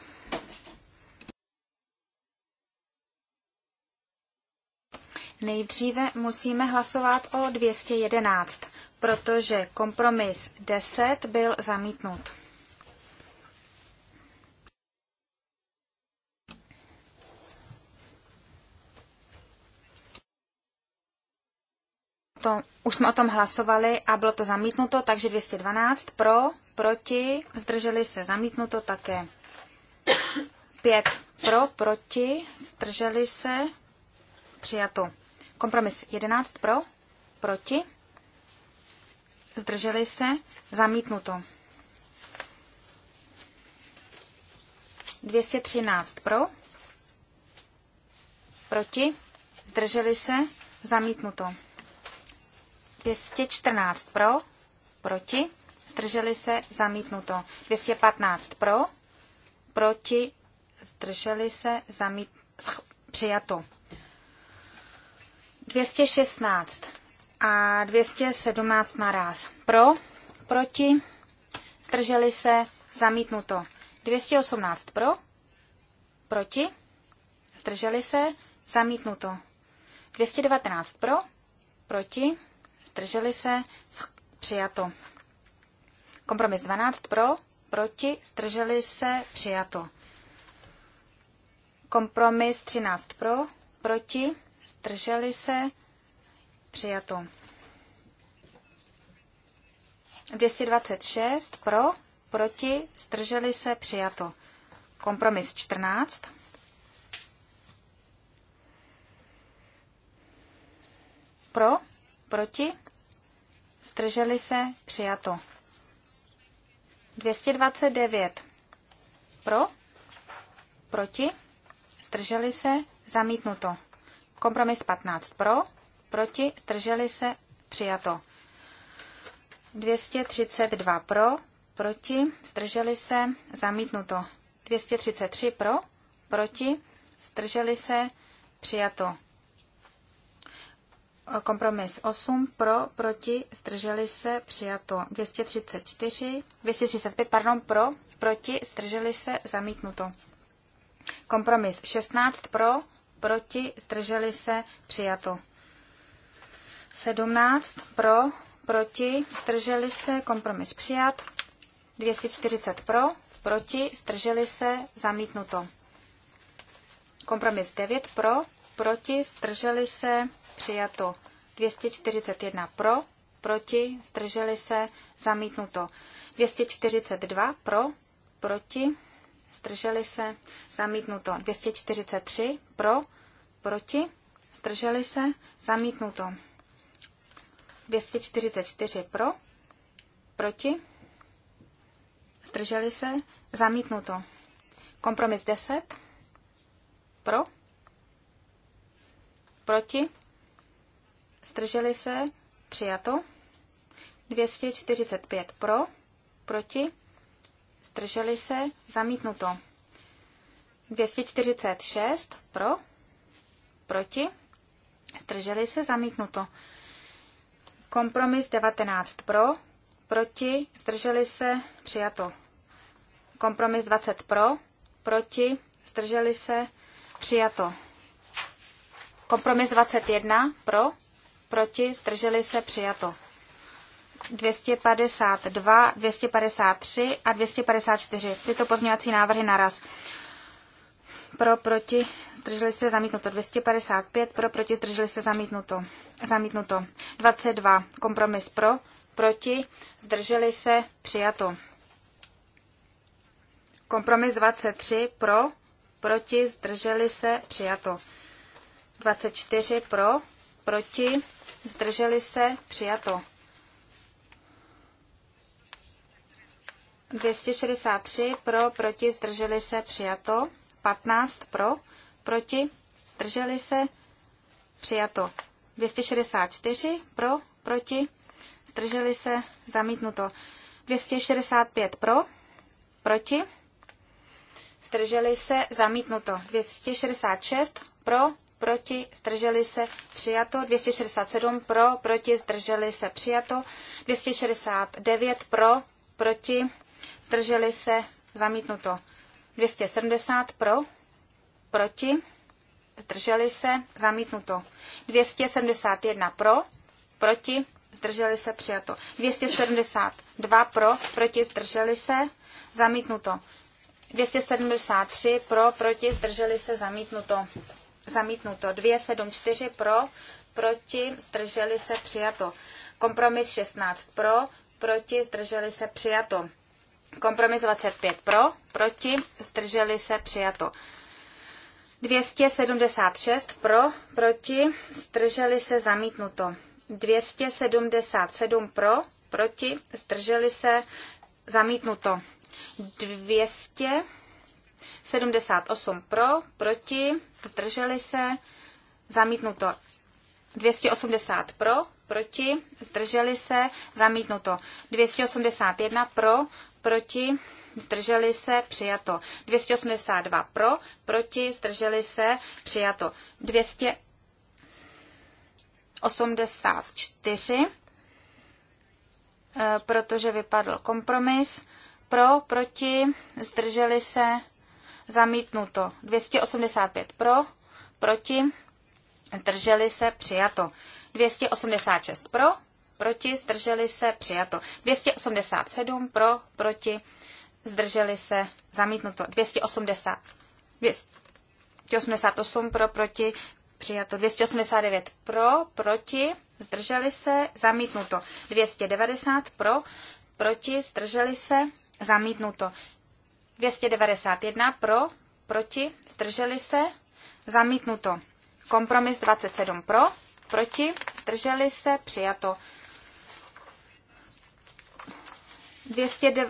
Nejdříve musíme hlasovat o 211 protože kompromis 10 byl zamítnut. To, už jsme o tom hlasovali a bylo to zamítnuto, takže 212 pro, proti, zdrželi se zamítnuto také. 5 pro, proti, zdrželi se, přijato. Kompromis 11 pro, proti, zdrželi se, zamítnuto. 213 pro, proti, zdrželi se, zamítnuto. 214 pro, proti, zdrželi se, zamítnuto. 215 pro, proti, zdrželi se, zamít, přijato. 216 a 217 naraz. Pro, proti, zdrželi se, zamítnuto. 218 pro, proti, zdrželi se, zamítnuto. 219 pro, proti, zdrželi se, přijato. Kompromis 12 pro, proti, zdrželi se, přijato. Kompromis 13 pro, proti, zdrželi se, Přijato. 226 pro, proti, strželi se, přijato. Kompromis 14. Pro, proti, strželi se, přijato. 229 pro, proti, strželi se, zamítnuto. Kompromis 15 pro, proti, zdrželi se, přijato. 232 pro, proti, zdrželi se, zamítnuto. 233 pro, proti, zdrželi se, přijato. Kompromis 8 pro, proti, zdrželi se, přijato. 234, 235, pardon, pro, proti, zdrželi se, zamítnuto. Kompromis 16 pro, proti, zdrželi se, přijato. 17 pro, proti, zdrželi se, kompromis přijat. 240 pro, proti, zdrželi se, zamítnuto. Kompromis 9 pro, proti, zdrželi se, přijato. 241 pro, proti, zdrželi se, zamítnuto. 242 pro, proti, zdrželi se, zamítnuto. 243 pro, proti, zdrželi se, zamítnuto. 244 pro, proti, zdrželi se, zamítnuto. Kompromis 10 pro, proti, zdrželi se, přijato. 245 pro, proti, zdrželi se, zamítnuto. 246 pro, proti, zdrželi se, zamítnuto. Kompromis 19 pro, proti, zdrželi se, přijato. Kompromis 20 pro, proti, zdrželi se, přijato. Kompromis 21 pro, proti, zdrželi se, přijato. 252, 253 a 254. Tyto pozměňovací návrhy naraz pro, proti, zdrželi se zamítnuto. 255 pro, proti, zdrželi se zamítnuto. Zamítnuto. 22 kompromis pro, proti, zdrželi se přijato. Kompromis 23 pro, proti, zdrželi se přijato. 24 pro, proti, zdrželi se přijato. 263 pro, proti, zdrželi se přijato. 15 pro, proti, zdrželi se, přijato. 264 pro, proti, zdrželi se, zamítnuto. 265 pro, proti, zdrželi se, zamítnuto. 266 pro, proti, zdrželi se, přijato. 267 pro, proti, zdrželi se, přijato. 269 pro, proti, zdrželi se, zamítnuto. 270 pro, proti, zdrželi se, zamítnuto. 271 pro, proti, zdrželi se, přijato. 272 pro, proti, zdrželi se, zamítnuto. 273 pro, proti, zdrželi se, zamítnuto. Zamítnuto. 274 pro, proti, zdrželi se, přijato. Kompromis 16 pro, proti, zdrželi se, přijato. Kompromis 25 pro, proti, zdrželi se, přijato. 276 pro, proti, zdrželi se, zamítnuto. 277 pro, proti, zdrželi se, zamítnuto. 278 pro, proti, zdrželi se, zamítnuto. 280 pro, proti, zdrželi se, zamítnuto. 281 pro, proti, zdrželi se, přijato. 282 pro, proti, zdrželi se, přijato. 284, eh, protože vypadl kompromis, pro, proti, zdrželi se, zamítnuto. 285 pro, proti, zdrželi se, přijato. 286 pro, proti, zdrželi se, přijato. 287 pro, proti, zdrželi se, zamítnuto. 280, 288 pro, proti, přijato. 289 pro, proti, zdrželi se, zamítnuto. 290 pro, proti, zdrželi se, zamítnuto. 291 pro, proti, zdrželi se, zamítnuto. Kompromis 27 pro, proti, zdrželi se, přijato. 294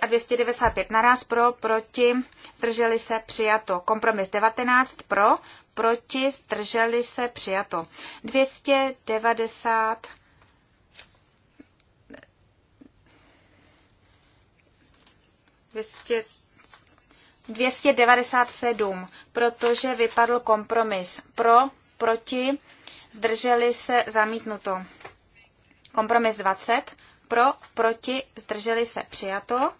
a 295 naraz pro, proti, zdrželi se, přijato. Kompromis 19 pro, proti, zdrželi se, přijato. 290 297, protože vypadl kompromis. Pro, proti, zdrželi se, zamítnuto. Kompromis 20, pro, proti, zdrželi se, přijato.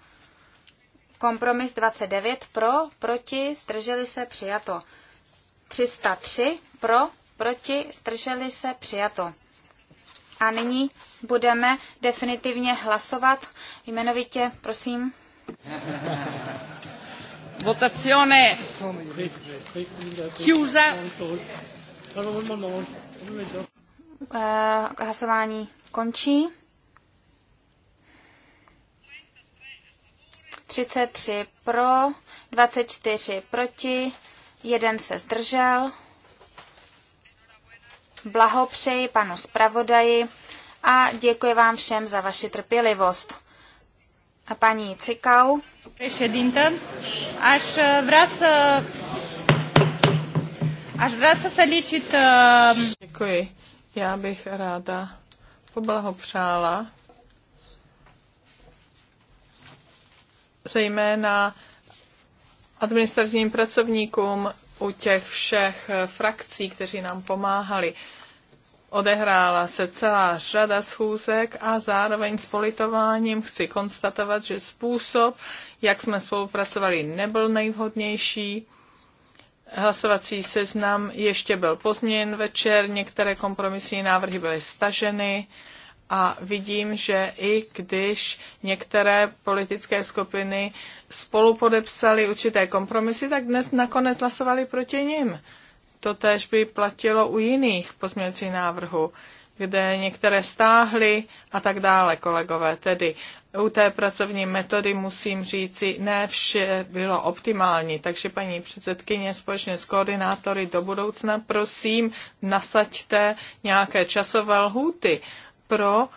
Kompromis 29 pro, proti, zdrželi se, přijato. 303 pro, proti, zdrželi se, přijato. A nyní budeme definitivně hlasovat. Jmenovitě, prosím. Votazione chiusa. Eh, hlasování končí. 33 pro, 24 proti, jeden se zdržel. Blahopřeji panu zpravodaji a děkuji vám všem za vaši trpělivost. A paní Cikau. Președinte, aș vrea să Aș vrea să felicit... Děkuji. Já bych ráda poblahopřála zejména administrativním pracovníkům u těch všech eh, frakcí, kteří nám pomáhali. Odehrála se celá řada schůzek a zároveň s politováním chci konstatovat, že způsob, jak jsme spolupracovali, nebyl nejvhodnější. Hlasovací seznam ještě byl pozměněn večer, některé kompromisní návrhy byly staženy a vidím, že i když některé politické skupiny spolu podepsaly určité kompromisy, tak dnes nakonec hlasovali proti nim. To tež by platilo u jiných pozměnčí návrhu, kde některé stáhly a tak dále, kolegové. Tedy u té pracovní metody musím říci, ne vše bylo optimální, takže paní předsedkyně společně s koordinátory do budoucna prosím nasaďte nějaké časové lhůty pro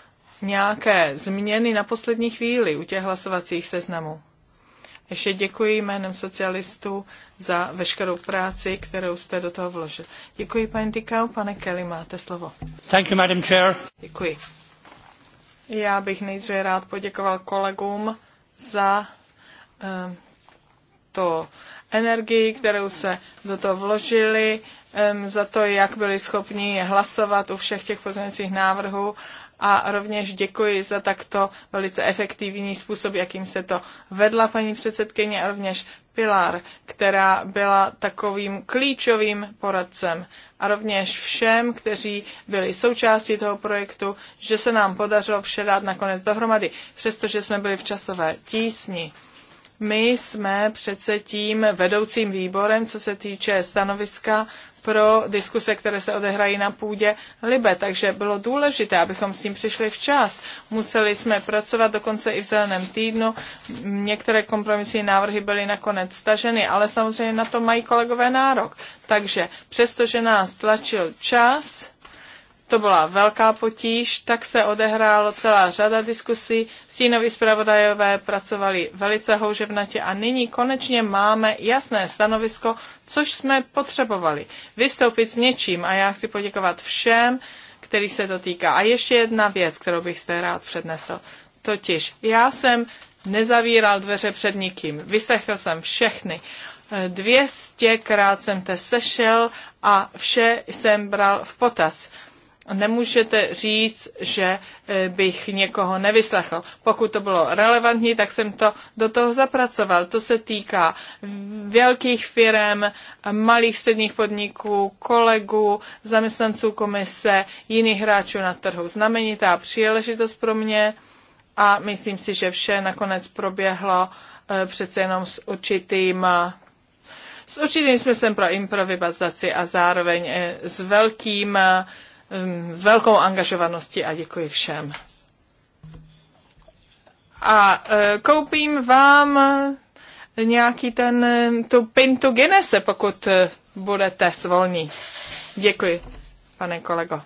nějaké změny na poslední chvíli u těch hlasovacích seznamů. Ještě děkuji jménem socialistů za veškerou práci, kterou jste do toho vložil. Děkuji, paní Dikau. Pane Kelly, máte slovo. Thank you, Madam Chair. Děkuji. Já bych nejdříve rád poděkoval kolegům za um, to energii, kterou se do toho vložili, um, za to, jak byli schopni hlasovat u všech těch pozměňovacích návrhů a rovněž děkuji za takto velice efektivní způsob, jakým se to vedla paní předsedkyně a rovněž Pilar, která byla takovým klíčovým poradcem a rovněž všem, kteří byli součástí toho projektu, že se nám podařilo vše dát nakonec dohromady, přestože jsme byli v časové tísni. My jsme přece tím vedoucím výborem, co se týče stanoviska pro diskuse, které se odehrají na půdě Libe. Takže bylo důležité, abychom s tím přišli včas. Museli jsme pracovat dokonce i v zeleném týdnu. Některé kompromisní návrhy byly nakonec staženy, ale samozřejmě na to mají kolegové nárok. Takže přestože nás tlačil čas, to byla velká potíž, tak se odehrálo celá řada diskusí, stínoví zpravodajové pracovali velice houževnatě a nyní konečně máme jasné stanovisko, což jsme potřebovali. Vystoupit s něčím a já chci poděkovat všem, který se to týká. A ještě jedna věc, kterou bych zde rád přednesl. Totiž já jsem nezavíral dveře před nikým. Vyslechl jsem všechny. 200krát jsem te sešel a vše jsem bral v potaz nemůžete říct, že eh, bych někoho nevyslechl. Pokud to bylo relevantní, tak jsem to do toho zapracoval. To se týká velkých firm, malých středních podniků, kolegů, zaměstnanců komise, jiných hráčů na trhu. Znamenitá příležitost pro mě a myslím si, že vše nakonec proběhlo eh, přece jenom s určitým s určitým smyslem pro improvizaci a zároveň eh, s velkým s velkou angažovaností a děkuji všem. A e, koupím vám nějaký ten, tu pintu Guinnesse, pokud e, budete svolní. Děkuji, pane kolego.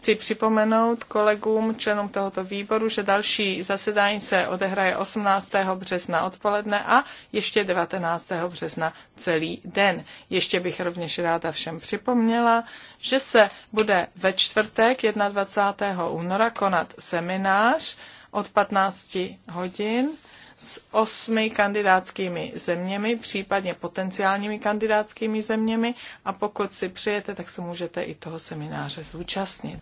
Chci připomenout kolegům, členům tohoto výboru, že další zasedání se odehraje 18. března odpoledne a ještě 19. března celý den. Ještě bych rovněž ráda všem připomněla, že se bude ve čtvrtek 21. února konat seminář od 15 hodin s osmi kandidátskými zeměmi, případně potenciálními kandidátskými zeměmi a pokud si přijete, tak se můžete i toho semináře zúčastnit.